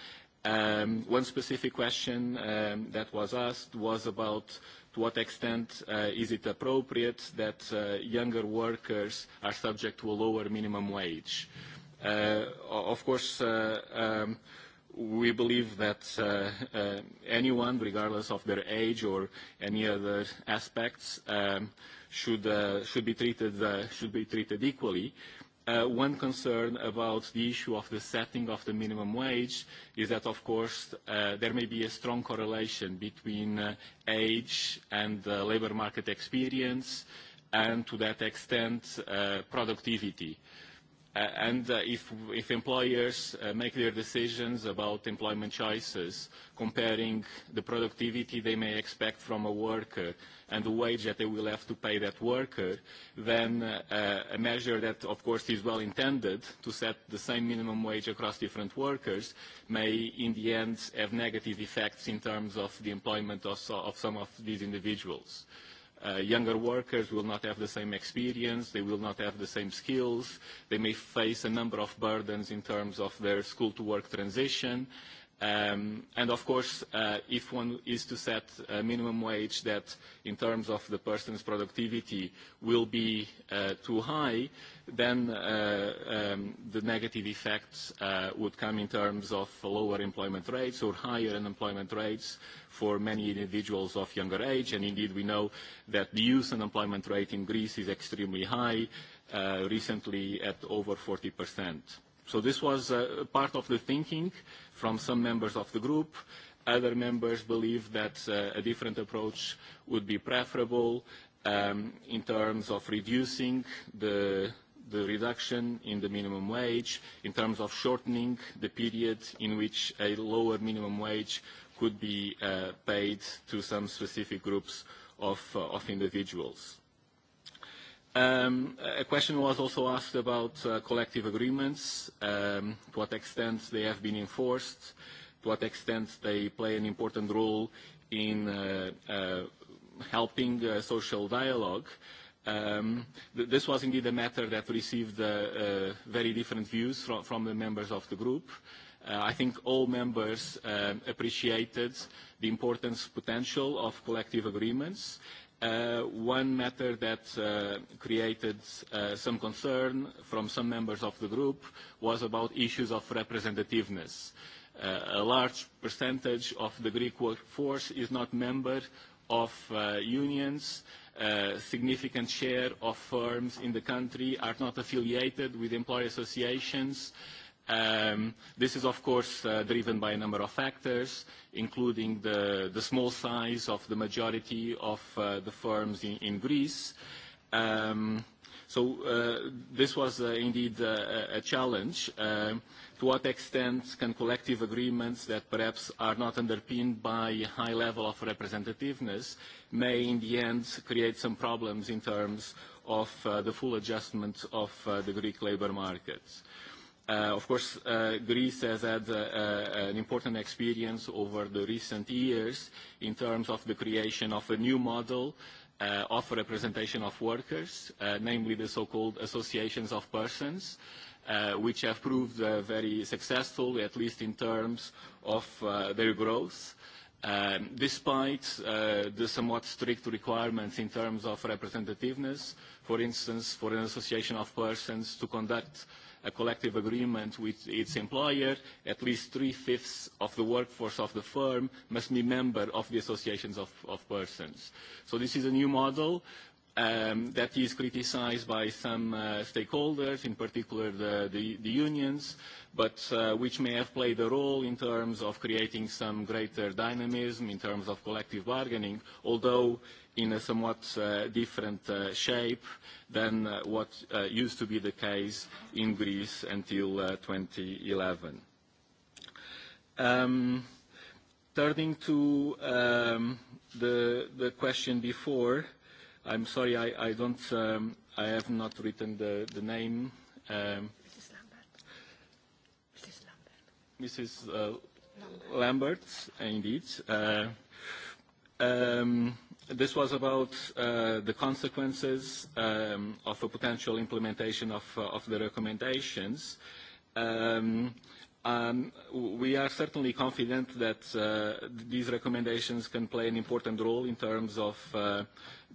Um, one specific question um, that was asked was about to what extent uh, is it appropriate that uh, younger workers are subject to a lower minimum wage. Uh, of course, uh, um, uh, we believe that uh, uh, anyone, regardless of their age or any other aspects, um, should uh, should be treated uh, should be treated equally. Uh, one concern about the issue of the setting of the minimum wage is that, of course, uh, there may be a strong correlation between uh, age and uh, labor market experience, and to that extent, uh, productivity. Uh, Uh, and uh, if, if employers uh, make their decisions about employment choices, comparing the productivity they may expect from a worker and the wage that they will have to pay that worker, then uh, a measure that, of course, is well intended to set the same minimum wage across different workers may, in the end, have negative effects in terms of the employment of, so, of some of these individuals. Uh, Uh, younger workers will not have the same experience, they will not have the same skills, they may face a number of burdens in terms of their school-to-work transition. Uh, Um, and of course, uh, if one is to set a minimum wage that, in terms of the person's productivity, will be uh, too high, then uh, um, the negative effects uh, would come in terms of lower employment rates or higher unemployment rates for many individuals of younger age. And indeed, we know that the youth unemployment rate in Greece is extremely high, uh, recently at over 40 percent. Uh, So this was uh, part of the thinking from some members of the group. Other members believe that uh, a different approach would be preferable um, in terms of reducing the, the reduction in the minimum wage, in terms of shortening the period in which a lower minimum wage could be uh, paid to some specific groups of, uh, of individuals. Um, a question was also asked about uh, collective agreements, um, to what extent they have been enforced, to what extent they play an important role in uh, uh, helping uh, social dialogue. Um, th this was indeed a matter that received uh, uh, very different views from, from the members of the group. Uh, I think all members uh, appreciated the importance potential of collective agreements uh, Uh, one matter that uh, created uh, some concern from some members of the group was about issues of representativeness. Uh, a large percentage of the Greek workforce is not member of uh, unions. A uh, significant share of firms in the country are not affiliated with employee associations. Uh, Um, this is, of course, uh, driven by a number of factors, including the, the small size of the majority of uh, the firms in, in Greece. Um, so uh, this was uh, indeed uh, a challenge. Uh, to what extent can collective agreements that perhaps are not underpinned by a high level of representativeness may in the end create some problems in terms of uh, the full adjustment of uh, the Greek labor markets? Uh, Uh, of course, uh, Greece has had uh, uh, an important experience over the recent years in terms of the creation of a new model uh, of representation of workers, uh, namely the so-called associations of persons, uh, which have proved uh, very successful, at least in terms of uh, their growth. Um, despite uh, the somewhat strict requirements in terms of representativeness, for instance, for an association of persons to conduct uh, a collective agreement with its employer, at least three-fifths of the workforce of the firm must be member of the associations of, of persons. So this is a new model um, that is criticized by some uh, stakeholders, in particular the, the, the unions, but uh, which may have played a role in terms of creating some greater dynamism in terms of collective bargaining, although in a somewhat uh, different uh, shape than uh, what uh, used to be the case in Greece until uh, 2011. Um, turning to um, the, the question before, uh, I'm sorry, I, I don't, um, I have not written the, the name. Um, Mrs. Lambert. Mrs. Lambert. Mrs. Uh, Lambert, indeed. Uh, um, this was about uh, the consequences um, of a potential implementation of, uh, of the recommendations. Um, um, we are certainly confident that uh, these recommendations can play an important role in terms of uh,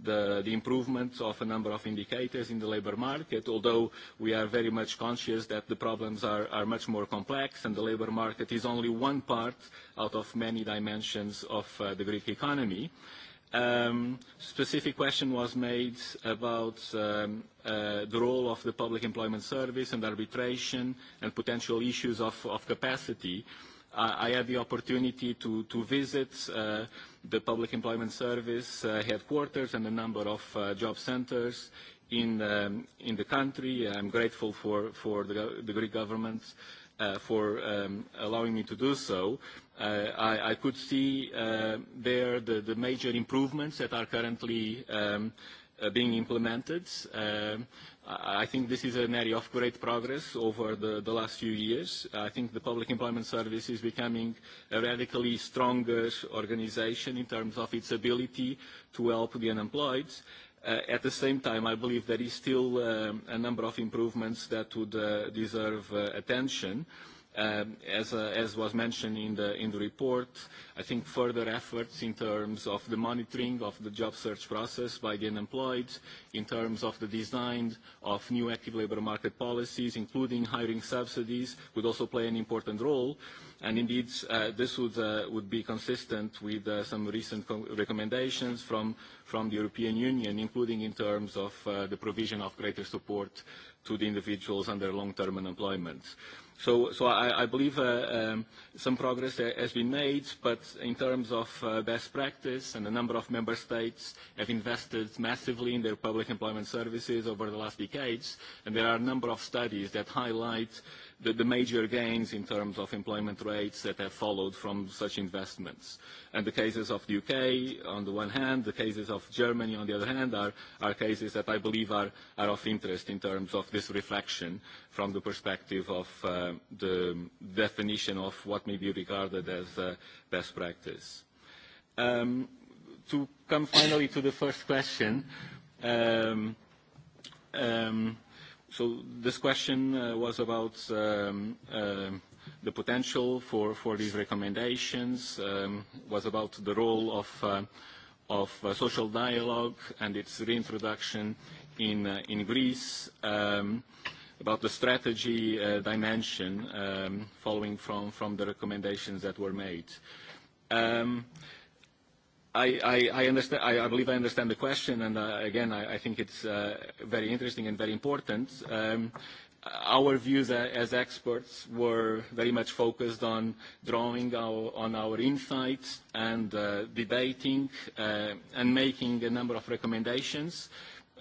the, the improvement of a number of indicators in the labor market, although we are very much conscious that the problems are, are much more complex and the labor market is only one part out of many dimensions of uh, the Greek economy. Um, specific question was made about um, uh, the role of the public employment service and arbitration and potential issues of, of capacity. I, I had the opportunity to, to visit uh, the Public Employment Service uh, headquarters and a number of uh, job centers in, um, in the country. I'm grateful for, for the, the Greek government uh, for um, allowing me to do so. Uh, I, I could see uh, there the, the major improvements that are currently um, uh, being implemented. Um, uh, I think this is an area of great progress over the, the last few years. I think the Public Employment Service is becoming a radically stronger organization in terms of its ability to help the unemployed. Uh, at the same time, I believe there is still um, a number of improvements that would uh, deserve uh, attention. Uh, Um, as, uh, as was mentioned in the, in the report, I think further efforts in terms of the monitoring of the job search process by the unemployed, in terms of the design of new active labor market policies, including hiring subsidies, would also play an important role. And indeed, uh, this would, uh, would be consistent with uh, some recent recommendations from, from the European Union, including in terms of uh, the provision of greater support to the individuals under long-term unemployment. Uh, So, so I, I believe uh, um, some progress has been made, but in terms of uh, best practice, and a number of member states have invested massively in their public employment services over the last decades, and there are a number of studies that highlight uh, the, the major gains in terms of employment rates that have followed from such investments. And the cases of the U.K. on the one hand, the cases of Germany on the other hand, are, are cases that I believe are, are of interest in terms of this reflection from the perspective of uh, the definition of what may be regarded as uh, best practice. Um, to come finally to the first question, um, um, So this question uh, was about um, uh, the potential for, for these recommendations, um, was about the role of, uh, of uh, social dialogue and its reintroduction in, uh, in Greece, um, about the strategy uh, dimension um, following from, from the recommendations that were made. Um, uh, I, I, understand, I, I believe I understand the question, and uh, again, I, I think it's uh, very interesting and very important. Um, our views as experts were very much focused on drawing our, on our insights and uh, debating uh, and making a number of recommendations.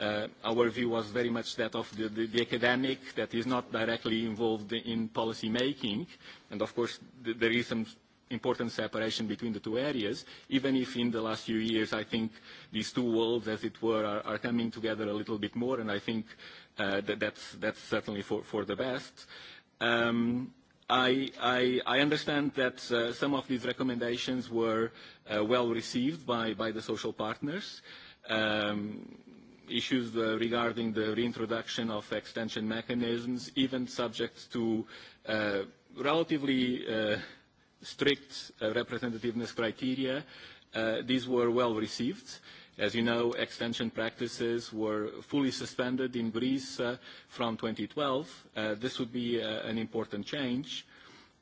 Uh, our view was very much that of the, the, the academic that is not directly involved in policy making. And of course, th there is some important separation between the two areas, even if in the last few years I think these two worlds, as it were, are, are coming together a little bit more, and I think uh, that that's, that's certainly for, for the best. Um, I, I, I understand that uh, some of these recommendations were uh, well received by, by the social partners. Um, issues uh, regarding the reintroduction of extension mechanisms, even subject to uh, relatively uh, strict uh, representativeness criteria. Uh, these were well received. As you know, extension practices were fully suspended in Greece uh, from 2012. Uh, this would be uh, an important change. Uh,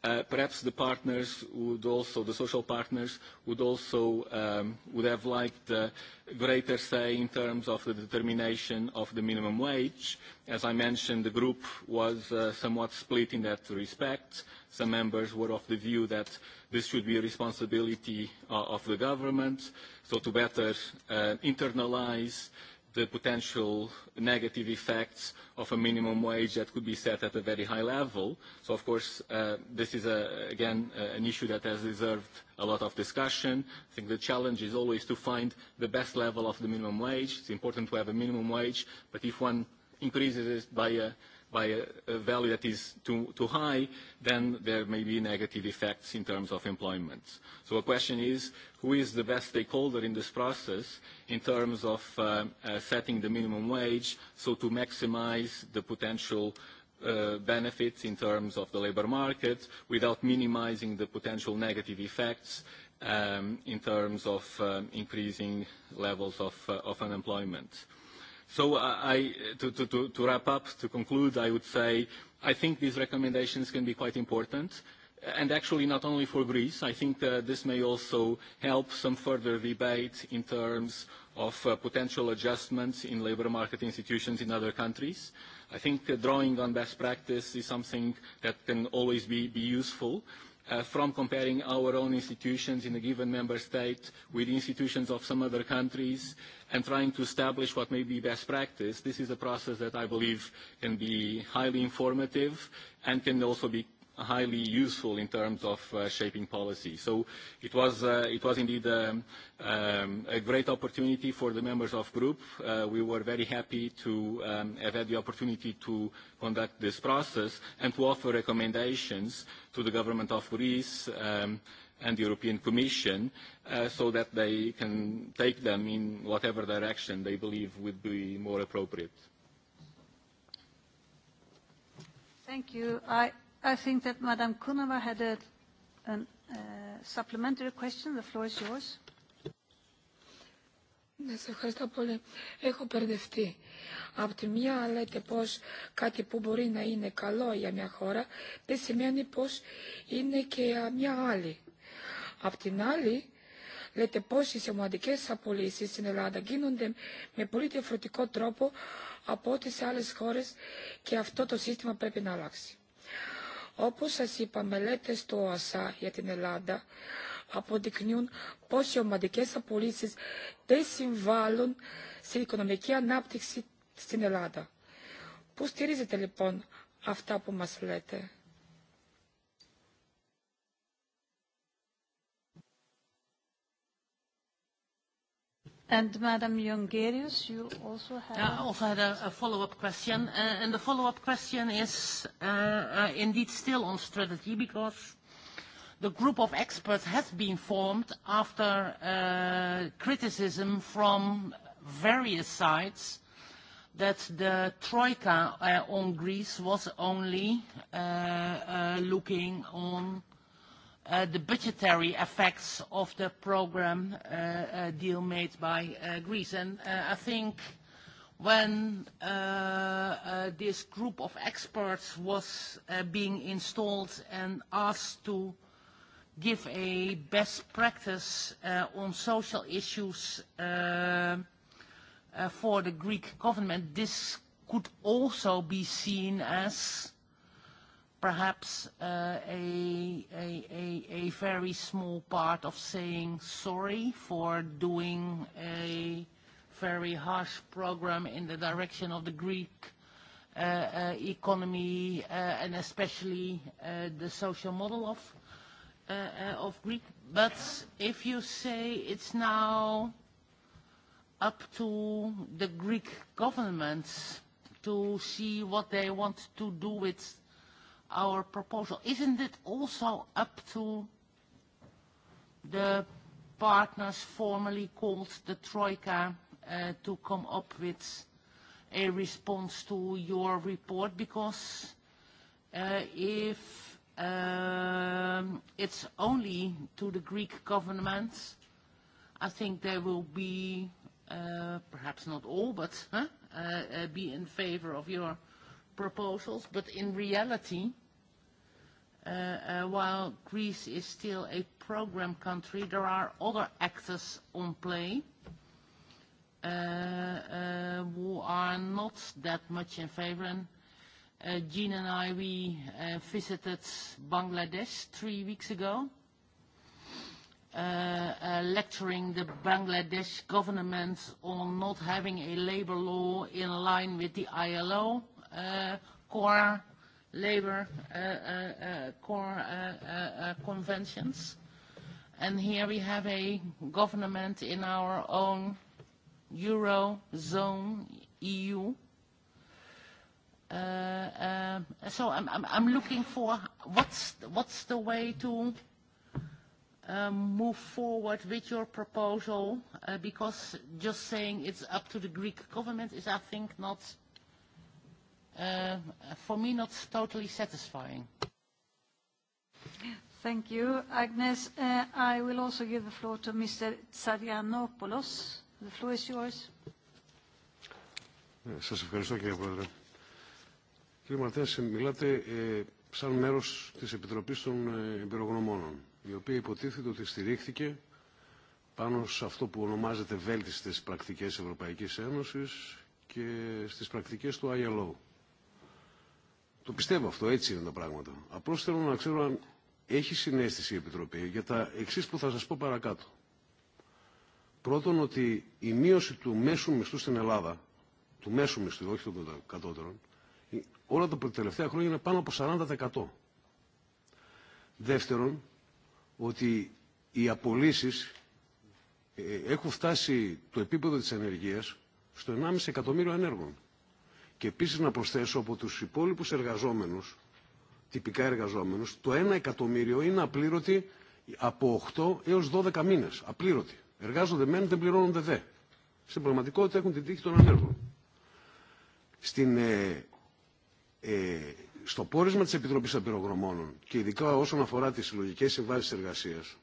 Uh, perhaps the partners would also, the social partners would also um, would have liked uh, greater say in terms of the determination of the minimum wage. As I mentioned, the group was uh, somewhat split in that respect. Some members were of the view that this should be a responsibility uh, of the government, so to better uh, internalize uh, the potential negative effects of a minimum wage that could be set at a very high level. So, of course, uh, this is, a, uh, again, uh, an issue that has deserved a lot of discussion. I think the challenge is always to find the best level of the minimum wage. It's important to have a minimum wage, but if one increases it by a uh, by a value that is too, too high, then there may be negative effects in terms of employment. So the question is, who is the best stakeholder in this process in terms of uh, uh, setting the minimum wage so to maximize the potential uh, benefits in terms of the labor market without minimizing the potential negative effects um, in terms of um, increasing levels of, uh, of unemployment. Uh, So uh, I, to, to, to wrap up, to conclude, I would say I think these recommendations can be quite important, and actually not only for Greece. I think that this may also help some further debate in terms of uh, potential adjustments in labor market institutions in other countries. I think uh, drawing on best practice is something that can always be, be useful. Uh, uh, from comparing our own institutions in a given member state with institutions of some other countries and trying to establish what may be best practice. This is a process that I believe can be highly informative and can also be highly useful in terms of uh, shaping policy. So it was, uh, it was indeed um, um, a great opportunity for the members of group. Uh, we were very happy to um, have had the opportunity to conduct this process and to offer recommendations to the government of Greece um, and the European Commission uh, so that they can take them in whatever direction they believe would be more appropriate. Thank you. I I think that Madame Kuneva had a an, uh, supplementary question. The floor is yours. Ναι, σε ευχαριστώ πολύ. Έχω μπερδευτεί. Από τη μία λέτε πως κάτι που μπορεί να είναι καλό για μια χώρα δεν σημαίνει πως είναι και μια άλλη. Απ' την άλλη λέτε πως οι σημαντικές απολύσεις στην Ελλάδα γίνονται με πολύ διαφορετικό τρόπο από ό,τι σε άλλες χώρες και αυτό το σύστημα πρέπει να αλλάξει. Όπως σας είπα, μελέτες του ΟΑΣΑ για την Ελλάδα αποδεικνύουν πως οι ομαδικές απολύσεις δεν συμβάλλουν στην οικονομική ανάπτυξη στην Ελλάδα. Πού στηρίζετε λοιπόν αυτά που μας λέτε. And Madam Jongerius, you also had- I also had a follow-up question. Uh, and the follow-up question is uh, uh, indeed still on strategy, because the group of experts has been formed after criticism from various sides that the troika on Greece was only looking on uh, the budgetary effects of the program uh, uh, deal made by uh, Greece. And uh, I think when uh, uh, this group of experts was uh, being installed and asked to give a best practice uh, on social issues uh, uh, for the Greek government, this could also be seen as perhaps uh, a, a, a, a very small part of saying sorry for doing a very harsh program in the direction of the Greek uh, uh, economy uh, and especially uh, the social model of, uh, uh, of Greek. But if you say it's now up to the Greek governments to see what they want to do with our proposal. Isn't it also up to the partners formerly called the Troika uh, to come up with a response to your report? Because uh, if um, it's only to the Greek government, I think they will be, uh, perhaps not all, but huh? Uh, uh, be in favor of your proposals. But in reality, Uh, uh, while Greece is still a program country, there are other actors on play uh, uh, who are not that much in favor. And, uh, Jean and I, we uh, visited Bangladesh three weeks ago, uh, uh, lecturing the Bangladesh government on not having a labor law in line with the ILO uh, core labor uh, uh, uh core uh, uh, uh, conventions. And here we have a government in our own Eurozone EU. So I'm, I'm, I'm looking for what's, what's the way to um, move forward with your proposal, because just saying it's up to the Greek government is, I think, not uh, for me, not totally satisfying. Thank you, Agnes. Uh, I will also give the floor to Mr. Tsarianopoulos. The floor is yours. Σας ευχαριστώ, κύριε Πρόεδρε. Κύριε Μαρτένση, μιλάτε ε, σαν μέρος της Επιτροπής των Εμπειρογνωμόνων, η οποία υποτίθεται ότι στηρίχθηκε πάνω σε αυτό που ονομάζεται βέλτιστες πρακτικές Ευρωπαϊκής Ένωσης και στις πρακτικές του ILO. Το πιστεύω αυτό, έτσι είναι τα πράγματα. Απλώς θέλω να ξέρω αν έχει συνέστηση η Επιτροπή για τα εξή που θα σας πω παρακάτω. Πρώτον ότι η μείωση του μέσου μισθού στην Ελλάδα, του μέσου μισθού, όχι των κατώτερων, όλα τα τελευταία χρόνια είναι πάνω από 40%. Δεύτερον, ότι οι απολύσεις έχουν φτάσει το επίπεδο της ανεργίας στο 1,5 εκατομμύριο ανέργων. Και επίσης να προσθέσω από τους υπόλοιπους εργαζόμενους, τυπικά εργαζόμενους, το 1 εκατομμύριο είναι απλήρωτοι από 8 έως 12 μήνες. Απλήρωτοι. Εργάζονται μεν, δεν πληρώνονται δε. Στην πραγματικότητα έχουν την τύχη των ανέργων. Στην, ε, ε, στο πόρισμα της Επιτροπής Απειρογνωμόνων και ειδικά όσον αφορά τις συλλογικές συμβάσεις εργασίας,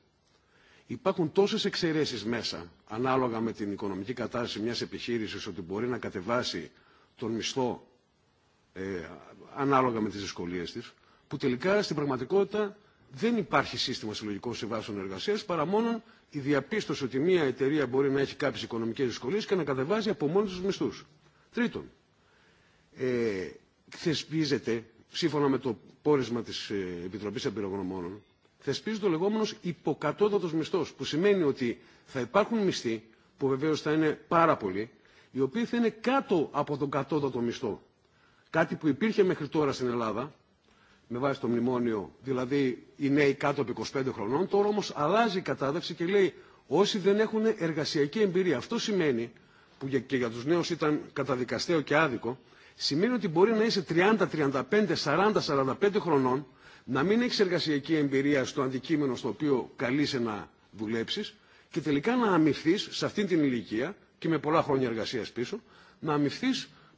Υπάρχουν τόσε εξαιρέσει μέσα, ανάλογα με την οικονομική κατάσταση μια επιχείρηση, ότι μπορεί να κατεβάσει τον μισθό ε, ανάλογα με τις δυσκολίες της, που τελικά στην πραγματικότητα δεν υπάρχει σύστημα συλλογικών συμβάσεων εργασία παρά μόνο η διαπίστωση ότι μια εταιρεία μπορεί να έχει κάποιε οικονομικέ δυσκολίε και να κατεβάζει από μόνη του μισθού. Τρίτον, ε, θεσπίζεται, σύμφωνα με το πόρισμα τη Επιτροπή Εμπειρογνωμόνων, θεσπίζεται ο λεγόμενο υποκατώτατο μισθό, που σημαίνει ότι θα υπάρχουν μισθοί που βεβαίω θα είναι πάρα πολλοί, οι οποίοι θα είναι κάτω από τον κατώτατο μισθό. Κάτι που υπήρχε μέχρι τώρα στην Ελλάδα, με βάση το μνημόνιο, δηλαδή οι νέοι κάτω από 25 χρονών, τώρα όμως αλλάζει η κατάταξη και λέει όσοι δεν έχουν εργασιακή εμπειρία. Αυτό σημαίνει, που και για τους νέους ήταν καταδικαστέο και άδικο, σημαίνει ότι μπορεί να είσαι 30, 35, 40, 45 χρονών, να μην έχει εργασιακή εμπειρία στο αντικείμενο στο οποίο καλείσαι να δουλέψει και τελικά να αμυθεί σε αυτήν την ηλικία και με πολλά χρόνια εργασία πίσω, να αμυφθεί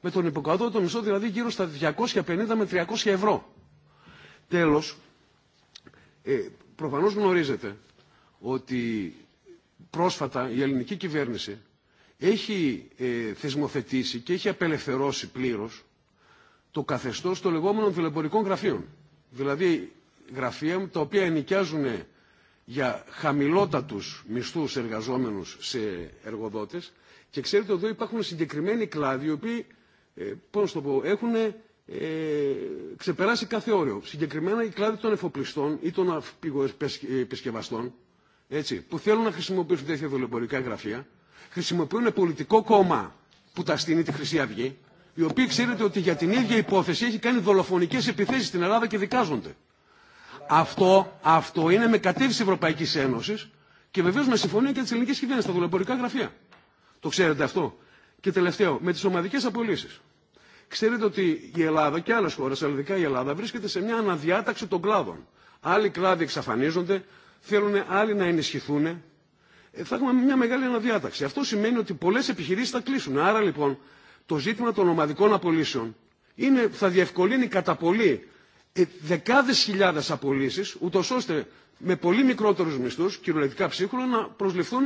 με τον υποκατώτατο μισθό, δηλαδή γύρω στα 250 με 300 ευρώ. Τέλο, ε, προφανώ γνωρίζετε ότι πρόσφατα η ελληνική κυβέρνηση έχει ε, θεσμοθετήσει και έχει απελευθερώσει πλήρω το καθεστώ των λεγόμενων τηλεμπορικών γραφείων. Δηλαδή γραφεία τα οποία ενοικιάζουν για χαμηλότατους μισθούς εργαζόμενους σε εργοδότες Και ξέρετε εδώ υπάρχουν συγκεκριμένοι κλάδοι οι οποίοι, ε, πώς το πω, έχουν ε, ξεπεράσει κάθε όριο. Συγκεκριμένα οι κλάδοι των εφοπλιστών ή των πυσκευαστών, έτσι, που θέλουν να χρησιμοποιήσουν τέτοια δολεμπορικά γραφεία, χρησιμοποιούν πολιτικό κόμμα που τα στείνει τη Χρυσή Αυγή, οι οποίοι ξέρετε ότι για την ίδια υπόθεση έχει κάνει δολοφονικές επιθέσεις στην Ελλάδα και δικάζονται. Αυτό, αυτό είναι με κατεύθυνση Ευρωπαϊκής Ένωσης και βεβαίως με συμφωνία και της ελληνικής κυβέρνησης, τα δολεμπορικά γραφεία. Το ξέρετε αυτό. Και τελευταίο, με τις ομαδικές απολύσεις. Ξέρετε ότι η Ελλάδα και άλλες χώρες, αλλά ειδικά η Ελλάδα, βρίσκεται σε μια αναδιάταξη των κλάδων. Άλλοι κλάδοι εξαφανίζονται, θέλουν άλλοι να ενισχυθούν. Θα έχουμε μια μεγάλη αναδιάταξη. Αυτό σημαίνει ότι πολλές επιχειρήσεις θα κλείσουν. Άρα λοιπόν το ζήτημα των ομαδικών απολύσεων είναι, θα διευκολύνει κατά πολύ ε, δεκάδες χιλιάδες απολύσεις, ούτως ώστε με πολύ μικρότερους μισθούς, κυριολεκτικά ψίχουλα, να προσληφθούν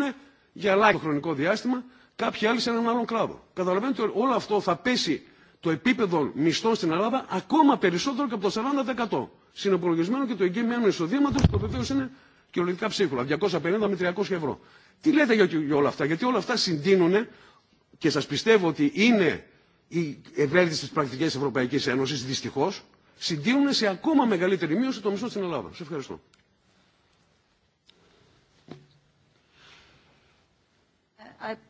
για ελάχιστο χρονικό διάστημα κάποιοι άλλοι σε έναν άλλον κλάδο. Καταλαβαίνετε ότι όλο αυτό θα πέσει το επίπεδο μισθών στην Ελλάδα ακόμα περισσότερο και από το 40%. Συναπολογισμένο και το εγγύη μειάνου εισοδήματο, το βεβαίω είναι κυριολεκτικά ψίχουλα, 250 με 300 ευρώ. Τι λέτε για, για όλα αυτά, γιατί όλα αυτά συντείνουν και σα πιστεύω ότι είναι οι ευέλικτε πρακτικέ Ευρωπαϊκή Ένωση, δυστυχώ, συντείνουν σε ακόμα μεγαλύτερη μείωση των μισθών στην Ελλάδα. Σα ευχαριστώ.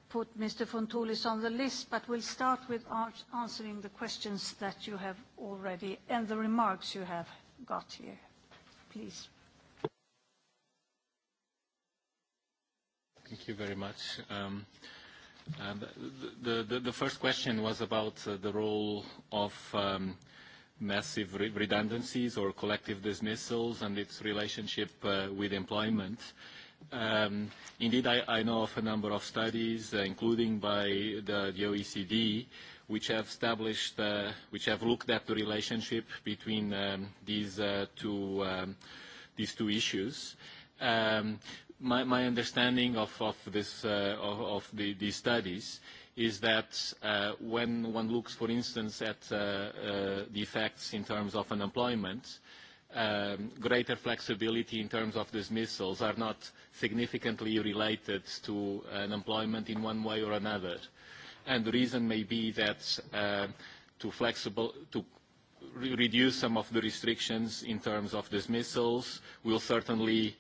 put Mr. Fontoulis on the list, but we'll start with answering the questions that you have already and the remarks you have got here. Please. Thank you very much. Um, uh, the, the, the first question was about uh, the role of um, massive re redundancies or collective dismissals and its relationship uh, with employment. Mm -hmm. Um, indeed, I, I know of a number of studies, uh, including by the, the OECD, which have established, uh, which have looked at the relationship between um, these uh, two um, these two issues. Um, my, my understanding of, of this uh, of, of the, these studies is that uh, when one looks, for instance, at uh, uh, the effects in terms of unemployment, um, greater flexibility in terms of dismissals are not significantly related to unemployment in one way or another. And the reason may be that uh, to, flexible, to re reduce some of the restrictions in terms of dismissals will certainly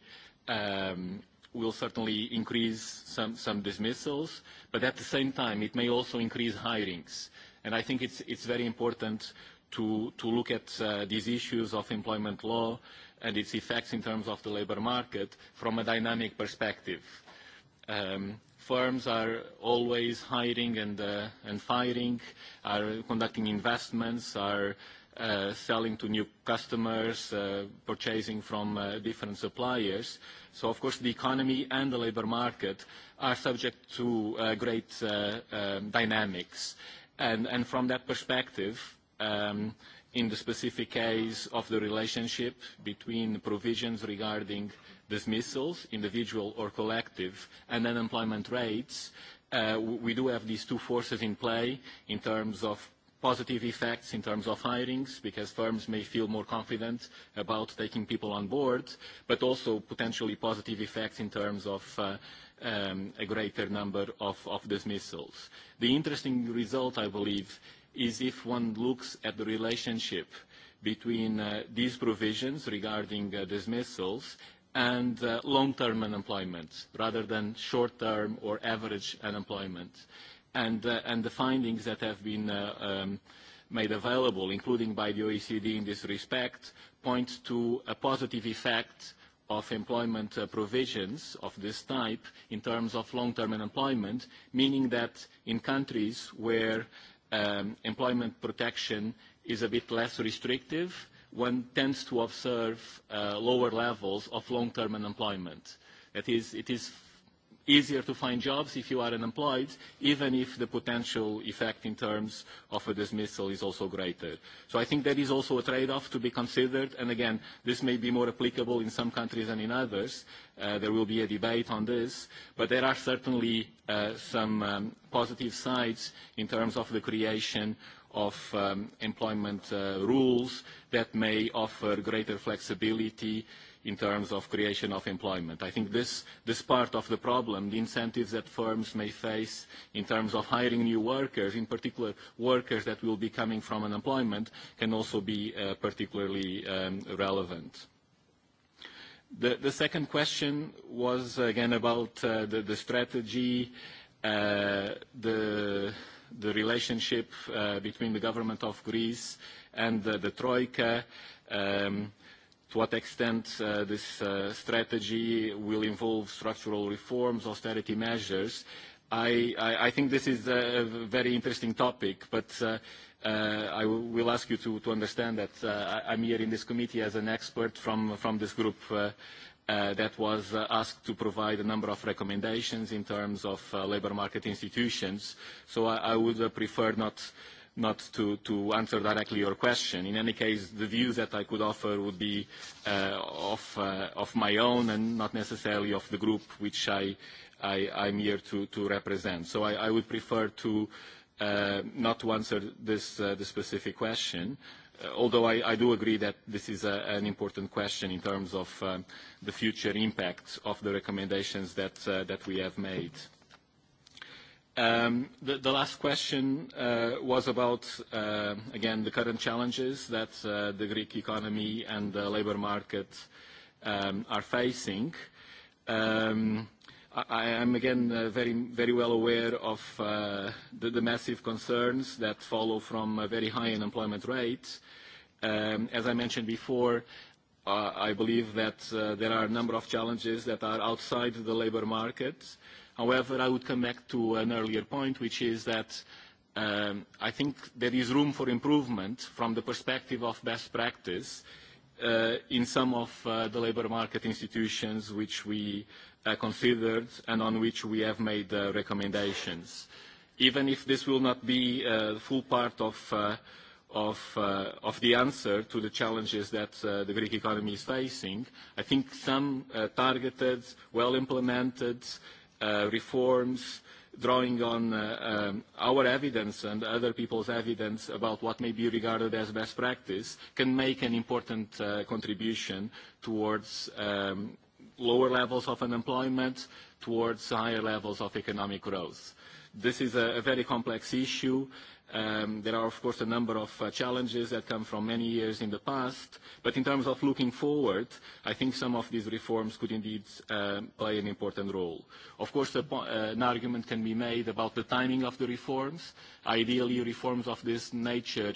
um, will certainly increase some, some dismissals, but at the same time, it may also increase hirings. And I think it's, it's very important to, to look at uh, these issues of employment law and its effects in terms of the labor market from a dynamic perspective. Um, firms are always hiring and, uh, and firing, are conducting investments, are uh, selling to new customers, uh, purchasing from uh, different suppliers. So, of course, the economy and the labor market are subject to uh, great uh, um, uh, dynamics. And, and from that perspective, um, in the specific case of the relationship between provisions regarding dismissals, individual or collective, and unemployment rates, uh, we do have these two forces in play in terms of positive effects in terms of hirings because firms may feel more confident about taking people on board, but also potentially positive effects in terms of uh, um, a greater number of, of dismissals. The interesting result, I believe, is if one looks at the relationship between uh, these provisions regarding uh, dismissals and uh, long-term unemployment rather than short-term or average unemployment. And, uh, and the findings that have been uh, um, made available, including by the OECD in this respect, point to a positive effect of employment uh, provisions of this type in terms of long-term unemployment, meaning that in countries where uh, um, employment protection is a bit less restrictive, one tends to observe uh, lower levels of long-term unemployment. That is, it is easier to find jobs if you are unemployed, even if the potential effect in terms of a dismissal is also greater. So I think that is also a trade-off to be considered. And again, this may be more applicable in some countries than in others. Uh, there will be a debate on this. But there are certainly uh, some um, positive sides in terms of the creation of um, employment uh, rules that may offer greater flexibility uh, in terms of creation of employment. I think this, this part of the problem, the incentives that firms may face in terms of hiring new workers, in particular workers that will be coming from unemployment, can also be uh, particularly um, relevant. The, the second question was again about uh, the, the strategy, uh, the, the relationship uh, between the government of Greece and the Troika. Um, To what extent uh, this uh, strategy will involve structural reforms, austerity measures? I, I, I think this is a very interesting topic, but uh, Uh, I will ask you to, to understand that uh, I'm here in this committee as an expert from, from this group uh, uh that was uh, asked to provide a number of recommendations in terms of uh, labor market institutions. So I, I would prefer not not to, to answer directly your question. In any case, the views that I could offer would be uh, of, uh, of my own and not necessarily of the group which I, I, I'm here to, to represent. So I, I would prefer to uh, not to answer this, uh, this specific question, uh, although I, I do agree that this is a, an important question in terms of um, the future impact of the recommendations that, uh, that we have made. Uh, Um, the, the last question uh, was about, uh, again, the current challenges that uh, the Greek economy and the labor market um, are facing. Um, I, I am again uh, very, very well aware of uh, the, the massive concerns that follow from a very high unemployment rate. Um, as I mentioned before, uh, I believe that there are a number of challenges that are outside the labor market, However, I would come back to an earlier point, which is that um, I think there is room for improvement from the perspective of best practice uh, in some of uh, the labor market institutions which we uh, considered and on which we have made uh, recommendations. Even if this will not be uh, the full part of, uh, of, uh, of the answer to the challenges that uh, the Greek economy is facing, I think some uh, targeted, well-implemented, uh, uh, reforms, drawing on uh, um, our evidence and other people's evidence about what may be regarded as best practice, can make an important uh, contribution towards um, lower levels of unemployment, towards higher levels of economic growth. This is a, a very complex issue Um, there are, of course, a number of uh, challenges that come from many years in the past, but in terms of looking forward, I think some of these reforms could indeed um, play an important role. Of course, a, uh, an argument can be made about the timing of the reforms. Ideally, reforms of this nature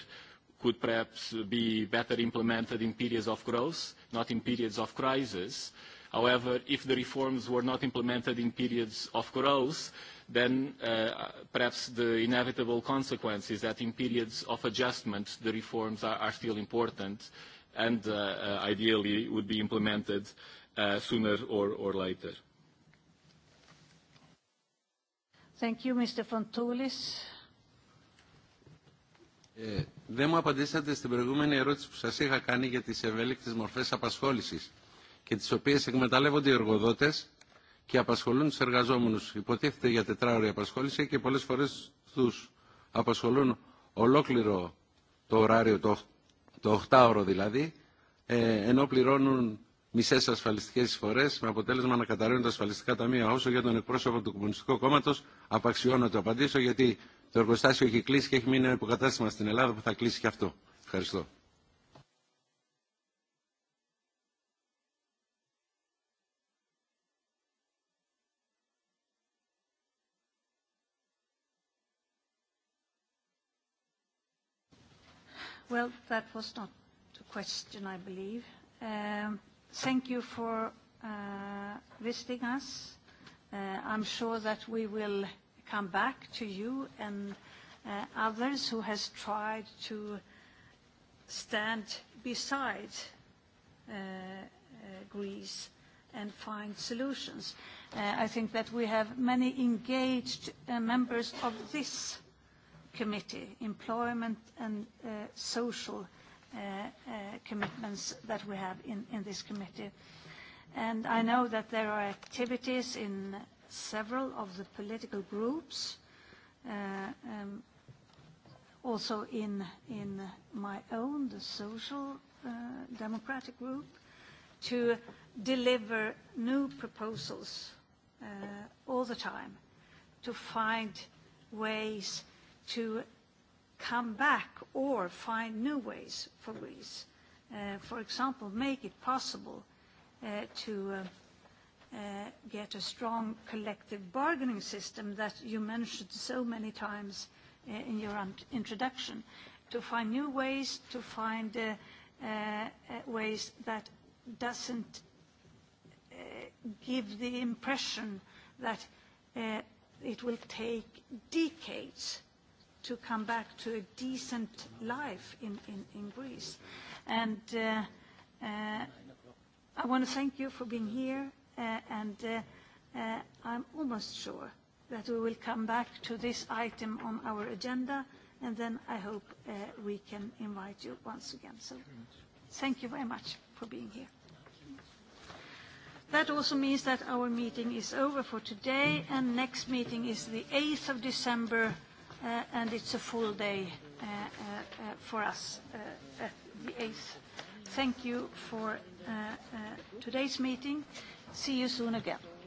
could perhaps be better implemented in periods of growth, not in periods of crisis. However, if the reforms were not implemented in periods of growth, then uh, perhaps the inevitable consequence is that in periods of adjustment, the reforms are, are still important and uh, uh, ideally would be implemented uh, sooner or, or later. Thank you, Mr. Fontoulis. Ε, δεν μου απαντήσατε στην προηγούμενη ερώτηση που σας είχα κάνει για τις ευέλικτες μορφές απασχόλησης και τις οποίες εκμεταλλεύονται οι εργοδότες και απασχολούν τους εργαζόμενους. Υποτίθεται για τετράωρη απασχόληση και πολλές φορές τους απασχολούν ολόκληρο το ωράριο, το, το 8ωρο δηλαδή, ε, ενώ πληρώνουν μισέ ασφαλιστικέ εισφορέ, με αποτέλεσμα να καταραίουν τα ασφαλιστικά ταμεία. Όσο για τον εκπρόσωπο του Κομμουνιστικού Κόμματο, απαξιώνω να το απαντήσω, γιατί το εργοστάσιο έχει κλείσει και έχει μείνει ένα υποκατάστημα στην Ελλάδα που θα κλείσει και αυτό. Ευχαριστώ. Well, that was not the question, I believe. Um, thank you for uh, visiting us. Uh, I'm sure that we will come back to you and uh, others who has tried to stand beside uh, uh, Greece and find solutions. Uh, I think that we have many engaged uh, members of this uh, committee, employment and uh, social uh, uh, commitments that we have in, in this committee. And I know that there are activities in several of the political groups, uh, um, also in, in my own, the social uh, democratic group, to deliver new proposals uh, all the time to find ways to come back or find new ways for Greece. Uh, for example, make it possible uh, to uh, uh, get a strong collective bargaining system that you mentioned so many times uh, in your introduction, to find new ways, to find uh, uh, uh, ways that doesn't uh, give the impression that uh, it will take decades to come back to a decent life in, in, in Greece. And uh, uh, I want to thank you for being here, uh, and uh, uh, I'm almost sure that we will come back to this item on our agenda, and then I hope uh, we can invite you once again. So thank you very much for being here. That also means that our meeting is over for today, and next meeting is the 8th of December uh, and it's a full day uh, uh, uh for us uh, at the 8th. Thank you for uh, uh, today's meeting. See you soon again.